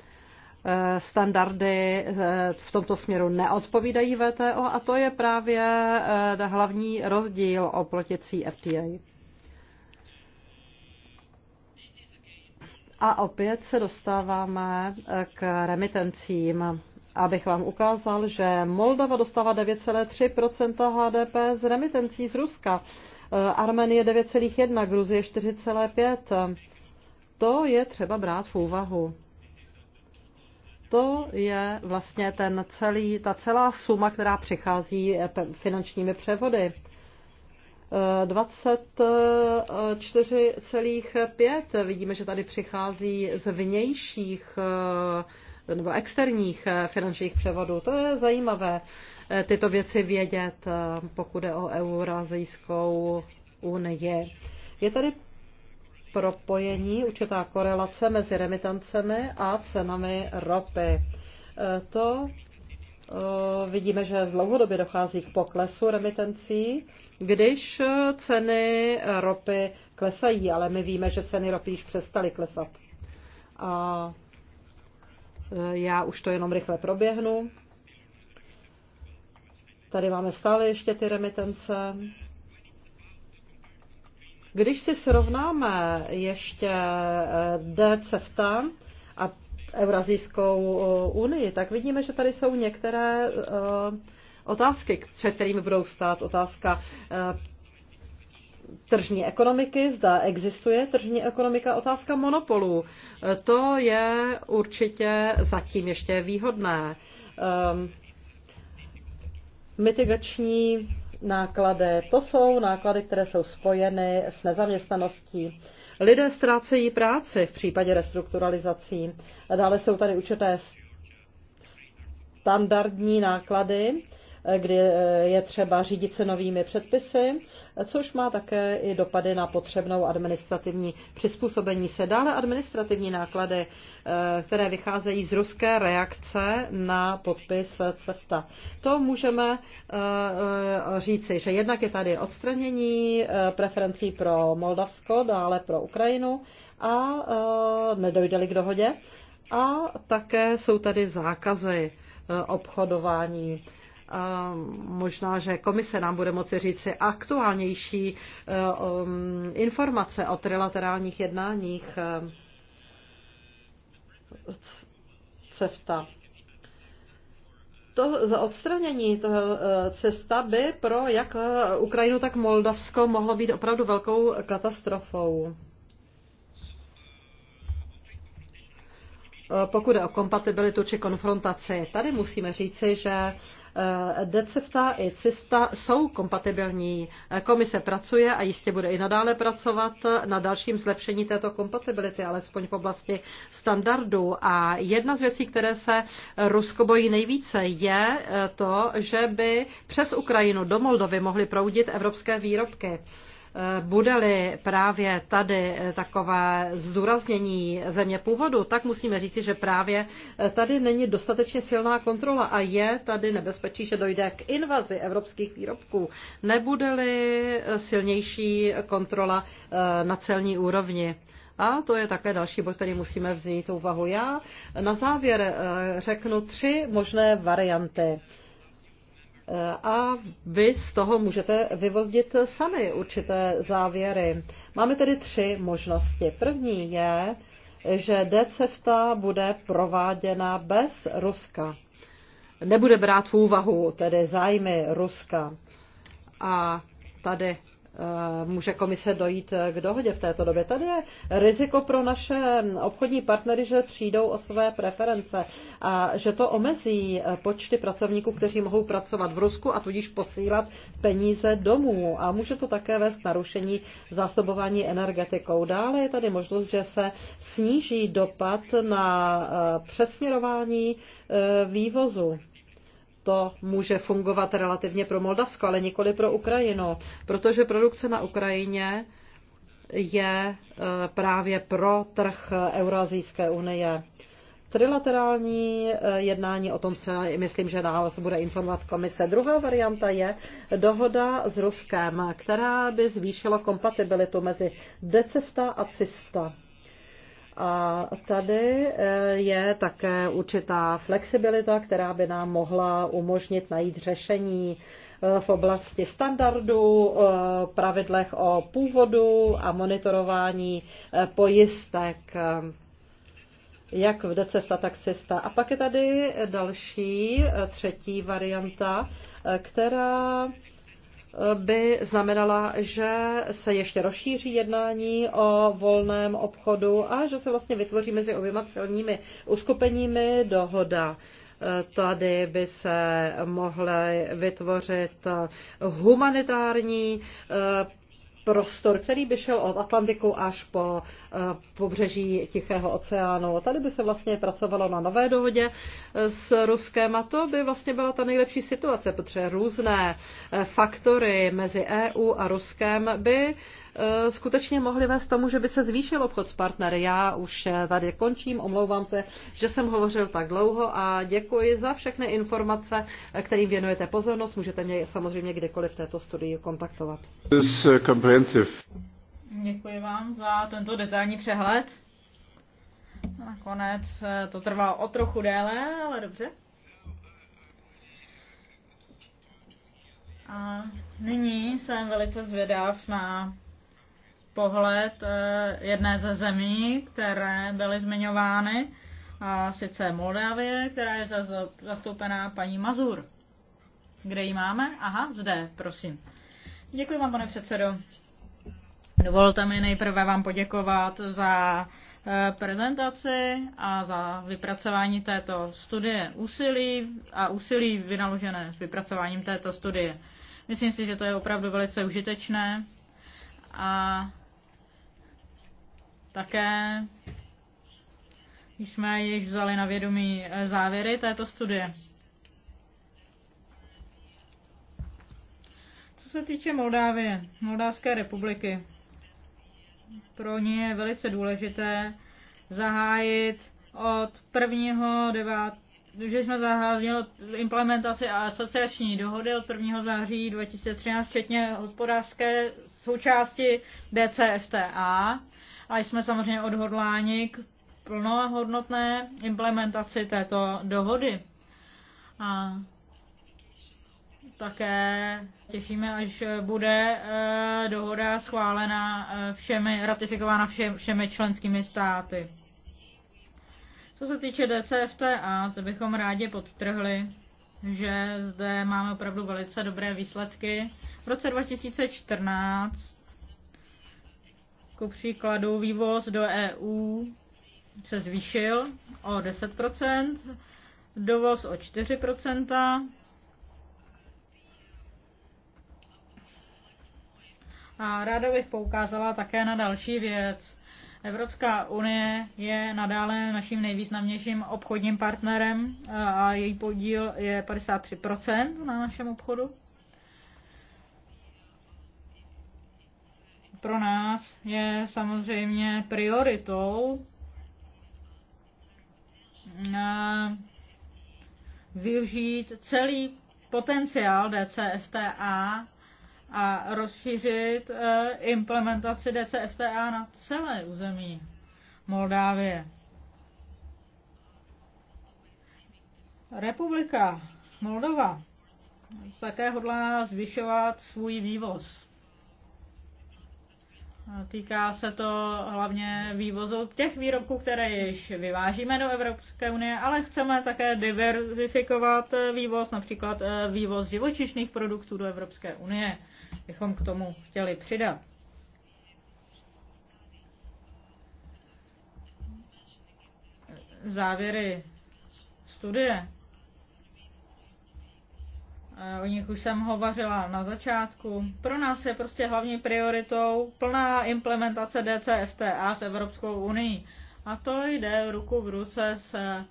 Eh, standardy eh, v tomto směru neodpovídají VTO a to je právě eh, hlavní rozdíl oproti CFTA. A opět se dostáváme k remitencím. Abych vám ukázal, že Moldova dostává 9,3 HDP z remitencí z Ruska, Armenie 9,1, Gruzie 4,5. To je třeba brát v úvahu to je vlastně ten celý, ta celá suma, která přichází eh, finančními převody. 24,5. Eh, eh, Vidíme, že tady přichází z vnějších nebo externích finančních převodů. To je zajímavé tyto věci vědět, pokud je o Eurazijskou unii. Je tady propojení, určitá korelace mezi remitancemi a cenami ropy. E, to e, vidíme, že z dlouhodobě dochází k poklesu remitencí, když e, ceny ropy klesají, ale my víme, že ceny ropy již přestaly klesat. A já už to jenom rychle proběhnu. Tady máme stále ještě ty remitence. Když si srovnáme ještě eh, DCFTA a Eurazijskou eh, unii, tak vidíme, že tady jsou některé eh, otázky, před kterými budou stát otázka tržní ekonomiky, zda existuje tržní ekonomika, otázka monopolů. To je určitě zatím ještě výhodné. Mitigační náklady. To jsou náklady, které jsou spojeny s nezaměstnaností. Lidé ztrácejí práci v případě restrukturalizací. Dále jsou tady určité standardní náklady, Eh, kdy eh, je třeba řídit se novými předpisy, což má také i dopady na potřebnou administrativní přizpůsobení se. Dále administrativní náklady, eh, které vycházejí z ruské reakce na podpis CEFTA. To můžeme říci, že jednak je tady odstranění preferencí pro Moldavsko, dále pro Ukrajinu a nedojde-li k dohodě. A také jsou tady zákazy obchodování Možná, že komise nám bude moci říci aktuálnější eh, um, informace o trilaterálních jednáních eh, CEFTA to za odstranění toho eh, cesta by pro jak Ukrajinu, tak Moldavsko mohlo být opravdu velkou katastrofou. Pokud je o kompatibilitu či konfrontaci, tady musíme říci, že Decefta i Cista jsou kompatibilní. Komise pracuje a jistě bude i nadále pracovat na dalším zlepšení této kompatibility, alespoň v oblasti standardů. A jedna z věcí, které se Rusko bojí nejvíce, je to, že by přes Ukrajinu do Moldovy mohly proudit evropské výrobky bude-li právě tady eh, takové zdůraznění země původu, tak musíme říci, že právě eh, tady není dostatečně silná kontrola a je tady nebezpečí, že dojde k invazi evropských výrobků. Nebude-li eh, silnější kontrola na celní úrovni. A to je také další bod, který musíme vzít úvahu. Já na závěr řeknu tři možné varianty a vy z toho můžete vyvozdit sami určité závěry. Máme tedy tři možnosti. První je, že DCFTA bude prováděna bez Ruska. Nebude brát v úvahu tedy zájmy Ruska. A tady Eh, může komise dojít eh, k dohodě v této době. Tady je riziko pro naše obchodní partnery, že přijdou o své preference a že to omezí eh, počty pracovníků, kteří mohou pracovat v Rusku a tudíž posílat peníze domů. A může to také vést k narušení zásobování energetikou. Dále je tady možnost, že se sníží dopad na přesměrování vývozu to může fungovat relativně pro Moldavsko, ale nikoli pro Ukrajinu, protože produkce na Ukrajině je e, právě pro trh Eurazijské unie. Trilaterální e, jednání, o tom se myslím, že nás bude informovat komise. Druhá varianta je dohoda s Ruskem, která by zvýšila kompatibilitu mezi DECEFTA a CISFTA. A tady eh, je také určitá flexibilita, která by nám mohla umožnit najít řešení eh, v oblasti standardů, eh, pravidlech o původu a monitorování pojistek jak v DCFTA, tak CISTA. A pak je tady další, třetí varianta, která by znamenala, že se ještě rozšíří jednání o volném obchodu a že se vlastně vytvoří mezi oběma celními uskupeními dohoda. Tady by se mohly vytvořit humanitární prostor, který by šel od Atlantiku až po eh, pobřeží Tichého oceánu. Tady by se vlastně pracovalo na nové dohodě eh, s Ruskem a to by vlastně byla ta nejlepší situace, protože různé eh, faktory mezi EU a Ruskem by Eh, skutečně mohly vést tomu, že by se zvýšil obchod s partnery. Já už eh, tady končím, omlouvám se, že jsem hovořil tak dlouho a děkuji za všechny informace, eh, kterým věnujete pozornost. Můžete mě samozřejmě kdykoliv v této studii kontaktovat. Děkuji vám za tento detailní přehled. Nakonec to trvalo o trochu déle, ale dobře. A nyní jsem velice zvědav na pohled eh, jedné ze zemí, které byly zmiňovány, a sice Moldávie, která je zastoupená paní Mazur. Kde ji máme? Aha, zde, prosím. Děkuji vám, pane předsedo. Dovolte mi nejprve vám poděkovat za eh, prezentaci a za vypracování této studie úsilí a úsilí vynaložené s vypracováním této studie. Myslím si, že to je opravdu velice užitečné a také jsme již vzali na vědomí eh, závěry této studie. Co se týče Moldávie, Moldávské republiky, pro ní je velice důležité zahájit od prvního, 9. že jsme zahájili implementaci a asociační dohody od 1. září 2013, včetně hospodářské součásti DCFTA a jsme samozřejmě odhodláni k plnohodnotné implementaci této dohody. A také těšíme, až bude eh, dohoda schválena eh, všemi, ratifikována všemi, všemi členskými státy. Co se týče DCFTA, zde bychom rádi podtrhli, že zde máme opravdu velice dobré výsledky. V roce 2014 ku příkladu vývoz do EU se zvýšil o 10%, dovoz o 4%. A ráda bych poukázala také na další věc. Evropská unie je nadále naším nejvýznamnějším obchodním partnerem a její podíl je 53% na našem obchodu. pro nás je samozřejmě prioritou využít celý potenciál DCFTA a rozšířit eh, implementaci DCFTA na celé území Moldávie. Republika Moldova také hodlá zvyšovat svůj vývoz Týká se to hlavně vývozu těch výrobků, které již vyvážíme do Evropské unie, ale chceme také diverzifikovat vývoz, například eh, vývoz živočišných produktů do Evropské unie. Bychom k tomu chtěli přidat. Závěry studie Eh, o nich už jsem hovořila na začátku. Pro nás je prostě hlavní prioritou plná implementace DCFTA s Evropskou unii. A to jde ruku v ruce s eh,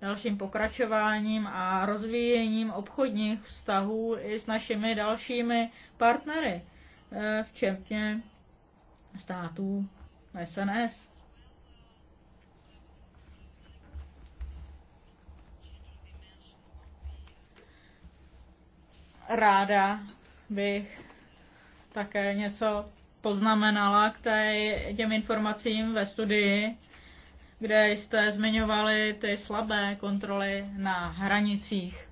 dalším pokračováním a rozvíjením obchodních vztahů i s našimi dalšími partnery, eh, včetně států SNS. ráda bych také něco poznamenala k těm informacím ve studii, kde jste zmiňovali ty slabé kontroly na hranicích.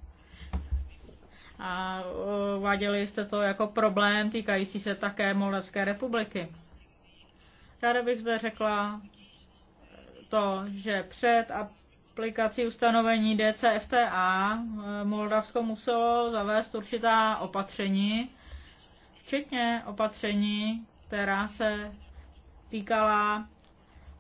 A e, uváděli jste to jako problém týkající se také Moldavské republiky. Ráda bych zde řekla to, že před a aplikací ustanovení DCFTA eh, Moldavsko muselo zavést určitá opatření, včetně opatření, která se týkala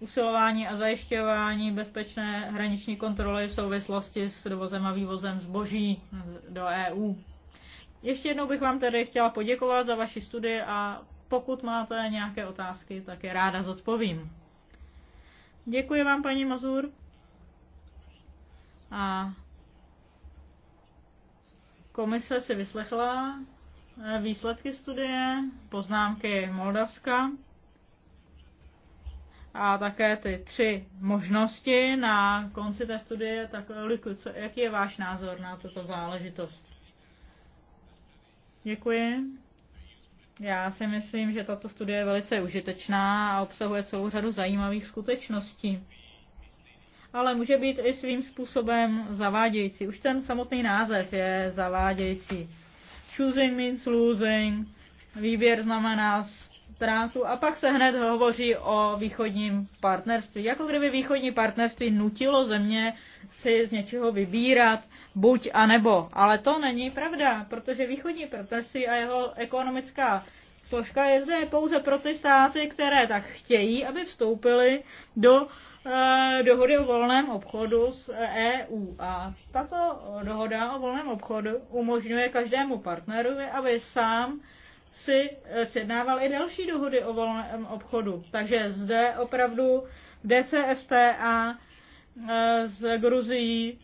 usilování a zajišťování bezpečné hraniční kontroly v souvislosti s dovozem a vývozem zboží do EU. Ještě jednou bych vám tedy chtěla poděkovat za vaši studii a pokud máte nějaké otázky, tak je ráda zodpovím. Děkuji vám, paní Mazur. A komise si vyslechla eh, výsledky studie, poznámky Moldavska a také ty tři možnosti na konci té studie. Tak, eh, Liku, co, jaký je váš názor na tuto záležitost? Děkuji. Já si myslím, že tato studie je velice užitečná a obsahuje celou řadu zajímavých skutečností ale může být i svým způsobem zavádějící. Už ten samotný název je zavádějící. Choosing means losing, výběr znamená ztrátu a pak se hned hovoří o východním partnerství. Jako kdyby východní partnerství nutilo země si z něčeho vybírat buď a nebo. Ale to není pravda, protože východní partnerství a jeho ekonomická složka je zde pouze pro ty státy, které tak chtějí, aby vstoupily do Eh, dohody o volném obchodu s EU. A tato dohoda o volném obchodu umožňuje každému partnerovi, aby sám si eh, sjednával i další dohody o volném obchodu. Takže zde opravdu DCFTA eh, s Gruzií,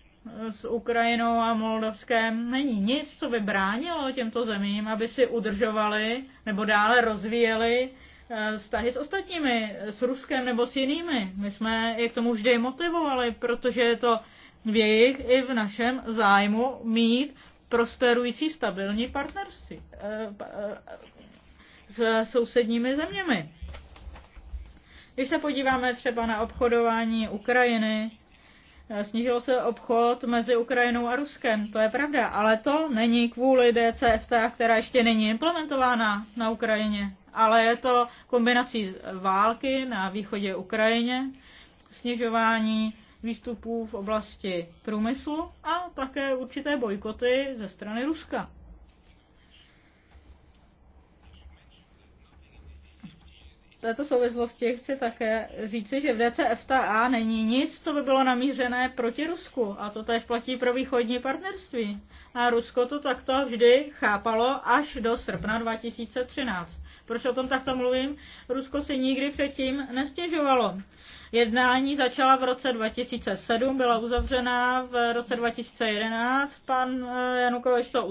s Ukrajinou a Moldavskem není nic, co by bránilo těmto zemím, aby si udržovali nebo dále rozvíjeli Eh, vztahy s ostatními, s Ruskem nebo s jinými. My jsme je k tomu vždy motivovali, protože je to v jejich i v našem zájmu mít prosperující stabilní partnerství eh, eh, s sousedními zeměmi. Když se podíváme třeba na obchodování Ukrajiny, snížil se obchod mezi Ukrajinou a Ruskem, to je pravda, ale to není kvůli DCFTA, která ještě není implementována na Ukrajině ale je to kombinací války na východě Ukrajině, snižování výstupů v oblasti průmyslu a také určité bojkoty ze strany Ruska. V této souvislosti chci také říci, že v DCFTA není nic, co by bylo namířené proti Rusku. A to též platí pro východní partnerství. A Rusko to takto vždy chápalo až do srpna 2013. Proč o tom takto mluvím? Rusko si nikdy předtím nestěžovalo. Jednání začala v roce 2007, byla uzavřena v roce 2011. Pan eh, Janukovič to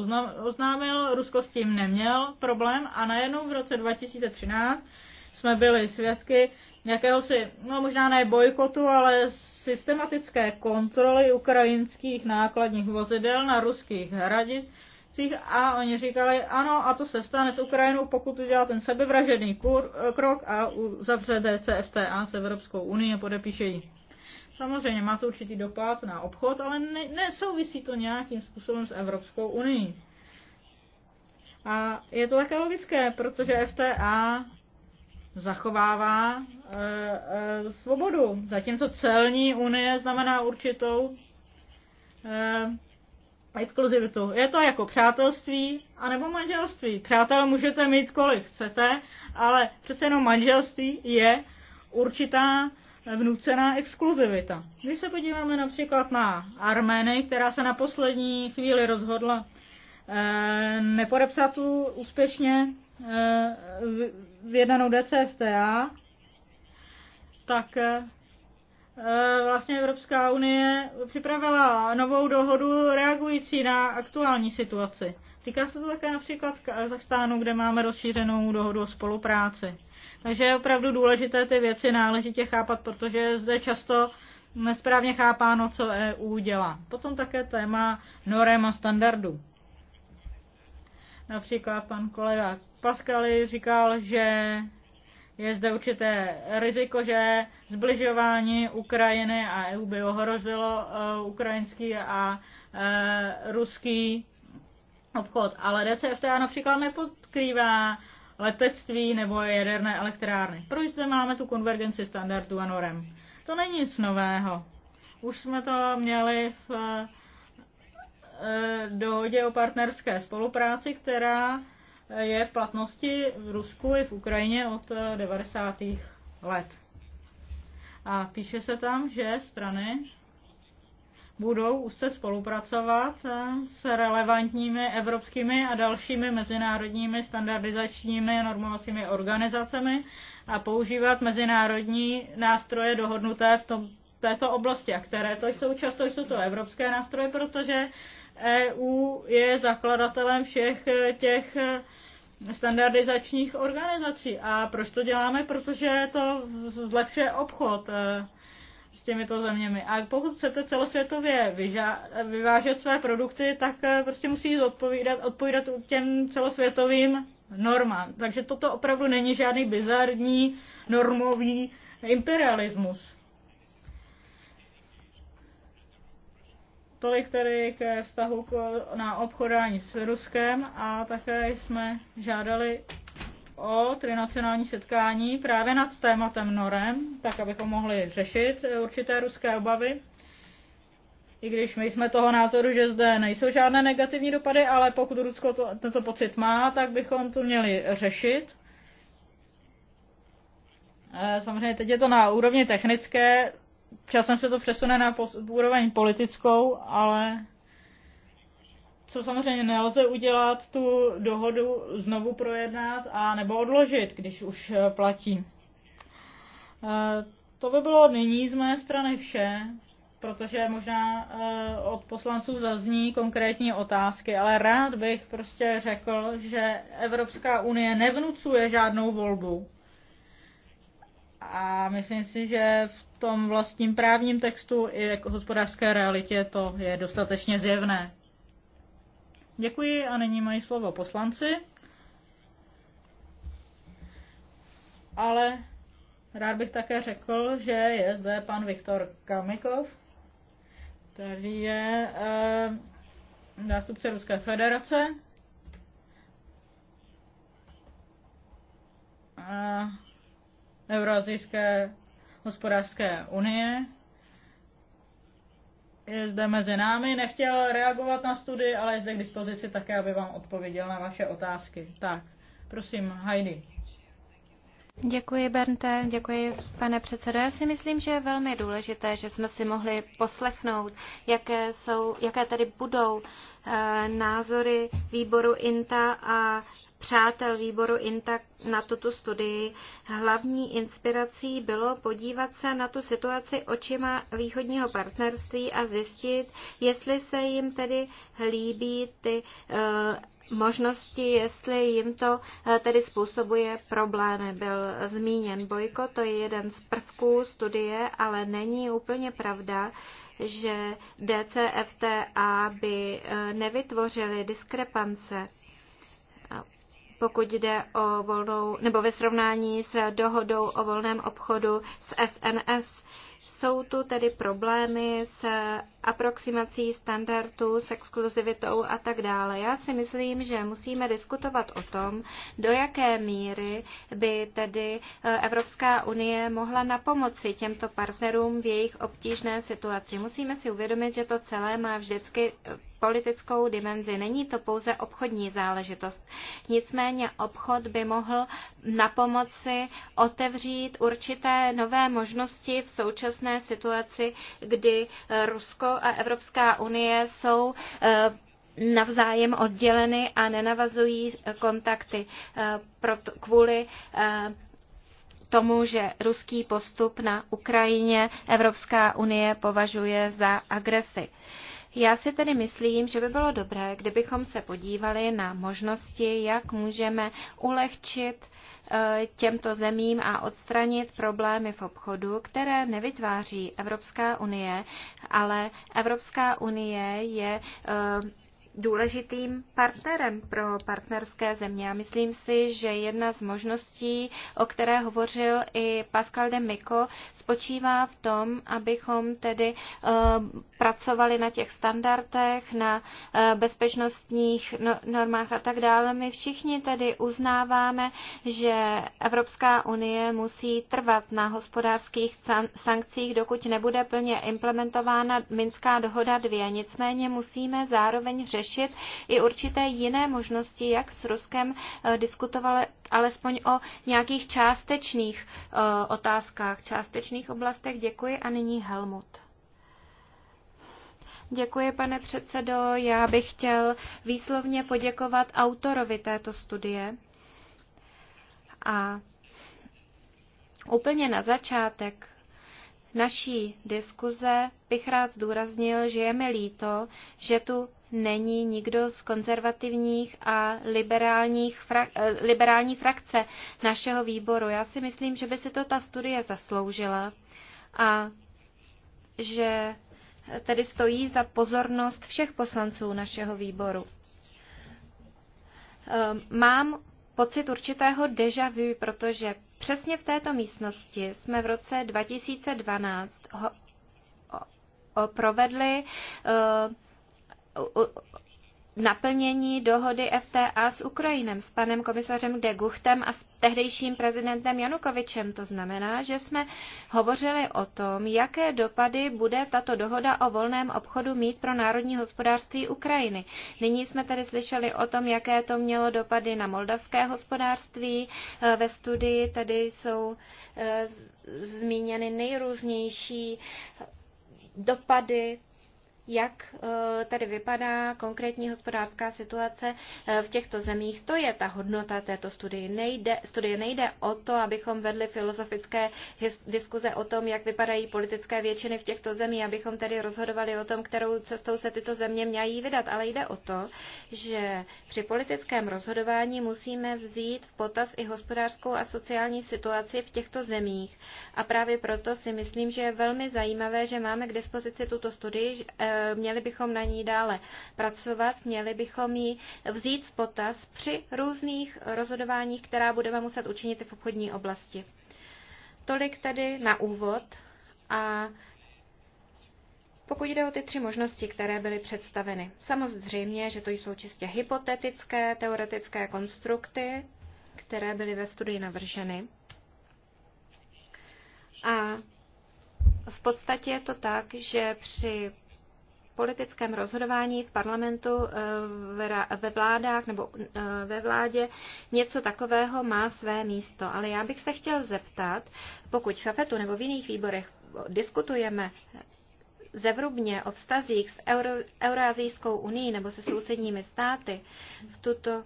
oznámil, Rusko s tím neměl problém a najednou v roce 2013 jsme byli svědky jakéhosi, no možná ne bojkotu, ale systematické kontroly ukrajinských nákladních vozidel na ruských hradištích a oni říkali, ano, a to se stane s Ukrajinou, pokud udělá ten sebevražedný kur, krok a uzavře DCFTA s Evropskou unii a podepíše ji. Samozřejmě má to určitý dopad na obchod, ale ne, to nějakým způsobem s Evropskou unii. A je to také logické, protože FTA zachovává e, e, svobodu, zatímco celní unie znamená určitou e, exkluzivitu. Je to jako přátelství anebo manželství. Přátel můžete mít kolik chcete, ale přece jenom manželství je určitá vnucená exkluzivita. Když se podíváme například na Armény, která se na poslední chvíli rozhodla eh, nepodepsat tu úspěšně eh, vyjednanou DCFTA, tak eh, Eh, vlastně Evropská unie připravila novou dohodu reagující na aktuální situaci. Týká se to také například Kazachstánu, kde máme rozšířenou dohodu o spolupráci. Takže je opravdu důležité ty věci náležitě chápat, protože je zde často nesprávně chápáno, co EU dělá. Potom také téma norem a standardů. Například pan kolega Pascali říkal, že je zde určité riziko, že zbližování Ukrajiny a EU by ohrozilo eh, ukrajinský a eh, ruský obchod. Ale DCFTA například nepodkrývá letectví nebo jaderné elektrárny. Proč zde máme tu konvergenci standardů a norem? To není nic nového. Už jsme to měli v eh, dohodě o partnerské spolupráci, která je v platnosti v Rusku i v Ukrajině od 90. Eh, let. A píše se tam, že strany budou úzce spolupracovat eh, s relevantními evropskými a dalšími mezinárodními standardizačními a normovacími organizacemi a používat mezinárodní nástroje dohodnuté v tom, této oblasti. A které to jsou? Často jsou to evropské nástroje, protože EU je zakladatelem všech e, těch e, standardizačních organizací. A proč to děláme? Protože to zlepšuje obchod e, s těmito zeměmi. A pokud chcete celosvětově vyvážet své produkty, tak prostě musí odpovídat, odpovídat těm celosvětovým normám. Takže toto opravdu není žádný bizarní normový imperialismus. Tolik tedy ke vztahu na obchodování s Ruskem a také jsme žádali o trinacionální setkání právě nad tématem Norem, tak abychom mohli řešit určité ruské obavy. I když my jsme toho názoru, že zde nejsou žádné negativní dopady, ale pokud Rusko to, tento pocit má, tak bychom to měli řešit. E, samozřejmě teď je to na úrovni technické, časem se to přesune na úroveň politickou, ale co samozřejmě nelze udělat, tu dohodu znovu projednat a nebo odložit, když už eh, platí. Eh, to by bylo nyní z mé strany vše, protože možná eh, od poslanců zazní konkrétní otázky, ale rád bych prostě řekl, že Evropská unie nevnucuje žádnou volbu a myslím si, že v tom vlastním právním textu i jako hospodářské realitě to je dostatečně zjevné. Děkuji a nyní mají slovo poslanci. Ale rád bych také řekl, že je zde pan Viktor Kamikov, který je eh, nástupce Ruské federace. A eh, Euroazijské hospodářské unie. Je zde mezi námi, nechtěl reagovat na studii, ale je zde k dispozici také, aby vám odpověděl na vaše otázky. Tak, prosím, Heidi. Děkuji, Bernte, děkuji, pane předsedo. Já si myslím, že je velmi důležité, že jsme si mohli poslechnout, jaké, jsou, jaké tady budou e, názory výboru INTA a přátel výboru INTA na tuto studii. Hlavní inspirací bylo podívat se na tu situaci očima východního partnerství a zjistit, jestli se jim tedy líbí ty e, možnosti, jestli jim to eh, tedy způsobuje problémy. Byl eh, zmíněn bojko, to je jeden z prvků studie, ale není úplně pravda, že DCFTA by eh, nevytvořily diskrepance pokud jde o volnou, nebo ve srovnání s dohodou o volném obchodu s SNS. Jsou tu tedy problémy s aproximací standardů, s exkluzivitou a tak dále. Já si myslím, že musíme diskutovat o tom, do jaké míry by tedy eh, Evropská unie mohla napomoci těmto partnerům v jejich obtížné situaci. Musíme si uvědomit, že to celé má vždycky eh, politickou dimenzi. Není to pouze obchodní záležitost. Nicméně obchod by mohl na pomoci otevřít určité nové možnosti v současné situaci, kdy eh, Rusko a Evropská unie jsou eh, navzájem odděleny a nenavazují kontakty eh, kvůli tomu, že ruský postup na Ukrajině Evropská unie považuje za agresi. Já si tedy myslím, že by bylo dobré, kdybychom se podívali na možnosti, jak můžeme ulehčit eh, těmto zemím a odstranit problémy v obchodu, které nevytváří Evropská unie, ale Evropská unie je eh, důležitým partnerem pro partnerské země. A myslím si, že jedna z možností, o které hovořil i Pascal de Miko, spočívá v tom, abychom tedy eh, pracovali na těch standardech, na eh, bezpečnostních no-, normách a tak dále. My všichni tedy uznáváme, že Evropská unie musí trvat na hospodářských sankcích, dokud nebude plně implementována Minská dohoda 2. Nicméně musíme zároveň řešit, řešit i určité jiné možnosti, jak s Ruskem eh, diskutovali alespoň o nějakých částečných eh, otázkách, částečných oblastech. Děkuji a nyní Helmut. Děkuji, pane předsedo. Já bych chtěl výslovně poděkovat autorovi této studie. A úplně na začátek naší diskuze bych rád zdůraznil, že je mi líto, že tu není nikdo z konzervativních a liberálních frak, eh, liberální frakce našeho výboru. Já si myslím, že by se to ta studie zasloužila a že tedy stojí za pozornost všech poslanců našeho výboru. Ehm, mám pocit určitého deja vu, protože přesně v této místnosti jsme v roce 2012 ho, ho, ho provedli uh, naplnění dohody FTA s Ukrajinem, s panem komisařem de Guchtem a s tehdejším prezidentem Janukovičem. To znamená, že jsme hovořili o tom, jaké dopady bude tato dohoda o volném obchodu mít pro národní hospodářství Ukrajiny. Nyní jsme tady slyšeli o tom, jaké to mělo dopady na moldavské hospodářství. E, ve studii tady jsou e, zmíněny nejrůznější dopady jak eh, tady vypadá konkrétní hospodářská situace eh, v těchto zemích. To je ta hodnota této studie. Nejde, studie nejde o to, abychom vedli filozofické diskuze o tom, jak vypadají politické většiny v těchto zemích, abychom tedy rozhodovali o tom, kterou cestou se tyto země mějí vydat, ale jde o to, že při politickém rozhodování musíme vzít v potaz i hospodářskou a sociální situaci v těchto zemích. A právě proto si myslím, že je velmi zajímavé, že máme k dispozici tuto studii, eh, měli bychom na ní dále pracovat, měli bychom ji vzít v potaz při různých rozhodováních, která budeme muset učinit i v obchodní oblasti. Tolik tedy na úvod a pokud jde o ty tři možnosti, které byly představeny. Samozřejmě, že to jsou čistě hypotetické, teoretické konstrukty, které byly ve studii navrženy. A v podstatě je to tak, že při politickém rozhodování v parlamentu, eh, ve vládách nebo eh, ve vládě něco takového má své místo. Ale já bych se chtěl zeptat, pokud v FAFETu nebo v jiných výborech diskutujeme zevrubně o vztazích s Euro, Eurázijskou unii nebo se sousedními státy, v tuto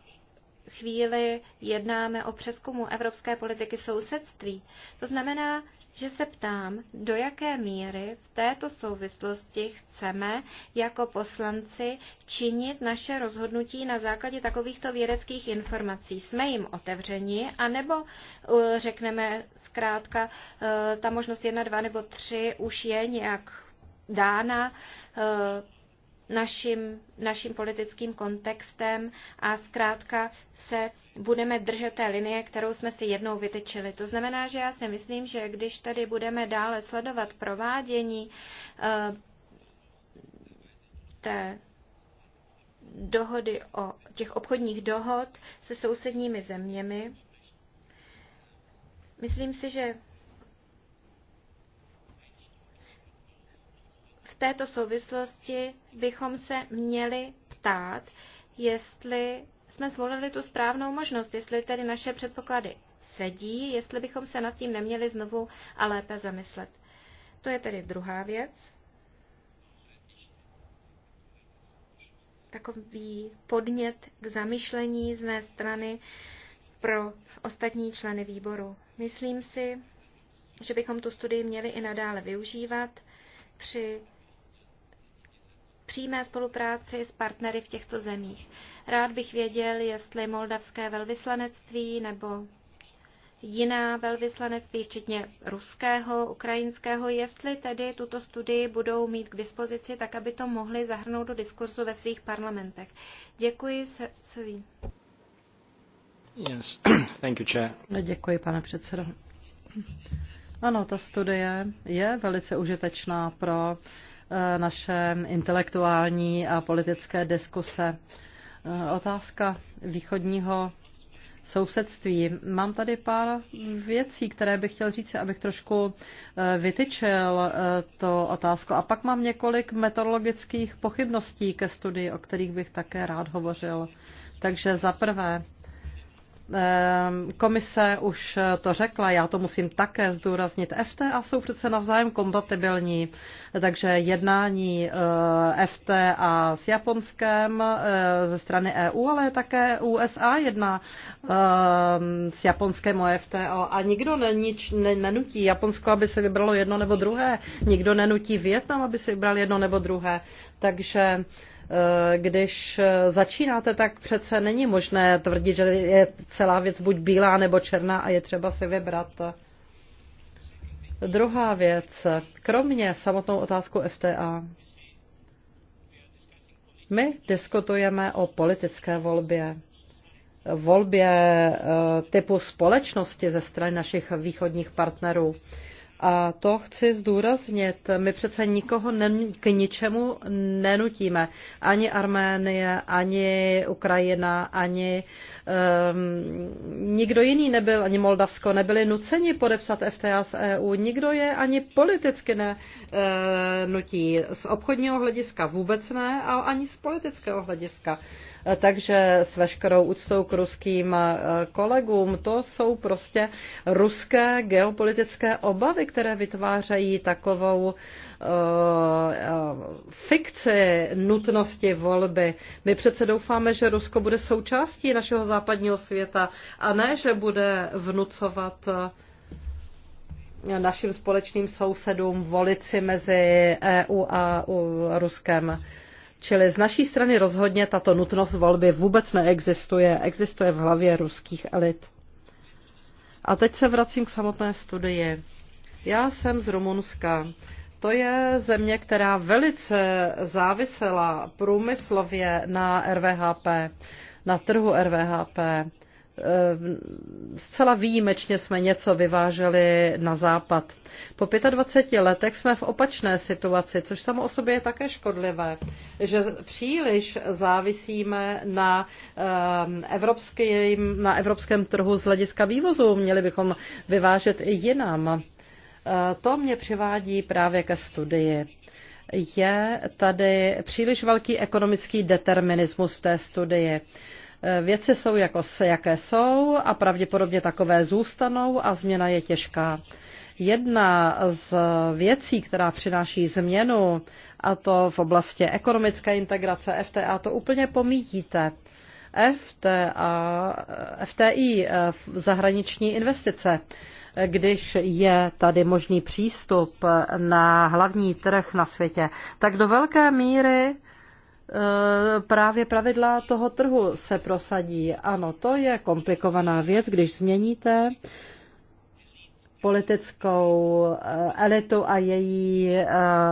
chvíli jednáme o přeskumu evropské politiky sousedství. To znamená, že se ptám, do jaké míry v této souvislosti chceme jako poslanci činit naše rozhodnutí na základě takovýchto vědeckých informací. Jsme jim otevřeni, anebo uh, řekneme zkrátka, uh, ta možnost jedna, dva nebo tři už je nějak dána, uh, naším, naším politickým kontextem a zkrátka se budeme držet té linie, kterou jsme si jednou vytyčili. To znamená, že já si myslím, že když tady budeme dále sledovat provádění eh, té dohody o těch obchodních dohod se sousedními zeměmi, myslím si, že této souvislosti bychom se měli ptát, jestli jsme zvolili tu správnou možnost, jestli tedy naše předpoklady sedí, jestli bychom se nad tím neměli znovu a lépe zamyslet. To je tedy druhá věc. Takový podnět k zamyšlení z mé strany pro ostatní členy výboru. Myslím si, že bychom tu studii měli i nadále využívat při přímé spolupráci s partnery v těchto zemích. Rád bych věděl, jestli moldavské velvyslanectví nebo jiná velvyslanectví, včetně ruského, ukrajinského, jestli tedy tuto studii budou mít k dispozici, tak aby to mohli zahrnout do diskurzu ve svých parlamentech. Děkuji, Soví. Yes. Thank you, chair. No, děkuji, pane předsedo. Ano, ta studie je velice užitečná pro Eh, naše intelektuální a politické diskuse. Eh, otázka východního sousedství. Mám tady pár věcí, které bych chtěl říct, abych trošku eh, vytyčil to otázku. A pak mám několik metodologických pochybností ke studii, o kterých bych také rád hovořil. Takže za prvé, Ehm, komise už to řekla, já to musím také zdůraznit. FTA jsou přece navzájem kompatibilní, takže jednání eh, FTA s Japonskem eh, ze strany EU, ale také USA jedná ehm, s Japonskem o FTA a nikdo nenič, nenutí Japonsko, aby se vybralo jedno nebo druhé, nikdo nenutí Větnam, aby si vybral jedno nebo druhé. Takže uh, Eh, když eh, začínáte, tak přece není možné tvrdit, že je celá věc buď bílá nebo černá a je třeba si vybrat. Druhá věc, kromě samotnou otázku FTA, my diskutujeme o politické volbě volbě eh, typu společnosti ze strany našich východních partnerů. A to chci zdůraznit. My přece nikoho nen, k ničemu nenutíme. Ani Arménie, ani Ukrajina, ani um, nikdo jiný nebyl, ani Moldavsko nebyli nuceni podepsat FTA z EU. Nikdo je ani politicky nenutí. Eh, uh, z obchodního hlediska vůbec ne, a ani z politického hlediska. Takže s veškerou úctou k ruským eh, kolegům, to jsou prostě ruské geopolitické obavy, které vytvářejí takovou eh, eh, fikci nutnosti volby. My přece doufáme, že Rusko bude součástí našeho západního světa a ne, že bude vnucovat našim společným sousedům volit si mezi EU a Ruskem. Čili z naší strany rozhodně tato nutnost volby vůbec neexistuje. Existuje v hlavě ruských elit. A teď se vracím k samotné studii. Já jsem z Rumunska. To je země, která velice závisela průmyslově na RVHP, na trhu RVHP. Eh, zcela výjimečně jsme něco vyváželi na západ. Po 25 letech jsme v opačné situaci, což samo o sobě je také škodlivé, že příliš závisíme na, eh, evropském, na evropském trhu z hlediska vývozu. Měli bychom vyvážet i jinam. Eh, to mě přivádí právě ke studii je tady příliš velký ekonomický determinismus v té studii. Eh, věci jsou, jako se, jaké jsou a pravděpodobně takové zůstanou a změna je těžká. Jedna z věcí, která přináší změnu, a to v oblasti ekonomické integrace FTA, to úplně pomíjíte. FTA, FTI, eh, zahraniční investice. Když je tady možný přístup eh, na hlavní trh na světě, tak do velké míry Eh, právě pravidla toho trhu se prosadí. Ano, to je komplikovaná věc, když změníte politickou eh, elitu a její eh,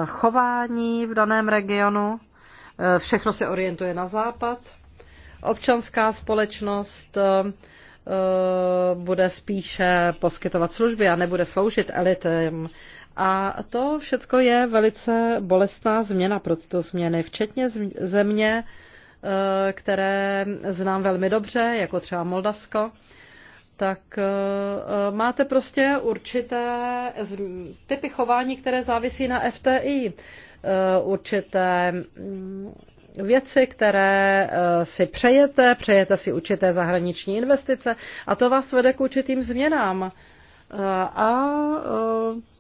chování v daném regionu. Všechno se orientuje na západ. Občanská společnost bude spíše poskytovat služby a nebude sloužit elitem. A to všecko je velice bolestná změna pro tyto změny, včetně země, e, které znám velmi dobře, jako třeba Moldavsko, tak e, e, máte prostě určité typy chování, které závisí na FTI, určité mm, věci, které si přejete, přejete si určité zahraniční investice a to vás vede k určitým změnám. A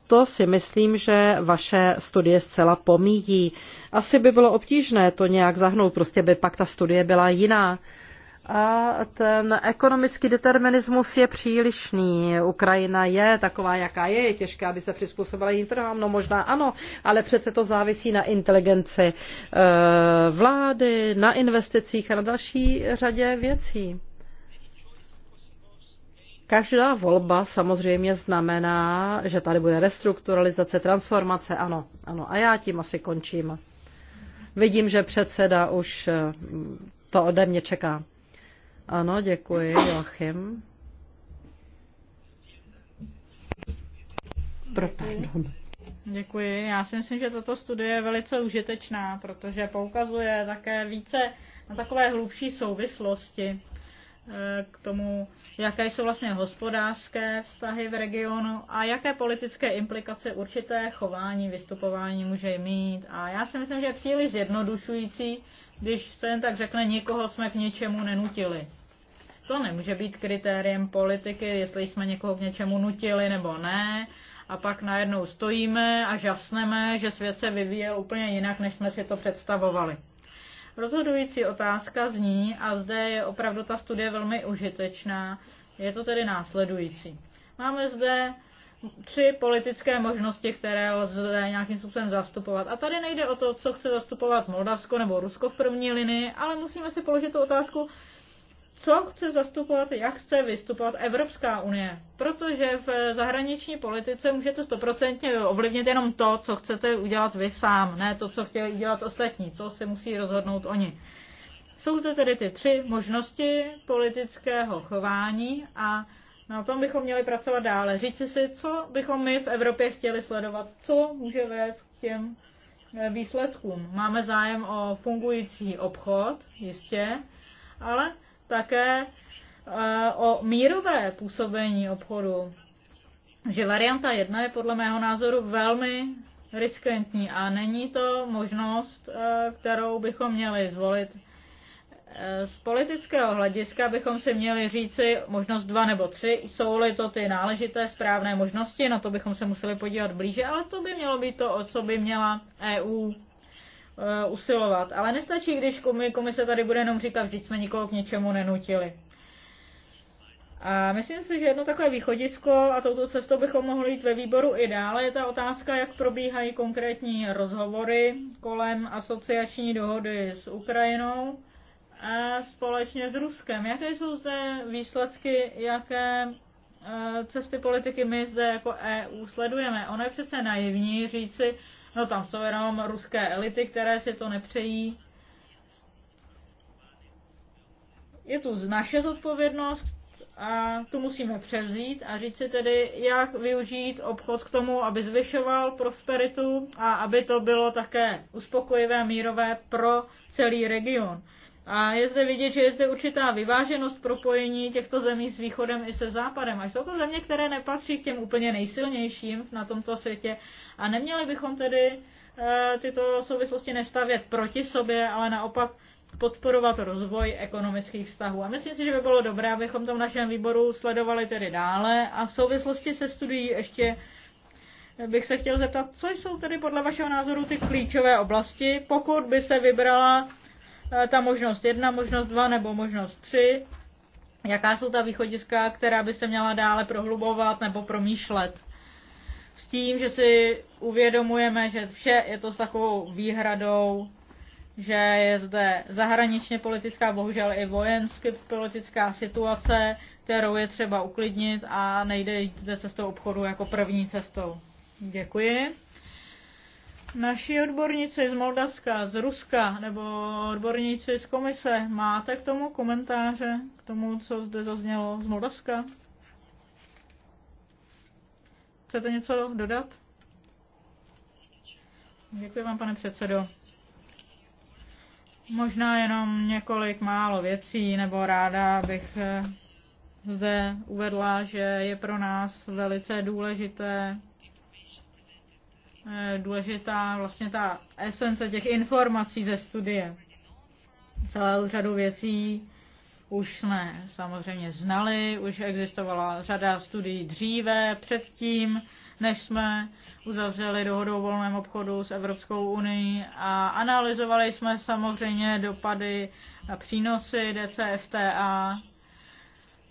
to si myslím, že vaše studie zcela pomíjí. Asi by bylo obtížné to nějak zahnout, prostě by pak ta studie byla jiná. A ten ekonomický determinismus je přílišný. Ukrajina je taková, jaká je. Je těžké, aby se přizpůsobila jiným trhám. No možná ano, ale přece to závisí na inteligenci eh, vlády, na investicích a na další řadě věcí. Každá volba samozřejmě znamená, že tady bude restrukturalizace, transformace, ano, ano. A já tím asi končím. Vidím, že předseda už eh, to ode mě čeká. Ano, děkuji, Joachim. Pro, pardon. Děkuji. Já si myslím, že tato studie je velice užitečná, protože poukazuje také více na takové hlubší souvislosti Eh, k tomu, jaké jsou vlastně hospodářské vztahy v regionu a jaké politické implikace určité chování, vystupování může mít. A já si myslím, že je příliš zjednodušující, když se jen tak řekne, nikoho jsme k něčemu nenutili. To nemůže být kritériem politiky, jestli jsme někoho k něčemu nutili nebo ne. A pak najednou stojíme a žasneme, že svět se vyvíjel úplně jinak, než jsme si to představovali. Rozhodující otázka zní, a zde je opravdu ta studie velmi užitečná, je to tedy následující. Máme zde tři politické možnosti, které lze nějakým způsobem zastupovat. A tady nejde o to, co chce zastupovat Moldavsko nebo Rusko v první linii, ale musíme si položit tu otázku, co chce zastupovat, jak chce vystupovat Evropská unie. Protože v zahraniční politice můžete stoprocentně ovlivnit jenom to, co chcete udělat vy sám, ne to, co chtějí udělat ostatní, co si musí rozhodnout oni. Jsou zde tedy ty tři možnosti politického chování a na tom bychom měli pracovat dále. Říci si, co bychom my v Evropě chtěli sledovat, co může vést k těm eh, výsledkům. Máme zájem o fungující obchod, jistě, ale také eh, o mírové působení obchodu. Že varianta jedna je podle mého názoru velmi riskantní a není to možnost, eh, kterou bychom měli zvolit. Eh, z politického hlediska bychom si měli říci možnost dva nebo tři, jsou-li to ty náležité správné možnosti, na to bychom se museli podívat blíže, ale to by mělo být to, o co by měla EU Eh, usilovat. Ale nestačí, když komise tady bude jenom říkat, vždyť jsme nikoho k něčemu nenutili. A myslím si, že jedno takové východisko a touto cestou bychom mohli jít ve výboru i dále. Je ta otázka, jak probíhají konkrétní rozhovory kolem asociační dohody s Ukrajinou a společně s Ruskem. Jaké jsou zde výsledky, jaké eh, cesty politiky my zde jako EU sledujeme? Ono je přece naivní říci, No tam jsou jenom ruské elity, které si to nepřejí. Je tu naše zodpovědnost a tu musíme převzít a říct si tedy, jak využít obchod k tomu, aby zvyšoval prosperitu a aby to bylo také uspokojivé mírové pro celý region. A je zde vidět, že je zde určitá vyváženost propojení těchto zemí s východem i se západem. A jsou to země, které nepatří k těm úplně nejsilnějším na tomto světě. A neměli bychom tedy e, tyto souvislosti nestavět proti sobě, ale naopak podporovat rozvoj ekonomických vztahů. A myslím si, že by bylo dobré, abychom to v našem výboru sledovali tedy dále. A v souvislosti se studií ještě bych se chtěl zeptat, co jsou tedy podle vašeho názoru ty klíčové oblasti, pokud by se vybrala Eh, ta možnost jedna, možnost dva nebo možnost tři, jaká jsou ta východiska, která by se měla dále prohlubovat nebo promýšlet. S tím, že si uvědomujeme, že vše je to s takovou výhradou, že je zde zahraničně politická, bohužel i vojensky politická situace, kterou je třeba uklidnit a nejde jít zde cestou obchodu jako první cestou. Děkuji. Naši odborníci z Moldavska, z Ruska nebo odborníci z komise, máte k tomu komentáře, k tomu, co zde zaznělo z Moldavska? Chcete něco dodat? Děkuji vám, pane předsedo. Možná jenom několik málo věcí, nebo ráda bych eh, zde uvedla, že je pro nás velice důležité Eh, důležitá vlastně ta esence těch informací ze studie. Celou řadu věcí už jsme samozřejmě znali, už existovala řada studií dříve, předtím, než jsme uzavřeli dohodu o volném obchodu s Evropskou unii a analyzovali jsme samozřejmě dopady a přínosy DCFTA,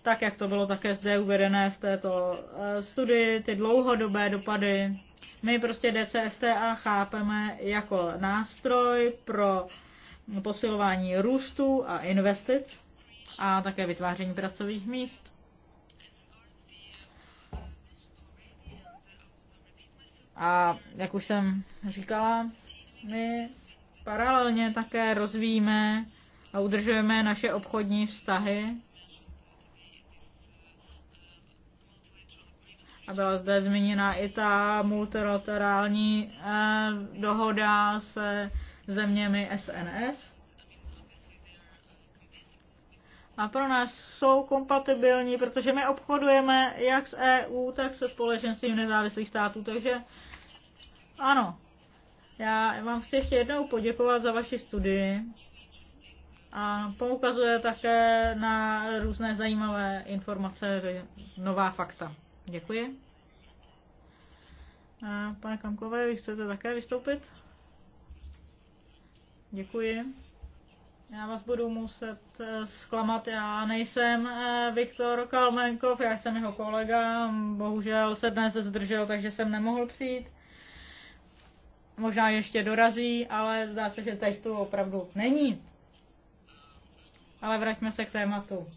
tak jak to bylo také zde uvedené v této eh, studii, ty dlouhodobé dopady my prostě DCFTA chápeme jako nástroj pro posilování růstu a investic a také vytváření pracových míst. A jak už jsem říkala, my paralelně také rozvíjíme a udržujeme naše obchodní vztahy A byla zde zmíněna i ta multilaterální eh, dohoda se zeměmi SNS. A pro nás jsou kompatibilní, protože my obchodujeme jak s EU, tak se společenstvím nezávislých států. Takže ano, já vám chci ještě jednou poděkovat za vaši studii a poukazuje také na různé zajímavé informace, nová fakta. Děkuji. A pane Kamkové, vy chcete také vystoupit? Děkuji. Já vás budu muset eh, zklamat, já nejsem eh, Viktor Kalmenkov, já jsem jeho kolega, bohužel se dnes zdržel, takže jsem nemohl přijít. Možná ještě dorazí, ale zdá se, že teď tu opravdu není. Ale vraťme se k tématu.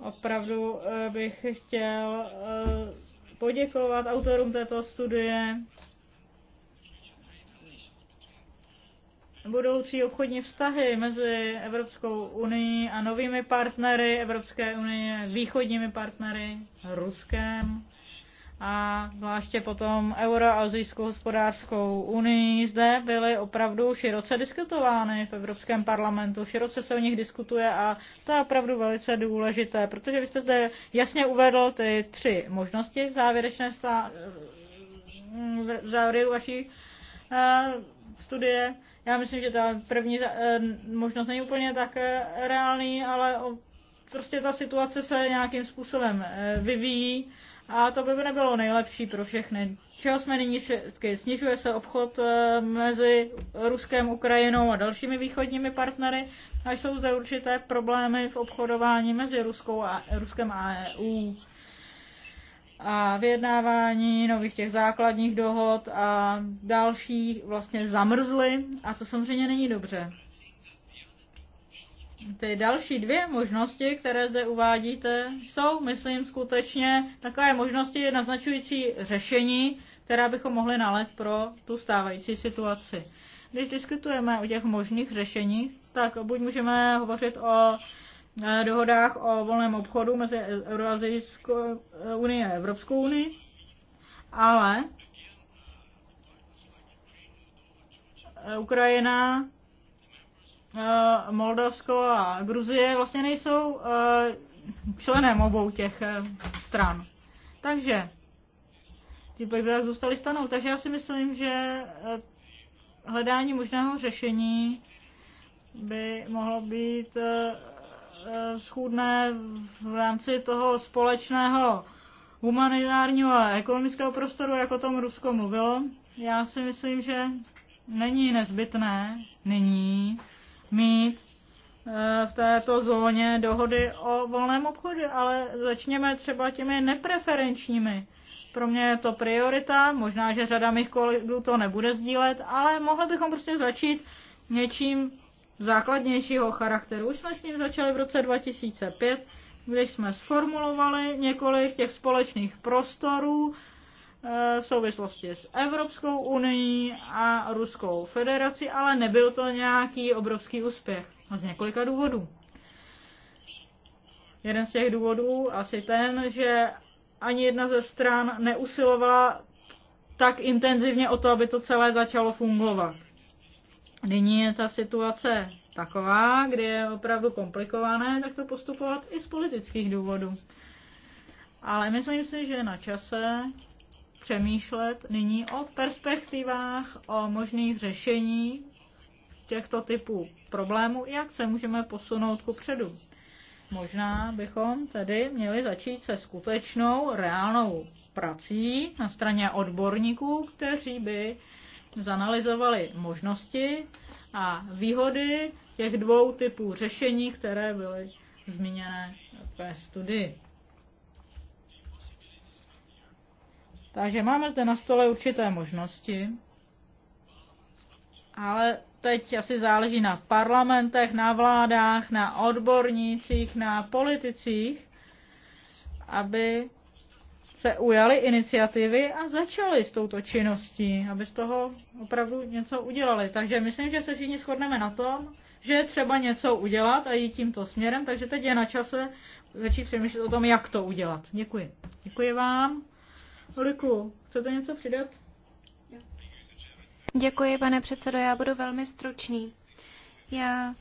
Opravdu eh, bych chtěl eh, poděkovat autorům této studie. Budoucí obchodní vztahy mezi Evropskou unii a novými partnery Evropské unie, východními partnery, Ruskem, a zvláště potom Euroazijskou hospodářskou unii zde byly opravdu široce diskutovány v Evropském parlamentu. Široce se o nich diskutuje a to je opravdu velice důležité, protože vy jste zde jasně uvedl ty tři možnosti v závěrečné stá... v závěru vaší eh, studie. Já myslím, že ta první eh, možnost není úplně tak eh, reálný, ale prostě ta situace se nějakým způsobem vyvíjí a to by nebylo nejlepší pro všechny. Čeho jsme nyní svědky? Snižuje se obchod eh, mezi Ruskem, Ukrajinou a dalšími východními partnery a jsou zde určité problémy v obchodování mezi Ruskou a, Ruskem a EU a vyjednávání nových těch základních dohod a další vlastně zamrzly a to samozřejmě není dobře ty další dvě možnosti, které zde uvádíte, jsou, myslím, skutečně takové možnosti naznačující řešení, která bychom mohli nalézt pro tu stávající situaci. Když diskutujeme o těch možných řešeních, tak buď můžeme hovořit o eh, dohodách o volném obchodu mezi Euroazijskou eh, unii a Evropskou unii, ale eh, Ukrajina Eh, Moldavsko a Gruzie vlastně nejsou eh, členem obou těch eh, stran. Takže ti Bagdad zůstali stanou. Takže já si myslím, že hledání možného řešení by mohlo být schůdné v rámci toho společného humanitárního a ekonomického prostoru, jak o tom Rusko mluvilo. Já si myslím, že není nezbytné nyní mít eh, v této zóně dohody o volném obchodu, ale začněme třeba těmi nepreferenčními. Pro mě je to priorita, možná, že řada mých kolegů to nebude sdílet, ale mohli bychom prostě začít něčím základnějšího charakteru. Už jsme s tím začali v roce 2005, když jsme sformulovali několik těch společných prostorů, v souvislosti s Evropskou unii a Ruskou federaci, ale nebyl to nějaký obrovský úspěch. A z několika důvodů. Jeden z těch důvodů asi ten, že ani jedna ze stran neusilovala tak intenzivně o to, aby to celé začalo fungovat. Nyní je ta situace taková, kdy je opravdu komplikované, tak to postupovat i z politických důvodů. Ale myslím si, že na čase, přemýšlet nyní o perspektivách, o možných řešení těchto typů problémů, jak se můžeme posunout ku předu. Možná bychom tedy měli začít se skutečnou, reálnou prací na straně odborníků, kteří by zanalizovali možnosti a výhody těch dvou typů řešení, které byly zmíněné ve studii. Takže máme zde na stole určité možnosti, ale teď asi záleží na parlamentech, na vládách, na odbornících, na politicích, aby se ujali iniciativy a začali s touto činností, aby z toho opravdu něco udělali. Takže myslím, že se všichni shodneme na tom, že je třeba něco udělat a jít tímto směrem, takže teď je na čase začít přemýšlet o tom, jak to udělat. Děkuji. Děkuji vám. Oliku, chcete něco přidat? Děkuji, pane předsedo, já budu velmi stručný. Já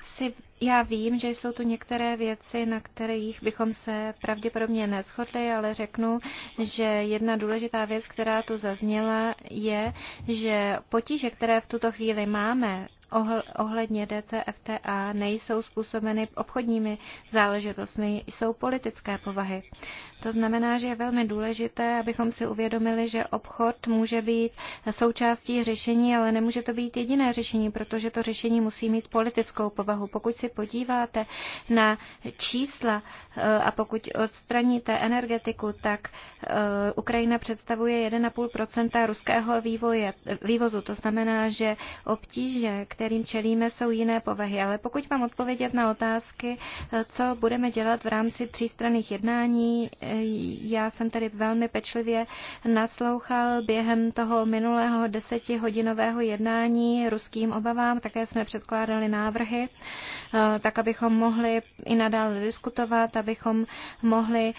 si já vím, že jsou tu některé věci, na kterých bychom se pravděpodobně neschodli, ale řeknu, že jedna důležitá věc, která tu zazněla, je, že potíže, které v tuto chvíli máme ohledně DCFTA nejsou způsobeny obchodními záležitostmi, jsou politické povahy. To znamená, že je velmi důležité, abychom si uvědomili, že obchod může být součástí řešení, ale nemůže to být jediné řešení, protože to řešení musí mít politickou povahu. Pokud si podíváte na čísla eh, a pokud odstraníte energetiku, tak eh, Ukrajina představuje 1,5 ruského vývoje, vývozu. To znamená, že obtíže, kterým čelíme, jsou jiné povahy. Ale pokud mám odpovědět na otázky, co budeme dělat v rámci třístranných jednání, já jsem tady velmi pečlivě naslouchal během toho minulého desetihodinového jednání ruským obavám. Také jsme předkládali návrhy, tak abychom mohli i nadále diskutovat, abychom mohli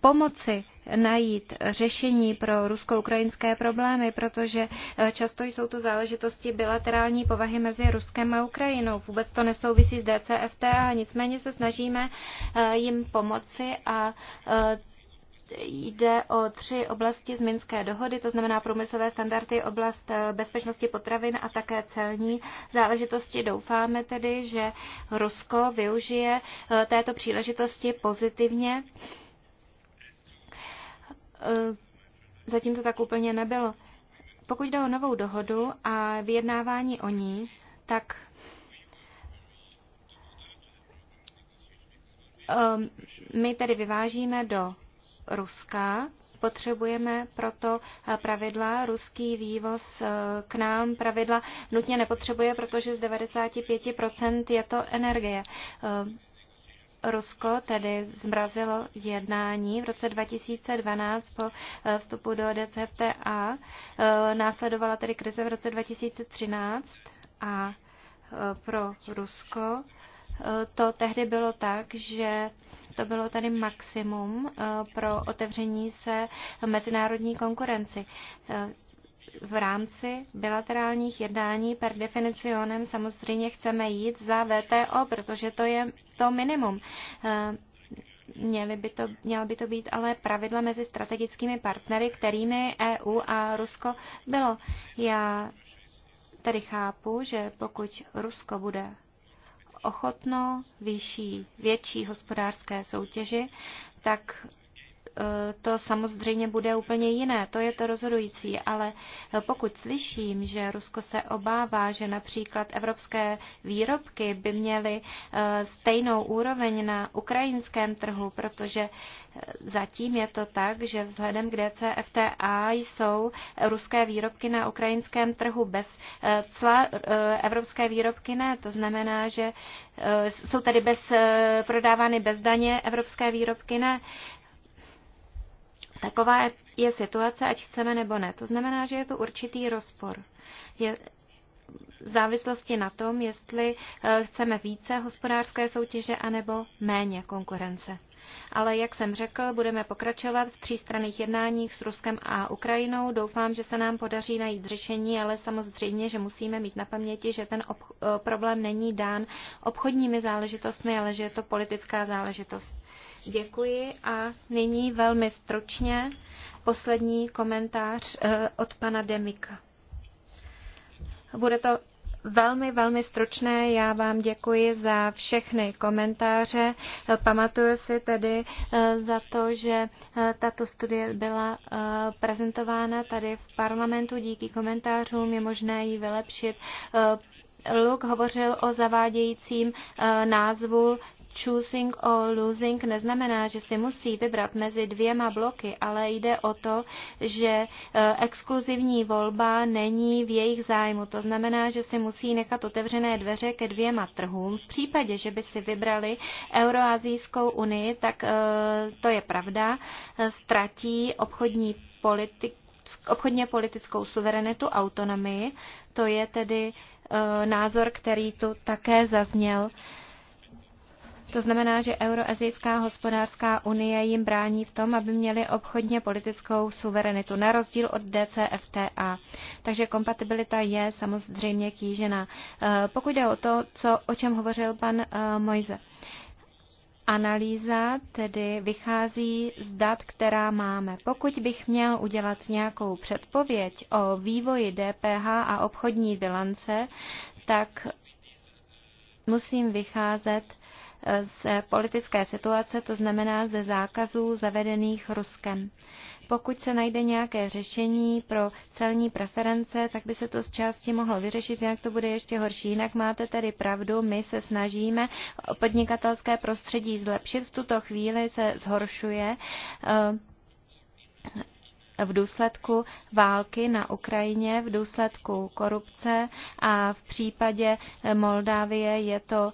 pomoci najít řešení pro rusko-ukrajinské problémy, protože eh, často jsou to záležitosti bilaterální povahy mezi Ruskem a Ukrajinou. Vůbec to nesouvisí s DCFTA, nicméně se snažíme eh, jim pomoci a eh, jde o tři oblasti z Minské dohody, to znamená průmyslové standardy, oblast bezpečnosti potravin a také celní záležitosti. Doufáme tedy, že Rusko využije této příležitosti pozitivně Eh, zatím to tak úplně nebylo. Pokud jde o novou dohodu a vyjednávání o ní, tak ehm, my tedy vyvážíme do Ruska. Potřebujeme proto eh, pravidla, ruský vývoz eh, k nám pravidla nutně nepotřebuje, protože z 95% je to energie. Ehm, Rusko tedy zmrazilo jednání v roce 2012 po eh, vstupu do DCFTA. Eh, následovala tedy krize v roce 2013 a eh, pro Rusko to tehdy bylo tak, že to bylo tady maximum pro otevření se mezinárodní konkurenci v rámci bilaterálních jednání per definicionem samozřejmě chceme jít za VTO, protože to je to minimum. Eh, měly by to, měla by to být ale pravidla mezi strategickými partnery, kterými EU a Rusko bylo. Já tedy chápu, že pokud Rusko bude ochotno vyšší, větší hospodářské soutěži, tak Eh, to samozřejmě bude úplně jiné, to je to rozhodující, ale pokud slyším, že Rusko se obává, že například evropské výrobky by měly eh, stejnou úroveň na ukrajinském trhu, protože eh, zatím je to tak, že vzhledem k DCFTA jsou ruské výrobky na ukrajinském trhu bez cla, evropské výrobky ne, to znamená, že jsou tady bez, prodávány bez daně, evropské výrobky ne. Taková je situace, ať chceme nebo ne. To znamená, že je to určitý rozpor. Je, v závislosti na tom, jestli eh, chceme více hospodářské soutěže anebo méně konkurence. Ale jak jsem řekl, budeme pokračovat v třístranných jednáních s Ruskem a Ukrajinou. Doufám, že se nám podaří najít řešení, ale samozřejmě, že musíme mít na paměti, že ten eh, problém není dán obchodními záležitostmi, ale že je to politická záležitost. Děkuji a nyní velmi stručně poslední komentář eh, od pana Demika. Bude to velmi, velmi stručné. Já vám děkuji za všechny komentáře. Pamatuju si tedy eh, za to, že eh, tato studie byla prezentována tady v parlamentu. Díky komentářům je možné ji vylepšit. Luk hovořil o zavádějícím názvu choosing or losing neznamená, že si musí vybrat mezi dvěma bloky, ale jde o to, že eh, exkluzivní volba není v jejich zájmu. To znamená, že si musí nechat otevřené dveře ke dvěma trhům. V případě, že by si vybrali Euroazijskou unii, tak eh, to je pravda, eh, ztratí obchodní politik, obchodně politickou suverenitu, autonomii. To je tedy názor, který tu také zazněl. To znamená, že Euroazijská hospodářská unie jim brání v tom, aby měli obchodně politickou suverenitu, na rozdíl od DCFTA. Takže kompatibilita je samozřejmě kýžena. Eh, pokud jde o to, co, o čem hovořil pan eh, Mojze. Analýza tedy vychází z dat, která máme. Pokud bych měl udělat nějakou předpověď o vývoji DPH a obchodní bilance, tak musím vycházet z politické situace, to znamená ze zákazů zavedených Ruskem. Pokud se najde nějaké řešení pro celní preference, tak by se to z části mohlo vyřešit, jinak to bude ještě horší. Jinak máte tedy pravdu, my se snažíme podnikatelské prostředí zlepšit. V tuto chvíli se zhoršuje eh, v důsledku války na Ukrajině, v důsledku korupce a v případě eh, Moldávie je to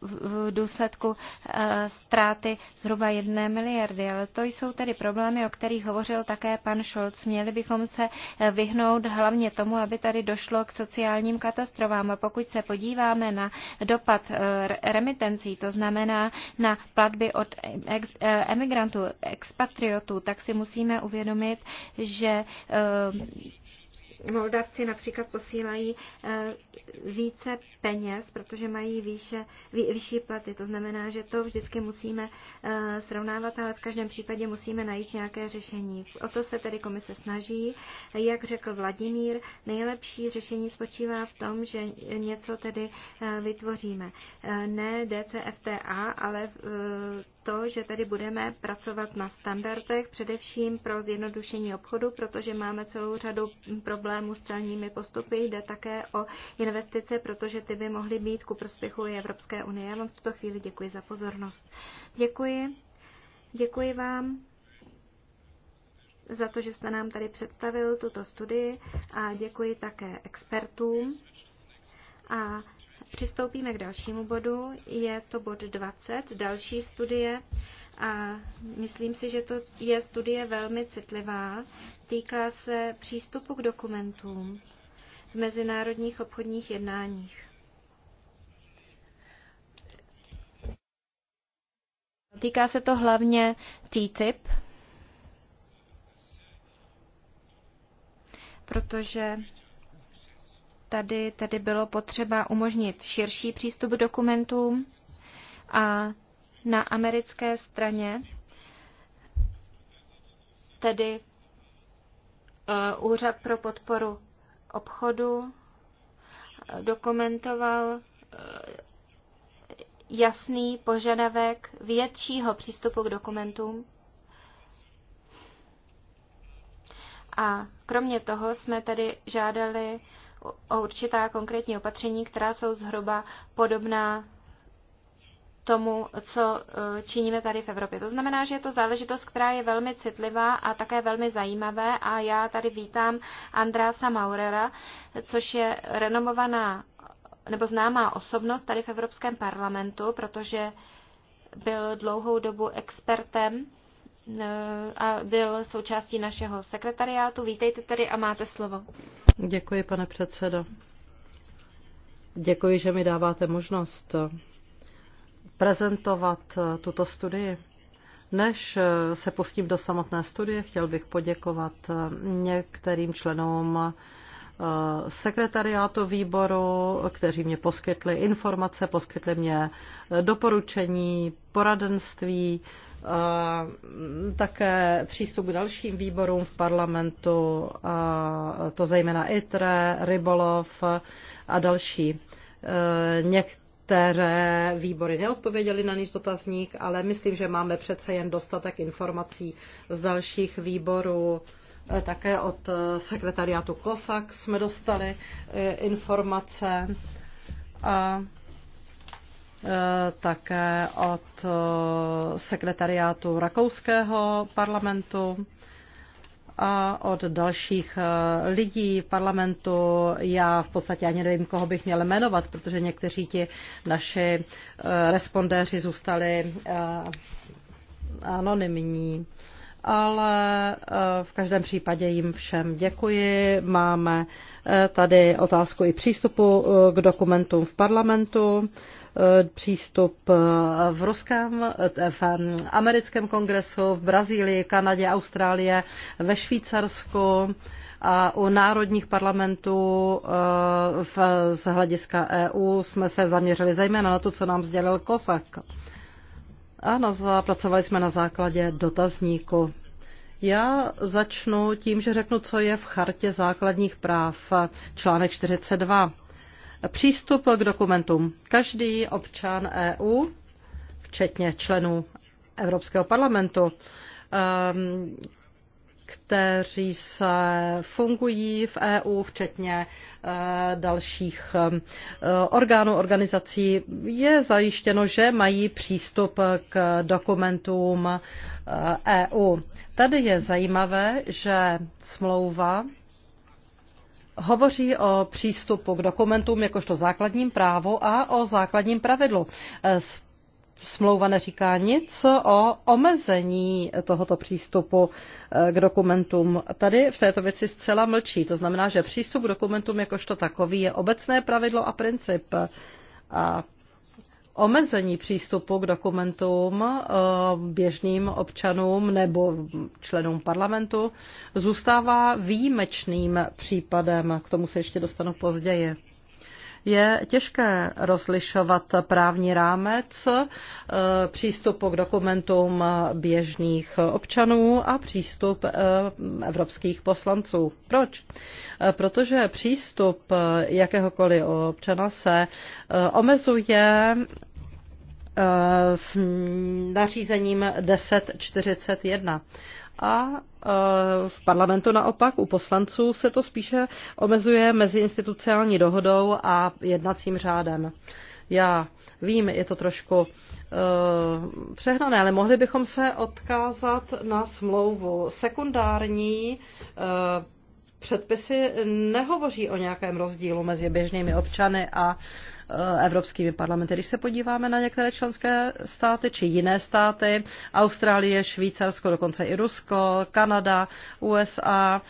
v důsledku eh, ztráty zhruba jedné miliardy. Ale to jsou tedy problémy, o kterých hovořil také pan Scholz. Měli bychom se eh, vyhnout hlavně tomu, aby tady došlo k sociálním katastrofám. A pokud se podíváme na dopad eh, remitencí, to znamená na platby od emigrantů, expatriotů, tak si musíme uvědomit, že Moldavci například posílají eh, více peněz, protože mají výše, vy, vyšší platy. To znamená, že to vždycky musíme eh, srovnávat, ale v každém případě musíme najít nějaké řešení. O to se tedy komise snaží. Jak řekl Vladimír, nejlepší řešení spočívá v tom, že něco tedy eh, vytvoříme. Ne DCFTA, ale to, že tedy budeme pracovat na standardech, především pro zjednodušení obchodu, protože máme celou řadu problémů s celními postupy. Jde také o investice, protože ty by mohly být ku prospěchu i Evropské unie. Já vám v tuto chvíli děkuji za pozornost. Děkuji. Děkuji vám za to, že jste nám tady představil tuto studii a děkuji také expertům. A přistoupíme k dalšímu bodu, je to bod 20, další studie a myslím si, že to je studie velmi citlivá. Týká se přístupu k dokumentům v mezinárodních obchodních jednáních. Týká se to hlavně TTIP, protože tady tedy bylo potřeba umožnit širší přístup k dokumentům a na americké straně tedy e, Úřad pro podporu obchodu e, dokumentoval e, jasný požadavek většího přístupu k dokumentům. A kromě toho jsme tedy žádali o určitá konkrétní opatření, která jsou zhruba podobná tomu, co e, činíme tady v Evropě. To znamená, že je to záležitost, která je velmi citlivá a také velmi zajímavé a já tady vítám Andrása Maurera, což je renomovaná nebo známá osobnost tady v Evropském parlamentu, protože byl dlouhou dobu expertem Eh, a byl součástí našeho sekretariátu. Vítejte tady a máte slovo. Děkuji, pane předsedo. Děkuji, že mi dáváte možnost eh, prezentovat eh, tuto studii. Než se pustím do samotné studie, chtěl bych poděkovat některým členům sekretariátu výboru, kteří mě poskytli informace, poskytli mě doporučení, poradenství, také přístup k dalším výborům v parlamentu, a to zejména ITRE, Rybolov a další. E, některé výbory neodpověděly na nic dotazník, ale myslím, že máme přece jen dostatek informací z dalších výborů. E, také od e, sekretariátu COSAC jsme dostali informace. A Eh, také od eh, sekretariátu rakouského parlamentu a od dalších eh, lidí parlamentu. Já v podstatě ani nevím, koho bych měl jmenovat, protože někteří ti naši respondéři zůstali anonymní. Ale v každém případě jim všem děkuji. Máme tady otázku i přístupu k dokumentům v parlamentu. Eh, přístup eh, v ruském, eh, v americkém kongresu, v Brazílii, Kanadě, Austrálie, ve Švýcarsku a u národních parlamentů z hlediska EU jsme se zaměřili zejména na to, co nám sdělil Kosak. A na, zapracovali jsme na základě dotazníku. Já začnu tím, že řeknu, co je v chartě základních práv, článek 42 přístup k dokumentům. Každý občan EU, včetně členů Evropského parlamentu, ehm, kteří se fungují v EU, včetně eh, dalších ehm, orgánů, organizací, je zajištěno, že mají přístup k dokumentům EU. Eh, e Tady je zajímavé, že smlouva hovoří o přístupu k dokumentům jakožto základním právu a o základním pravidlu. E, smlouva neříká nic o omezení tohoto přístupu e, k dokumentům. Tady v této věci zcela mlčí. To znamená, že přístup k dokumentům jakožto takový je obecné pravidlo a princip. A omezení přístupu k dokumentům eh, běžným občanům nebo členům parlamentu zůstává výjimečným případem. K tomu se ještě dostanu později je těžké rozlišovat právní rámec eh, přístupu k dokumentům běžných občanů a přístup eh, evropských poslanců. Proč? Protože přístup jakéhokoliv občana se omezuje s nařízením 1041. A eh, v parlamentu naopak u poslanců se to spíše omezuje mezi institucionální dohodou a jednacím řádem. Já vím, je to trošku uh, přehnané, ale mohli bychom se odkázat na smlouvu. Sekundární uh, předpisy nehovoří o nějakém rozdílu mezi běžnými občany a eh, evropskými parlamenty. Když se podíváme na některé členské státy či jiné státy, Austrálie, Švýcarsko, dokonce i Rusko, Kanada, USA,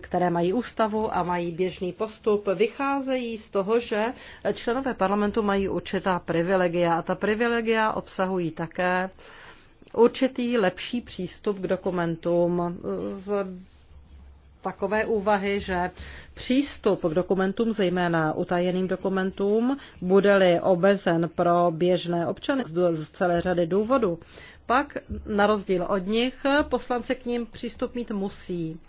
které mají ústavu a mají běžný postup, vycházejí z toho, že členové parlamentu mají určitá privilegia a ta privilegia obsahují také určitý lepší přístup k dokumentům. Z takové úvahy, že přístup k dokumentům, zejména utajeným dokumentům, bude-li obezen pro běžné občany z celé řady důvodů, pak, na rozdíl od nich, poslanci k ním přístup mít musí.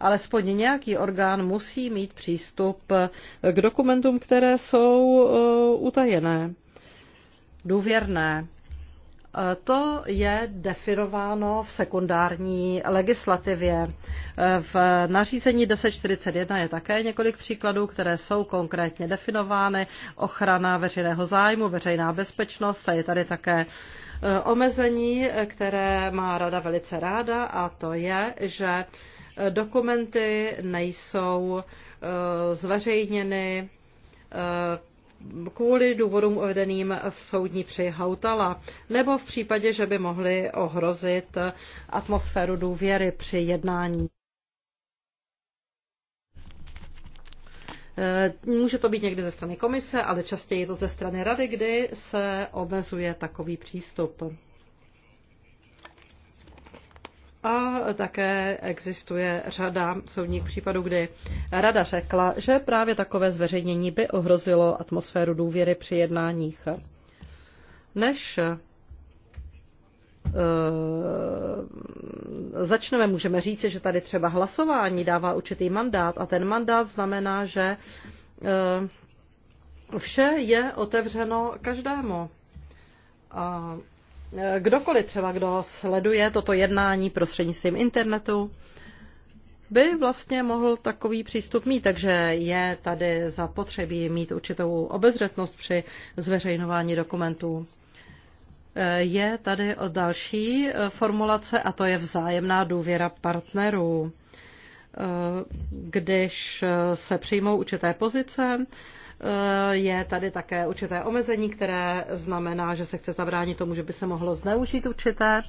Alespoň nějaký orgán musí mít přístup k dokumentům, které jsou e, utajené, důvěrné. To je definováno v sekundární legislativě. V nařízení 1041 je také několik příkladů, které jsou konkrétně definovány. Ochrana veřejného zájmu, veřejná bezpečnost a je tady také e, omezení, které má rada velice ráda a to je, že dokumenty nejsou e, zveřejněny e, kvůli důvodům uvedeným v soudní při Hautala, nebo v případě, že by mohly ohrozit atmosféru důvěry při jednání. Eh, může to být někdy ze strany komise, ale častěji je to ze strany rady, kdy se omezuje takový přístup. A také existuje řada soudních případů, kdy rada řekla, že právě takové zveřejnění by ohrozilo atmosféru důvěry při jednáních. Než eh, začneme, můžeme říct, že tady třeba hlasování dává určitý mandát a ten mandát znamená, že eh, vše je otevřeno každému. A kdokoliv třeba, kdo sleduje toto jednání prostřednictvím internetu, by vlastně mohl takový přístup mít, takže je tady zapotřebí mít určitou obezřetnost při zveřejňování dokumentů. Je tady o další formulace a to je vzájemná důvěra partnerů. Když se přijmou určité pozice, Eh, je tady také určité omezení, které znamená, že se chce zabránit tomu, že by se mohlo zneužít určité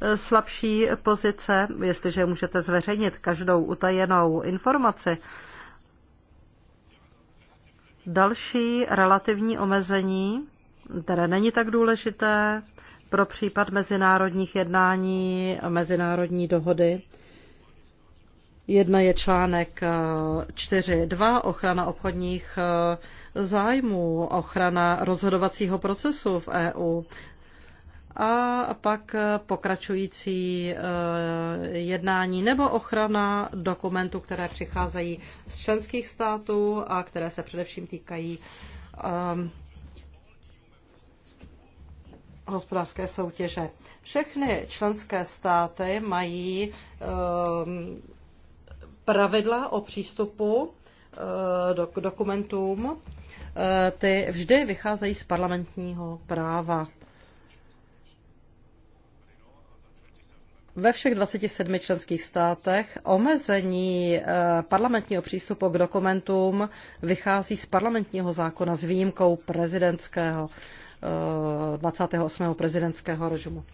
eh, slabší pozice, jestliže můžete zveřejnit každou utajenou informaci. Další relativní omezení, které není tak důležité pro případ mezinárodních jednání, mezinárodní dohody, Jedna je článek 4.2, eh, ochrana obchodních eh, zájmů, ochrana rozhodovacího procesu v EU a pak eh, pokračující jednání nebo ochrana dokumentů, které přicházejí z členských států a které se především týkají hospodářské soutěže. Všechny členské státy mají pravidla o přístupu eh, k dokumentům, eh, ty vždy vycházejí z parlamentního práva. Ve všech 27 členských státech omezení eh, parlamentního přístupu k dokumentům vychází z parlamentního zákona s výjimkou prezidentského 28. prezidentského režimu.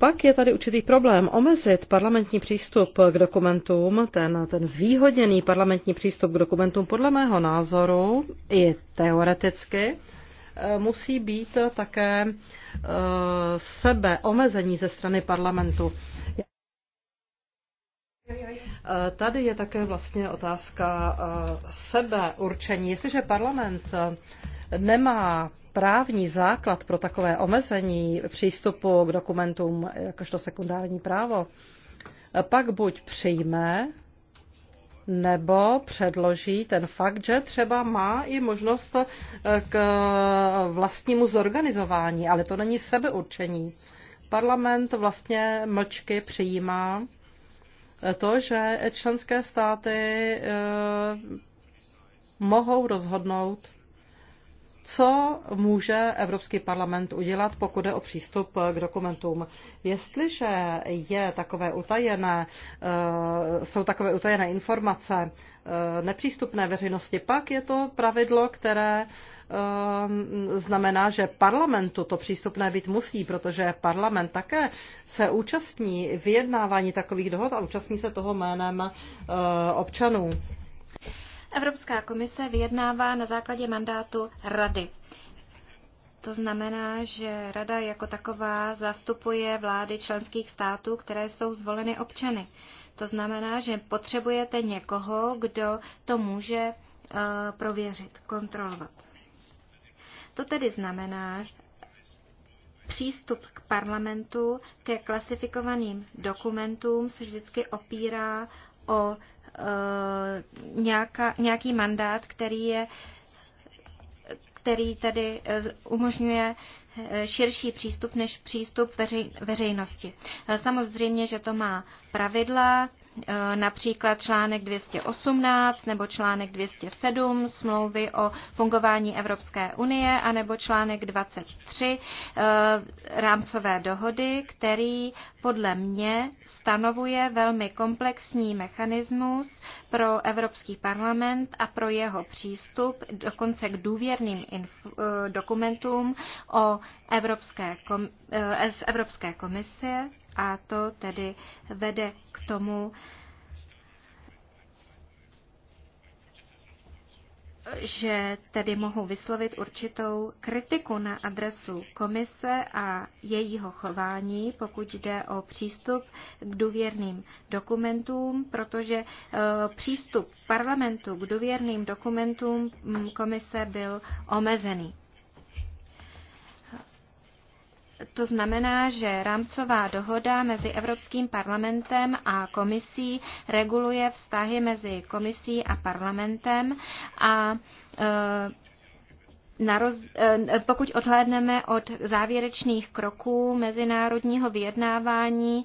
Pak je tady určitý problém omezit parlamentní přístup k dokumentům, ten, ten zvýhodněný parlamentní přístup k dokumentům podle mého názoru i teoreticky eh, musí být také eh, omezení ze strany parlamentu. Eh, tady je také vlastně otázka sebeurčení. Jestliže parlament nemá právní základ pro takové omezení přístupu k dokumentům jakožto sekundární právo, pak buď přijme nebo předloží ten fakt, že třeba má i možnost eh, k eh, vlastnímu zorganizování, ale to není sebeurčení. Parlament vlastně mlčky přijímá eh, to, že členské státy mohou rozhodnout co může Evropský parlament udělat, pokud je o přístup k dokumentům. Jestliže je takové utajené, eh, jsou takové utajené informace eh, nepřístupné veřejnosti, pak je to pravidlo, které eh, znamená, že parlamentu to přístupné být musí, protože parlament také se účastní vyjednávání takových dohod a účastní se toho jménem občanů. Evropská komise vyjednává na základě mandátu Rady. To znamená, že Rada jako taková zastupuje vlády členských států, které jsou zvoleny občany. To znamená, že potřebujete někoho, kdo to může eh, prověřit, kontrolovat. To tedy znamená přístup k parlamentu, ke klasifikovaným dokumentům se vždycky opírá o Eh, nějaká, nějaký mandát, který je který tedy eh, umožňuje eh, širší přístup než přístup veřej, veřejnosti. Samozřejmě, že to má pravidla, Eh, například článek 218 nebo článek 207 smlouvy o fungování Evropské unie, a nebo článek 23 eh, rámcové dohody, který podle mě stanovuje velmi komplexní mechanismus pro Evropský parlament a pro jeho přístup dokonce k důvěrným eh, dokumentům o Evropské kom- z Evropské komise a to tedy vede k tomu, že tedy mohu vyslovit určitou kritiku na adresu komise a jejího chování, pokud jde o přístup k důvěrným dokumentům, protože e, přístup parlamentu k důvěrným dokumentům mm, komise byl omezený. To znamená, že rámcová dohoda mezi Evropským parlamentem a komisí reguluje vztahy mezi komisí a parlamentem a e, na roz, e, pokud odhlédneme od závěrečných kroků mezinárodního vyjednávání, e,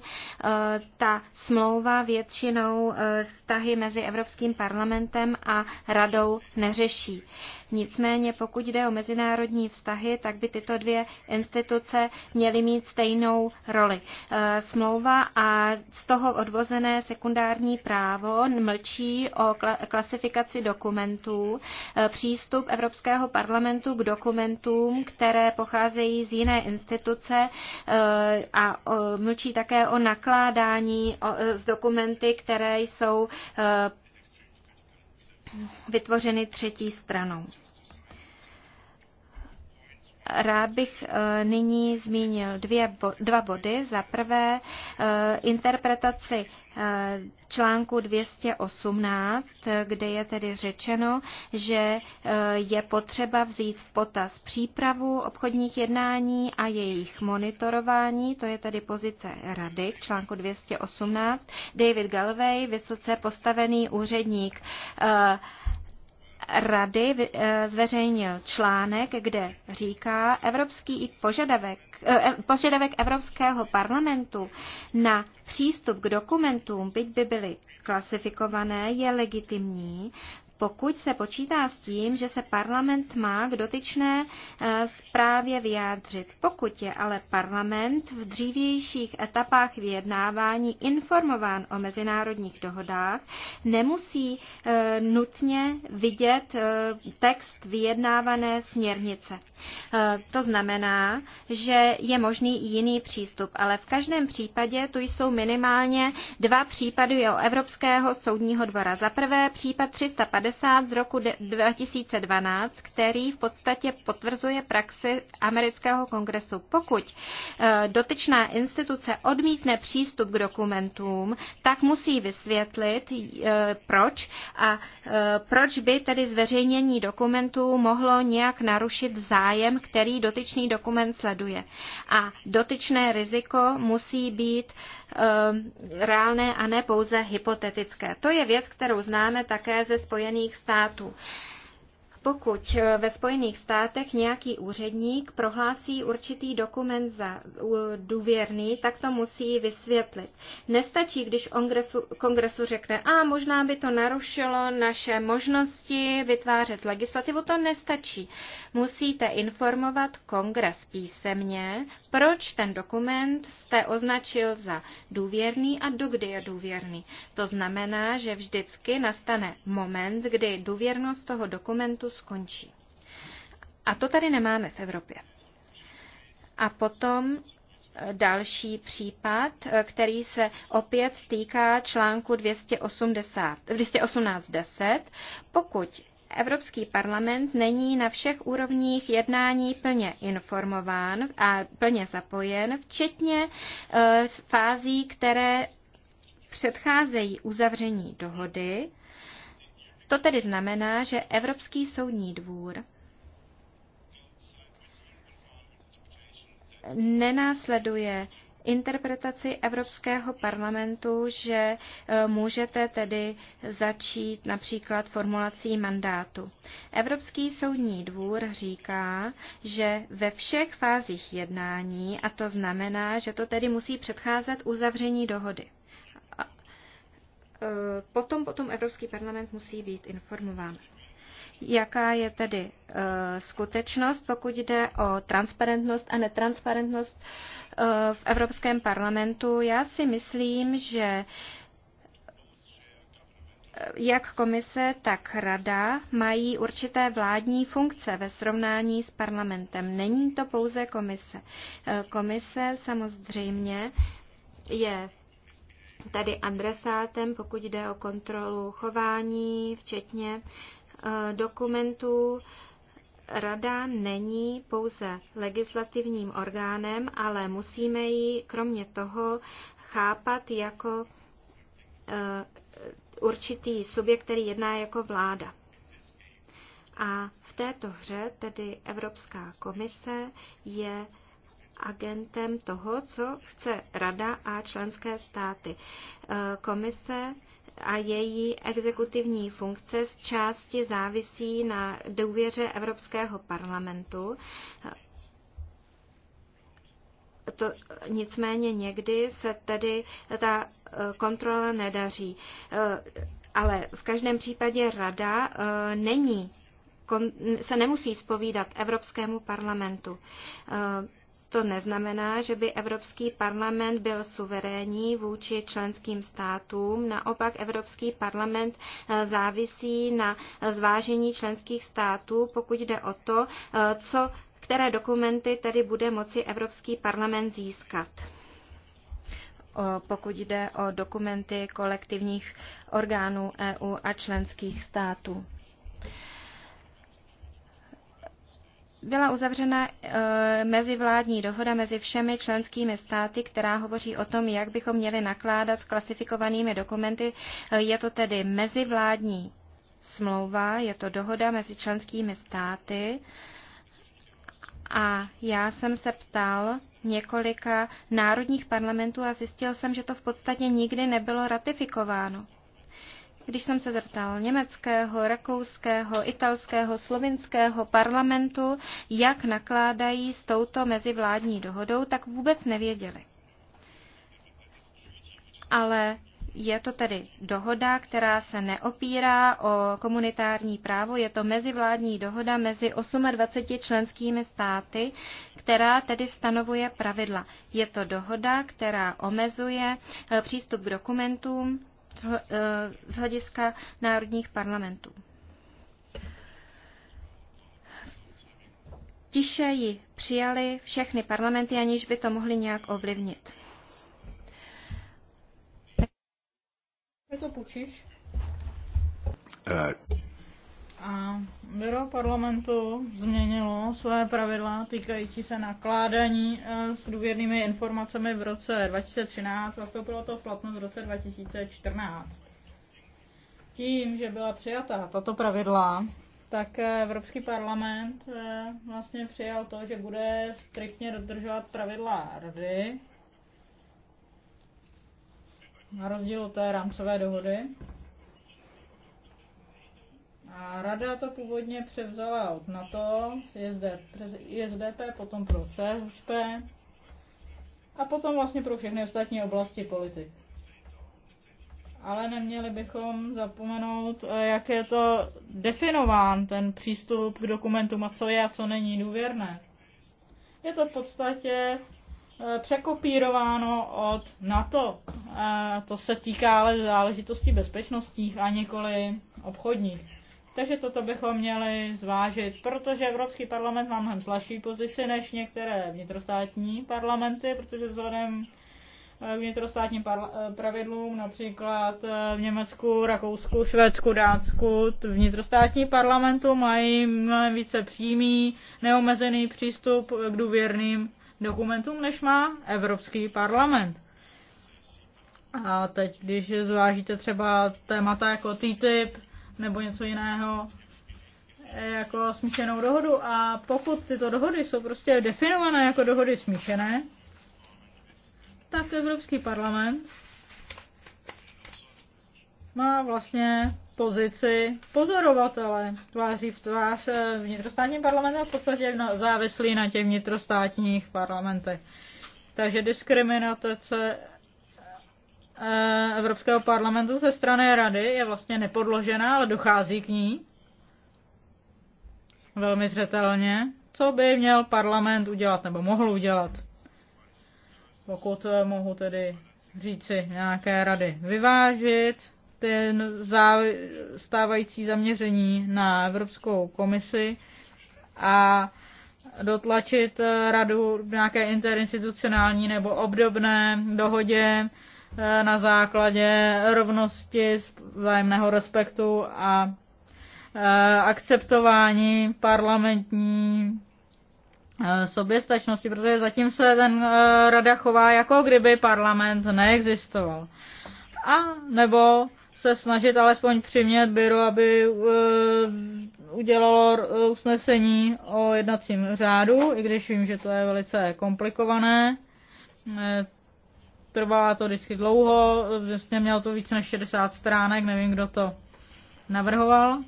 ta smlouva většinou vztahy mezi Evropským parlamentem a radou neřeší. Nicméně pokud jde o mezinárodní vztahy, tak by tyto dvě instituce měly mít stejnou roli. E, smlouva a z toho odvozené sekundární právo mlčí o klasifikaci dokumentů, e, přístup Evropského parlamentu k dokumentům, které pocházejí z jiné instituce e, a mlčí také o nakládání s dokumenty, které jsou vytvořeny třetí stranou. Rád bych eh, nyní zmínil dvě, dva body. Za prvé eh, interpretaci eh, článku 218, kde je tedy řečeno, že je potřeba vzít v potaz přípravu obchodních jednání a jejich monitorování. To je tedy pozice rady k článku 218. David Galway, vysoce postavený úředník rady eh, zveřejnil článek, kde říká, evropský požadavek, eh, požadavek Evropského parlamentu na přístup k dokumentům, byť by byly klasifikované, je legitimní, pokud se počítá s tím, že se parlament má k dotyčné eh, zprávě vyjádřit. Pokud je ale parlament v dřívějších etapách vyjednávání informován o mezinárodních dohodách, nemusí eh, nutně vidět eh, text vyjednávané směrnice. To znamená, že je možný i jiný přístup, ale v každém případě tu jsou minimálně dva případy o Evropského soudního dvora. Za prvé případ 350 50 z roku 2012, který v podstatě potvrzuje praxi amerického kongresu. Pokud eh, dotyčná instituce odmítne přístup k dokumentům, tak musí vysvětlit, eh, proč a eh, proč by tedy zveřejnění dokumentů mohlo nějak narušit zájem, který dotyčný dokument sleduje. A dotyčné riziko musí být reálné a ne pouze hypotetické. To je věc, kterou známe také ze Spojených Spojených států. Pokud eh, ve Spojených státech nějaký úředník prohlásí určitý dokument za důvěrný, tak to musí vysvětlit. Nestačí, když kongresu, kongresu řekne, a možná by to narušilo naše možnosti vytvářet legislativu, to nestačí. Musíte informovat kongres písemně, proč ten dokument jste označil za důvěrný a dokdy je důvěrný. To znamená, že vždycky nastane moment, kdy důvěrnost toho dokumentu skončí. A to tady nemáme v Evropě. A potom eh, další případ, eh, který se opět týká článku 218.10. Pokud Evropský parlament není na všech úrovních jednání plně informován a plně zapojen, včetně eh, fází, které předcházejí uzavření dohody, to tedy znamená, že Evropský soudní dvůr nenásleduje interpretaci Evropského parlamentu, že e, můžete tedy začít například formulací mandátu. Evropský soudní dvůr říká, že ve všech fázích jednání, a to znamená, že to tedy musí předcházet uzavření dohody. Eh, potom, potom Evropský parlament musí být informován. Jaká je tedy eh, skutečnost, pokud jde o transparentnost a netransparentnost eh, v Evropském parlamentu? Já si myslím, že jak komise, tak rada mají určité vládní funkce ve srovnání s parlamentem. Není to pouze komise. Komise samozřejmě je tady adresátem, pokud jde o kontrolu chování, včetně eh, dokumentů. Rada není pouze legislativním orgánem, ale musíme ji kromě toho chápat jako eh, určitý subjekt, který jedná jako vláda. A v této hře tedy Evropská komise je agentem toho, co chce Rada a členské státy. E, komise a její exekutivní funkce z části závisí na důvěře Evropského parlamentu. E, to, nicméně někdy se tedy ta e, kontrola nedaří. Ale v každém případě rada není, se nemusí spovídat Evropskému parlamentu. To neznamená, že by Evropský parlament byl suverénní vůči členským státům. Naopak Evropský parlament eh, závisí na eh, zvážení členských států, pokud jde o to, eh, co, které dokumenty tedy bude moci Evropský parlament získat pokud jde o dokumenty kolektivních orgánů EU a členských států byla uzavřena e, mezivládní dohoda mezi všemi členskými státy, která hovoří o tom, jak bychom měli nakládat s klasifikovanými dokumenty. Eh, je to tedy mezivládní smlouva, je to dohoda mezi členskými státy. A já jsem se ptal několika národních parlamentů a zjistil jsem, že to v podstatě nikdy nebylo ratifikováno když jsem se zeptal německého, rakouského, italského, slovinského parlamentu, jak nakládají s touto mezivládní dohodou, tak vůbec nevěděli. Ale je to tedy dohoda, která se neopírá o komunitární právo. Je to mezivládní dohoda mezi 28 členskými státy, která tedy stanovuje pravidla. Je to dohoda, která omezuje eh, přístup k dokumentům, Eh, z hlediska národních parlamentů. Tiše ji přijali všechny parlamenty, aniž by to mohli nějak ovlivnit. to půjčíš? Eh, a Biro parlamentu změnilo své pravidla týkající se nakládání eh, s důvěrnými informacemi v roce 2013 a vstoupilo to v platnost v roce 2014. Tím, že byla přijata tato pravidla, tak eh, Evropský parlament eh, vlastně přijal to, že bude striktně dodržovat pravidla Rady, na rozdíl od té rámcové dohody. A rada to původně převzala od NATO, DP, potom pro CSP a potom vlastně pro všechny ostatní oblasti politik. Ale neměli bychom zapomenout, eh, jak je to definován, ten přístup k dokumentům a co je a co není důvěrné. Je to v podstatě eh, překopírováno od NATO. Eh, to se týká ale záležitostí bezpečnostních a nikoli obchodních. Takže toto bychom měli zvážit, protože Evropský parlament má mnohem slabší pozici než některé vnitrostátní parlamenty, protože vzhledem eh, k vnitrostátním eh, pravidlům, například eh, v Německu, Rakousku, Švédsku, Dánsku, vnitrostátní parlamentu mají mnohem více přímý, neomezený přístup k důvěrným dokumentům, než má Evropský parlament. A teď, když zvážíte třeba témata jako TTIP, nebo něco jiného jako smíšenou dohodu a pokud tyto dohody jsou prostě definované jako dohody smíšené, tak Evropský parlament má vlastně pozici pozorovatele tváří v tvář eh, vnitrostátním parlamentem a v podstatě závislý na těch vnitrostátních parlamentech. Takže diskriminace Eh, Evropského parlamentu ze strany rady je vlastně nepodložená, ale dochází k ní velmi zřetelně. Co by měl parlament udělat nebo mohl udělat? Pokud eh, mohu tedy říci nějaké rady. Vyvážit ten stávající zaměření na Evropskou komisi a dotlačit eh, radu nějaké interinstitucionální nebo obdobné dohodě Eh, na základě rovnosti, vzájemného respektu a eh, akceptování parlamentní eh, soběstačnosti, protože zatím se ten rada chová, jako kdyby parlament neexistoval. A nebo se snažit alespoň přimět byru, aby udělalo usnesení o jednacím řádu, i když vím, že to je velice komplikované trvalo to vždycky dlouho, vlastně mělo to více než 60 stránek, nevím, kdo to navrhoval.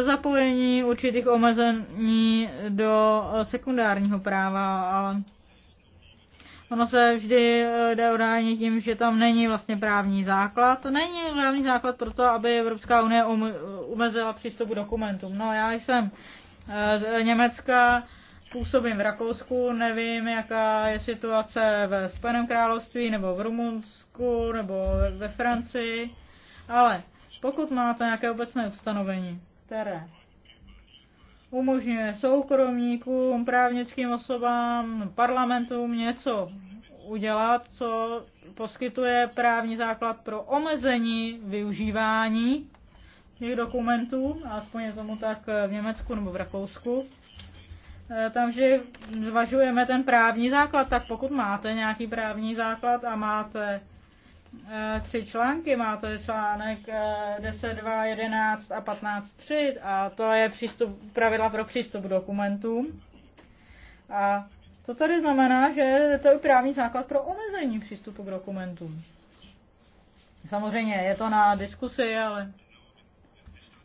Zapojení určitých omezení do sekundárního práva, ale ono se vždy eh, jde odání tím, že tam není vlastně právní základ. To není právní základ pro to, aby Evropská unie omezila přístup k dokumentům. No já jsem eh, z Německa, působím v Rakousku, nevím, jaká je situace ve Spojeném království, nebo v Rumunsku, nebo ve Francii, ale pokud máte nějaké obecné ustanovení, které umožňuje soukromníkům, právnickým osobám, parlamentům něco udělat, co poskytuje právní základ pro omezení využívání těch dokumentů, aspoň je tomu tak v Německu nebo v Rakousku, E, tam, že zvažujeme ten právní základ, tak pokud máte nějaký právní základ a máte e, tři články, máte článek 10, 2, 11 a 15, 3 a to je přístup, pravidla pro přístup k dokumentům. A to tady znamená, že to je právní základ pro omezení přístupu k dokumentům. Samozřejmě je to na diskusi, ale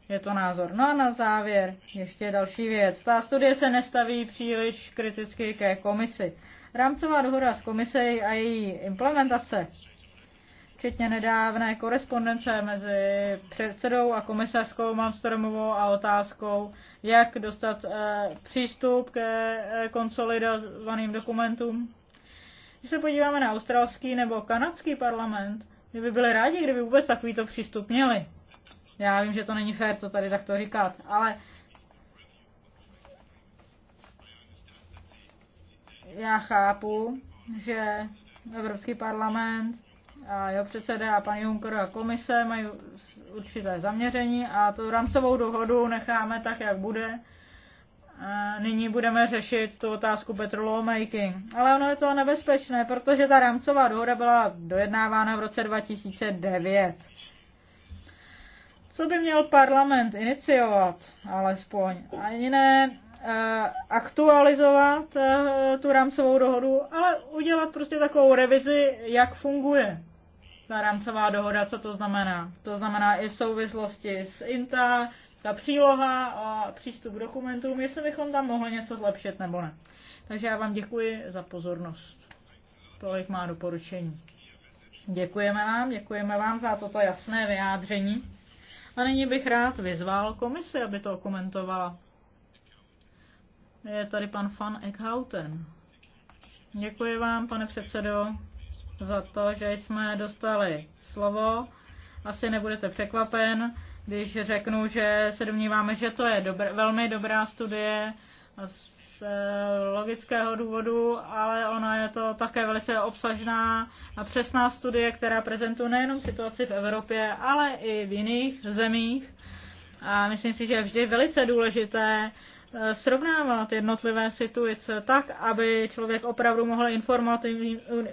je to názor. No a na závěr ještě další věc. Ta studie se nestaví příliš kriticky ke komisi. Rámcová dohoda s komisí a její implementace, včetně nedávné korespondence mezi předsedou a komisařskou Malmstromovou a otázkou, jak dostat eh, přístup ke eh, konsolidovaným dokumentům. Když se podíváme na australský nebo kanadský parlament, by byli rádi, kdyby vůbec takovýto přístup měli. Já vím, že to není fér to tady takto říkat, ale já chápu, že Evropský parlament a jeho předseda a paní Juncker a komise mají určité zaměření a tu rámcovou dohodu necháme tak, jak bude. Nyní budeme řešit tu otázku better lawmaking. Ale ono je to nebezpečné, protože ta rámcová dohoda byla dojednávána v roce 2009. Co by měl parlament iniciovat alespoň? a jiné eh, aktualizovat eh, tu rámcovou dohodu, ale udělat prostě takovou revizi, jak funguje ta rámcová dohoda, co to znamená. To znamená i v souvislosti s INTA, ta příloha a přístup k dokumentům, jestli bychom tam mohli něco zlepšit nebo ne. Takže já vám děkuji za pozornost. Tolik má doporučení. Děkujeme vám, děkujeme vám za toto jasné vyjádření. A nyní bych rád vyzval komisi, aby to komentovala. Je tady pan Van Eckhouten. Děkuji vám, pane předsedo, za to, že jsme dostali slovo. Asi nebudete překvapen, když řeknu, že se domníváme, že to je dobr- velmi dobrá studie a Eh, logického důvodu, ale ona je to také velice obsažná a přesná studie, která prezentuje nejenom situaci v Evropě, ale i v jiných zemích. A myslím si, že je vždy velice důležité eh, srovnávat jednotlivé situace tak, aby člověk opravdu mohl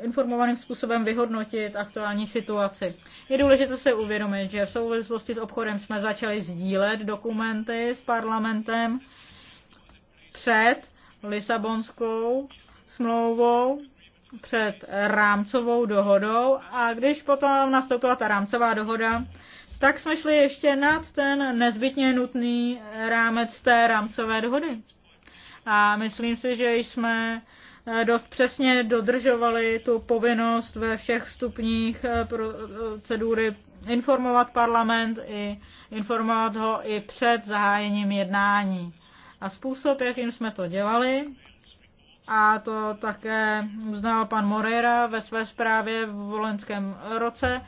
informovaným způsobem vyhodnotit aktuální situaci. Je důležité se uvědomit, že v souvislosti s obchodem jsme začali sdílet dokumenty s parlamentem před Lisabonskou smlouvou, před rámcovou dohodou a když potom nastoupila ta rámcová dohoda, tak jsme šli ještě nad ten nezbytně nutný rámec té rámcové dohody. A myslím si, že jsme eh, dost přesně dodržovali tu povinnost ve všech stupních eh, eh, procedury informovat parlament i informovat ho i před zahájením jednání. A způsob, jakým jsme to dělali, a to také uznal pan Morera ve své zprávě v volenském roce,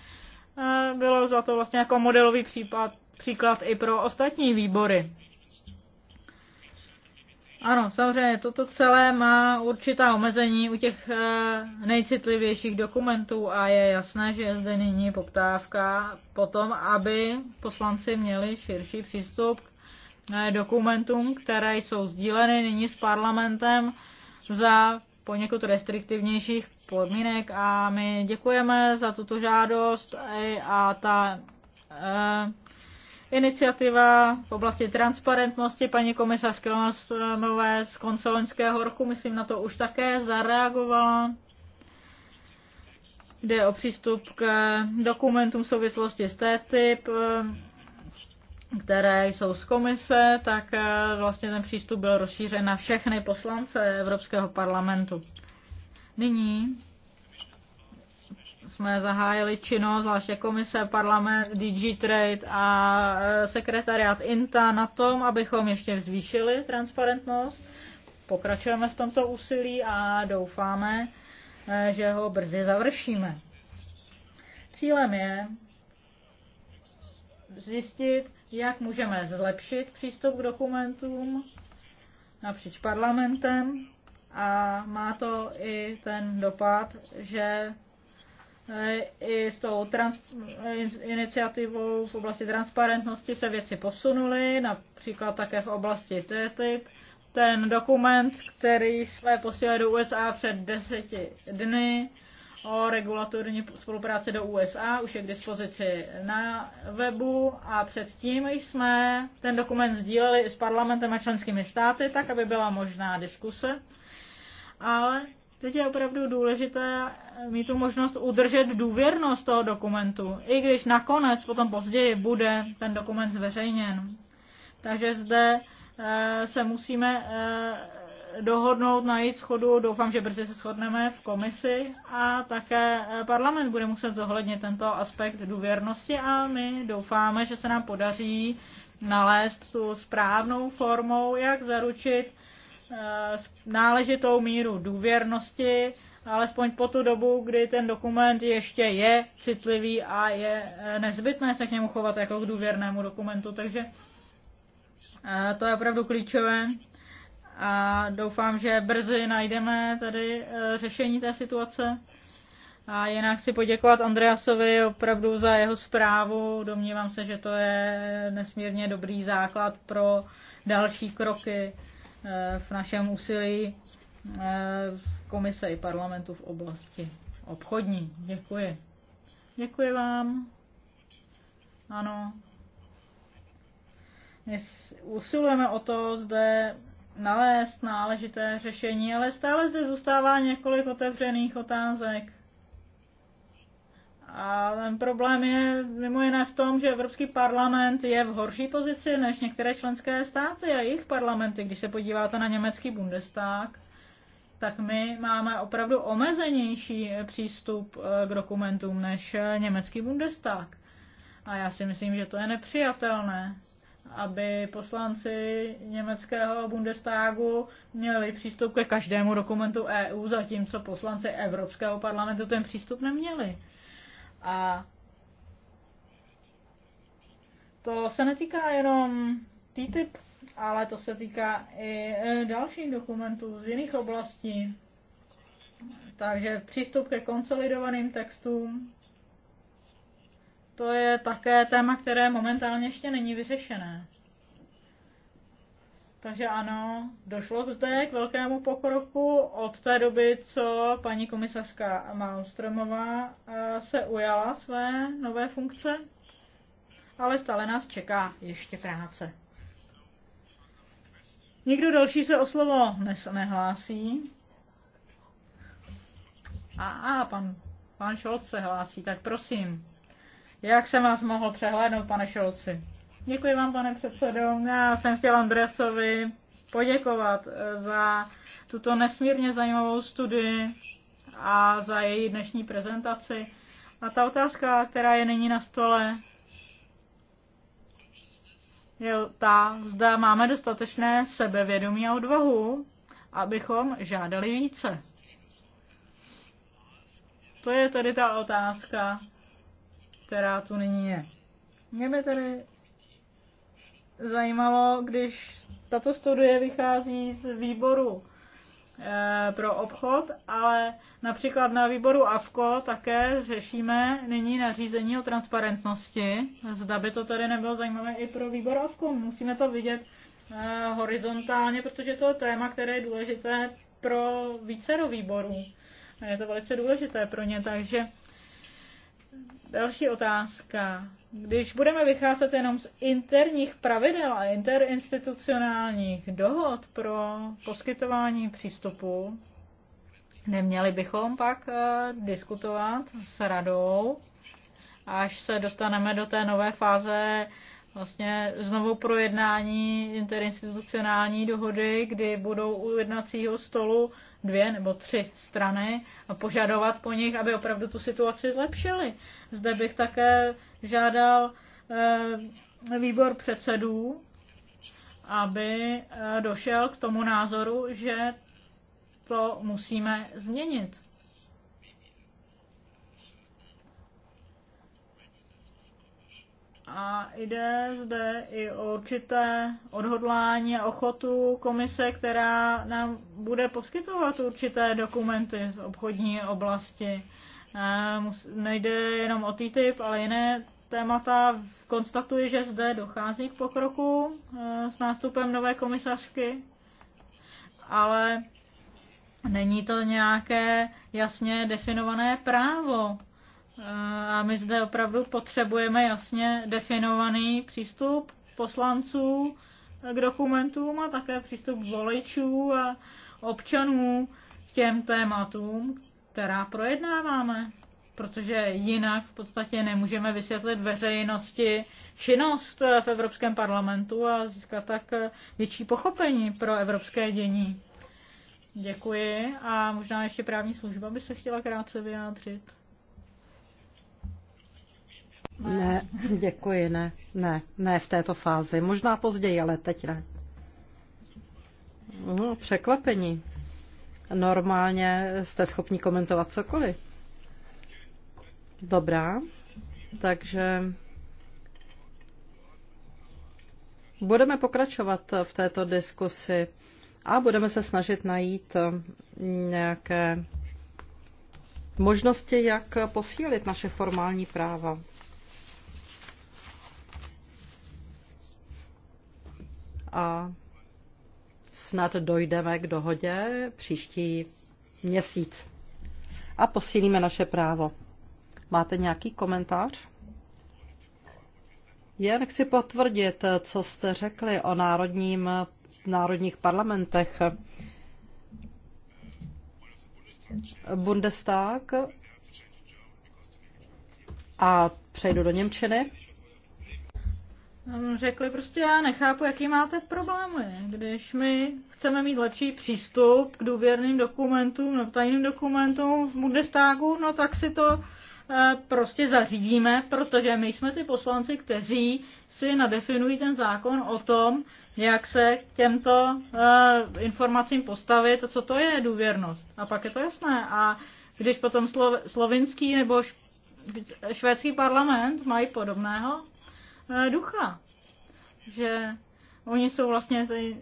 eh, bylo za to vlastně jako modelový případ, příklad i pro ostatní výbory. Ano, samozřejmě, toto celé má určitá omezení u těch eh, nejcitlivějších dokumentů a je jasné, že je zde nyní poptávka po tom, aby poslanci měli širší přístup k dokumentům, které jsou sdíleny nyní s parlamentem za poněkud restriktivnějších podmínek a my děkujeme za tuto žádost a ta eh, iniciativa v oblasti transparentnosti paní komisařské nové z konsolenského roku, myslím na to už také zareagovala. Jde o přístup k dokumentům v souvislosti s TTIP. Eh, které jsou z komise, tak eh, vlastně ten přístup byl rozšířen na všechny poslance Evropského parlamentu. Nyní jsme zahájili činnost, zvláště komise, parlament, DG Trade a eh, sekretariát INTA na tom, abychom ještě zvýšili transparentnost. Pokračujeme v tomto úsilí a doufáme, eh, že ho brzy završíme. Cílem je zjistit, jak můžeme zlepšit přístup k dokumentům napříč parlamentem a má to i ten dopad, že eh, i s tou trans- iniciativou v oblasti transparentnosti se věci posunuly, například také v oblasti TTIP. Ten dokument, který jsme posílali do USA před deseti dny, o regulatorní spolupráci do USA, už je k dispozici na webu a předtím jsme ten dokument sdíleli i s parlamentem a členskými státy, tak aby byla možná diskuse. Ale teď je opravdu důležité mít tu možnost udržet důvěrnost toho dokumentu, i když nakonec, potom později, bude ten dokument zveřejněn. Takže zde eh, se musíme eh, dohodnout, najít schodu. Doufám, že brzy se shodneme v komisi a také parlament bude muset zohlednit tento aspekt důvěrnosti a my doufáme, že se nám podaří nalézt tu správnou formou, jak zaručit eh, náležitou míru důvěrnosti, alespoň po tu dobu, kdy ten dokument ještě je citlivý a je eh, nezbytné se k němu chovat jako k důvěrnému dokumentu. Takže eh, to je opravdu klíčové a doufám, že brzy najdeme tady eh, řešení té situace. A jinak chci poděkovat Andreasovi opravdu za jeho zprávu. Domnívám se, že to je nesmírně dobrý základ pro další kroky eh, v našem úsilí eh, komise i parlamentu v oblasti obchodní. Děkuji. Děkuji vám. Ano. My usilujeme o to zde nalézt náležité řešení, ale stále zde zůstává několik otevřených otázek. A ten problém je mimo jiné v tom, že Evropský parlament je v horší pozici než některé členské státy a jejich parlamenty. Když se podíváte na německý Bundestag, tak my máme opravdu omezenější přístup eh, k dokumentům než eh, německý Bundestag. A já si myslím, že to je nepřijatelné aby poslanci německého Bundestagu měli přístup ke každému dokumentu EU, zatímco poslanci Evropského parlamentu ten přístup neměli. A to se netýká jenom TTIP, ale to se týká i e, dalších dokumentů z jiných oblastí. Takže přístup ke konsolidovaným textům to je také téma, které momentálně ještě není vyřešené. Takže ano, došlo zde k velkému pokroku od té doby, co paní komisařka Malmströmová eh, se ujala své nové funkce, ale stále nás čeká ještě práce. Nikdo další se o slovo nehlásí. A, a pan, pan Šolc se hlásí, tak prosím. Jak jsem vás mohl přehlédnout, pane Šolci? Děkuji vám, pane předsedo. Já jsem chtěl Andresovi poděkovat eh, za tuto nesmírně zajímavou studii a za její dnešní prezentaci. A ta otázka, která je nyní na stole, je ta, zda máme dostatečné sebevědomí a odvahu, abychom žádali více. To je tedy ta otázka, která tu nyní je. Mě by tedy zajímalo, když tato studie vychází z výboru eh, pro obchod, ale například na výboru AVKO také řešíme nyní nařízení o transparentnosti. Zda by to tady nebylo zajímavé i pro výbor AVKO. Musíme to vidět eh, horizontálně, protože to je téma, které je důležité pro vícero výborů. Je to velice důležité pro ně, takže Další otázka. Když budeme vycházet jenom z interních pravidel a interinstitucionálních dohod pro poskytování přístupu, neměli bychom pak eh, diskutovat s radou, až se dostaneme do té nové fáze vlastně znovu projednání interinstitucionální dohody, kdy budou u jednacího stolu dvě nebo tři strany a požadovat po nich, aby opravdu tu situaci zlepšili. Zde bych také žádal eh, výbor předsedů, aby eh, došel k tomu názoru, že to musíme změnit. A jde zde i o určité odhodlání a ochotu komise, která nám bude poskytovat určité dokumenty z obchodní oblasti. Nejde jenom o TTIP, ale jiné témata. Konstatuji, že zde dochází k pokroku e, s nástupem nové komisařky, ale není to nějaké jasně definované právo a my zde opravdu potřebujeme jasně definovaný přístup poslanců k dokumentům a také přístup voličů a občanů k těm tématům, která projednáváme. Protože jinak v podstatě nemůžeme vysvětlit veřejnosti činnost v Evropském parlamentu a získat tak větší pochopení pro evropské dění. Děkuji a možná ještě právní služba by se chtěla krátce vyjádřit. Ne, děkuji, ne, ne, ne v této fázi. Možná později, ale teď ne. No, překvapení. Normálně jste schopni komentovat cokoliv. Dobrá, takže budeme pokračovat v této diskusi a budeme se snažit najít eh, nějaké možnosti, jak posílit naše formální práva. a snad dojdeme k dohodě příští měsíc a posílíme naše právo. Máte nějaký komentář? Jen chci potvrdit, co jste řekli o národním, národních parlamentech. Bundestag a přejdu do Němčiny řekli prostě já nechápu, jaký máte problémy, když my chceme mít lepší přístup k důvěrným dokumentům, no tajným dokumentům v Bundestagu, no tak si to eh, prostě zařídíme, protože my jsme ty poslanci, kteří si nadefinují ten zákon o tom, jak se k těmto eh, informacím postavit, co to je důvěrnost. A pak je to jasné. A když potom slovinský nebo švédský parlament mají podobného, Eh, ducha. Že oni jsou vlastně ty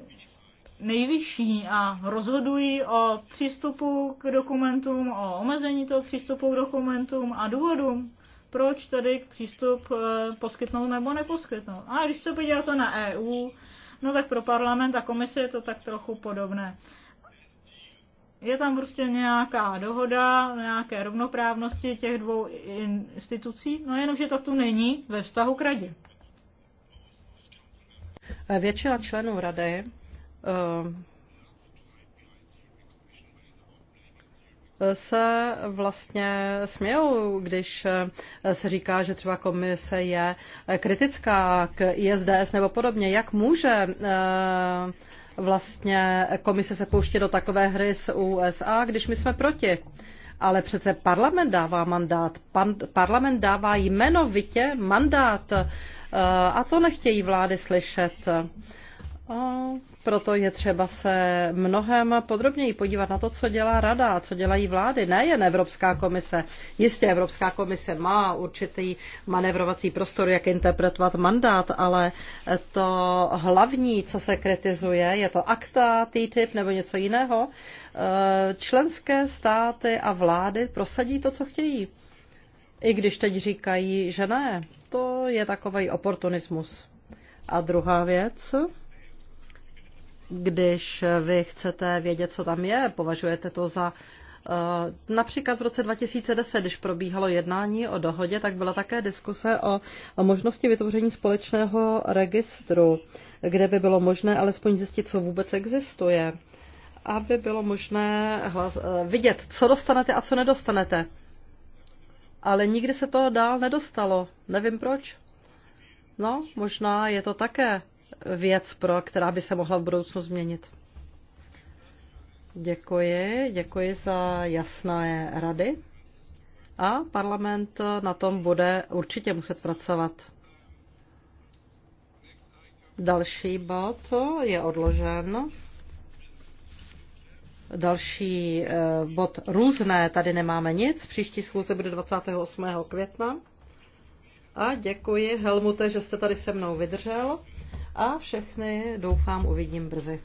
nejvyšší a rozhodují o přístupu k dokumentům, o omezení toho přístupu k dokumentům a důvodům, proč tedy přístup eh, poskytnout nebo neposkytnout. A když se to na EU, no tak pro parlament a komisi je to tak trochu podobné. Je tam prostě nějaká dohoda, nějaké rovnoprávnosti těch dvou institucí, no jenomže to tu není ve vztahu k radě. Eh, většina členů rady eh, se vlastně smějou, když eh, se říká, že třeba komise je kritická k ISDS nebo podobně. Jak může vlastně komise se pouštět do takové hry s USA, když my jsme proti? ale přece parlament dává mandát. Pan, parlament dává jmenovitě mandát eh, a to nechtějí vlády slyšet. Proto je třeba se mnohem podrobněji podívat na to, co dělá rada, co dělají vlády, nejen Evropská komise. Jistě Evropská komise má určitý manevrovací prostor, jak interpretovat mandát, ale to hlavní, co se kritizuje, je to akta, TTIP nebo něco jiného. Eh, členské státy a vlády prosadí to, co chtějí. I když teď říkají, že ne, to je takový oportunismus. A druhá věc, když vy chcete vědět, co tam je, považujete to za eh, Například v roce 2010, když probíhalo jednání o dohodě, tak byla také diskuse o, možnosti vytvoření společného registru, kde by bylo možné alespoň zjistit, co vůbec existuje aby bylo možné hlas, eh, vidět, co dostanete a co nedostanete. Ale nikdy se to dál nedostalo. Nevím proč. No, možná je to také věc, pro, která by se mohla v budoucnu změnit. Děkuji, děkuji za jasné rady. A parlament na tom bude určitě muset pracovat. Další bod je odložen. Další eh, bod různé, tady nemáme nic. Příští schůze bude 28. května. A děkuji Helmute, že jste tady se mnou vydržel. A všechny doufám uvidím brzy.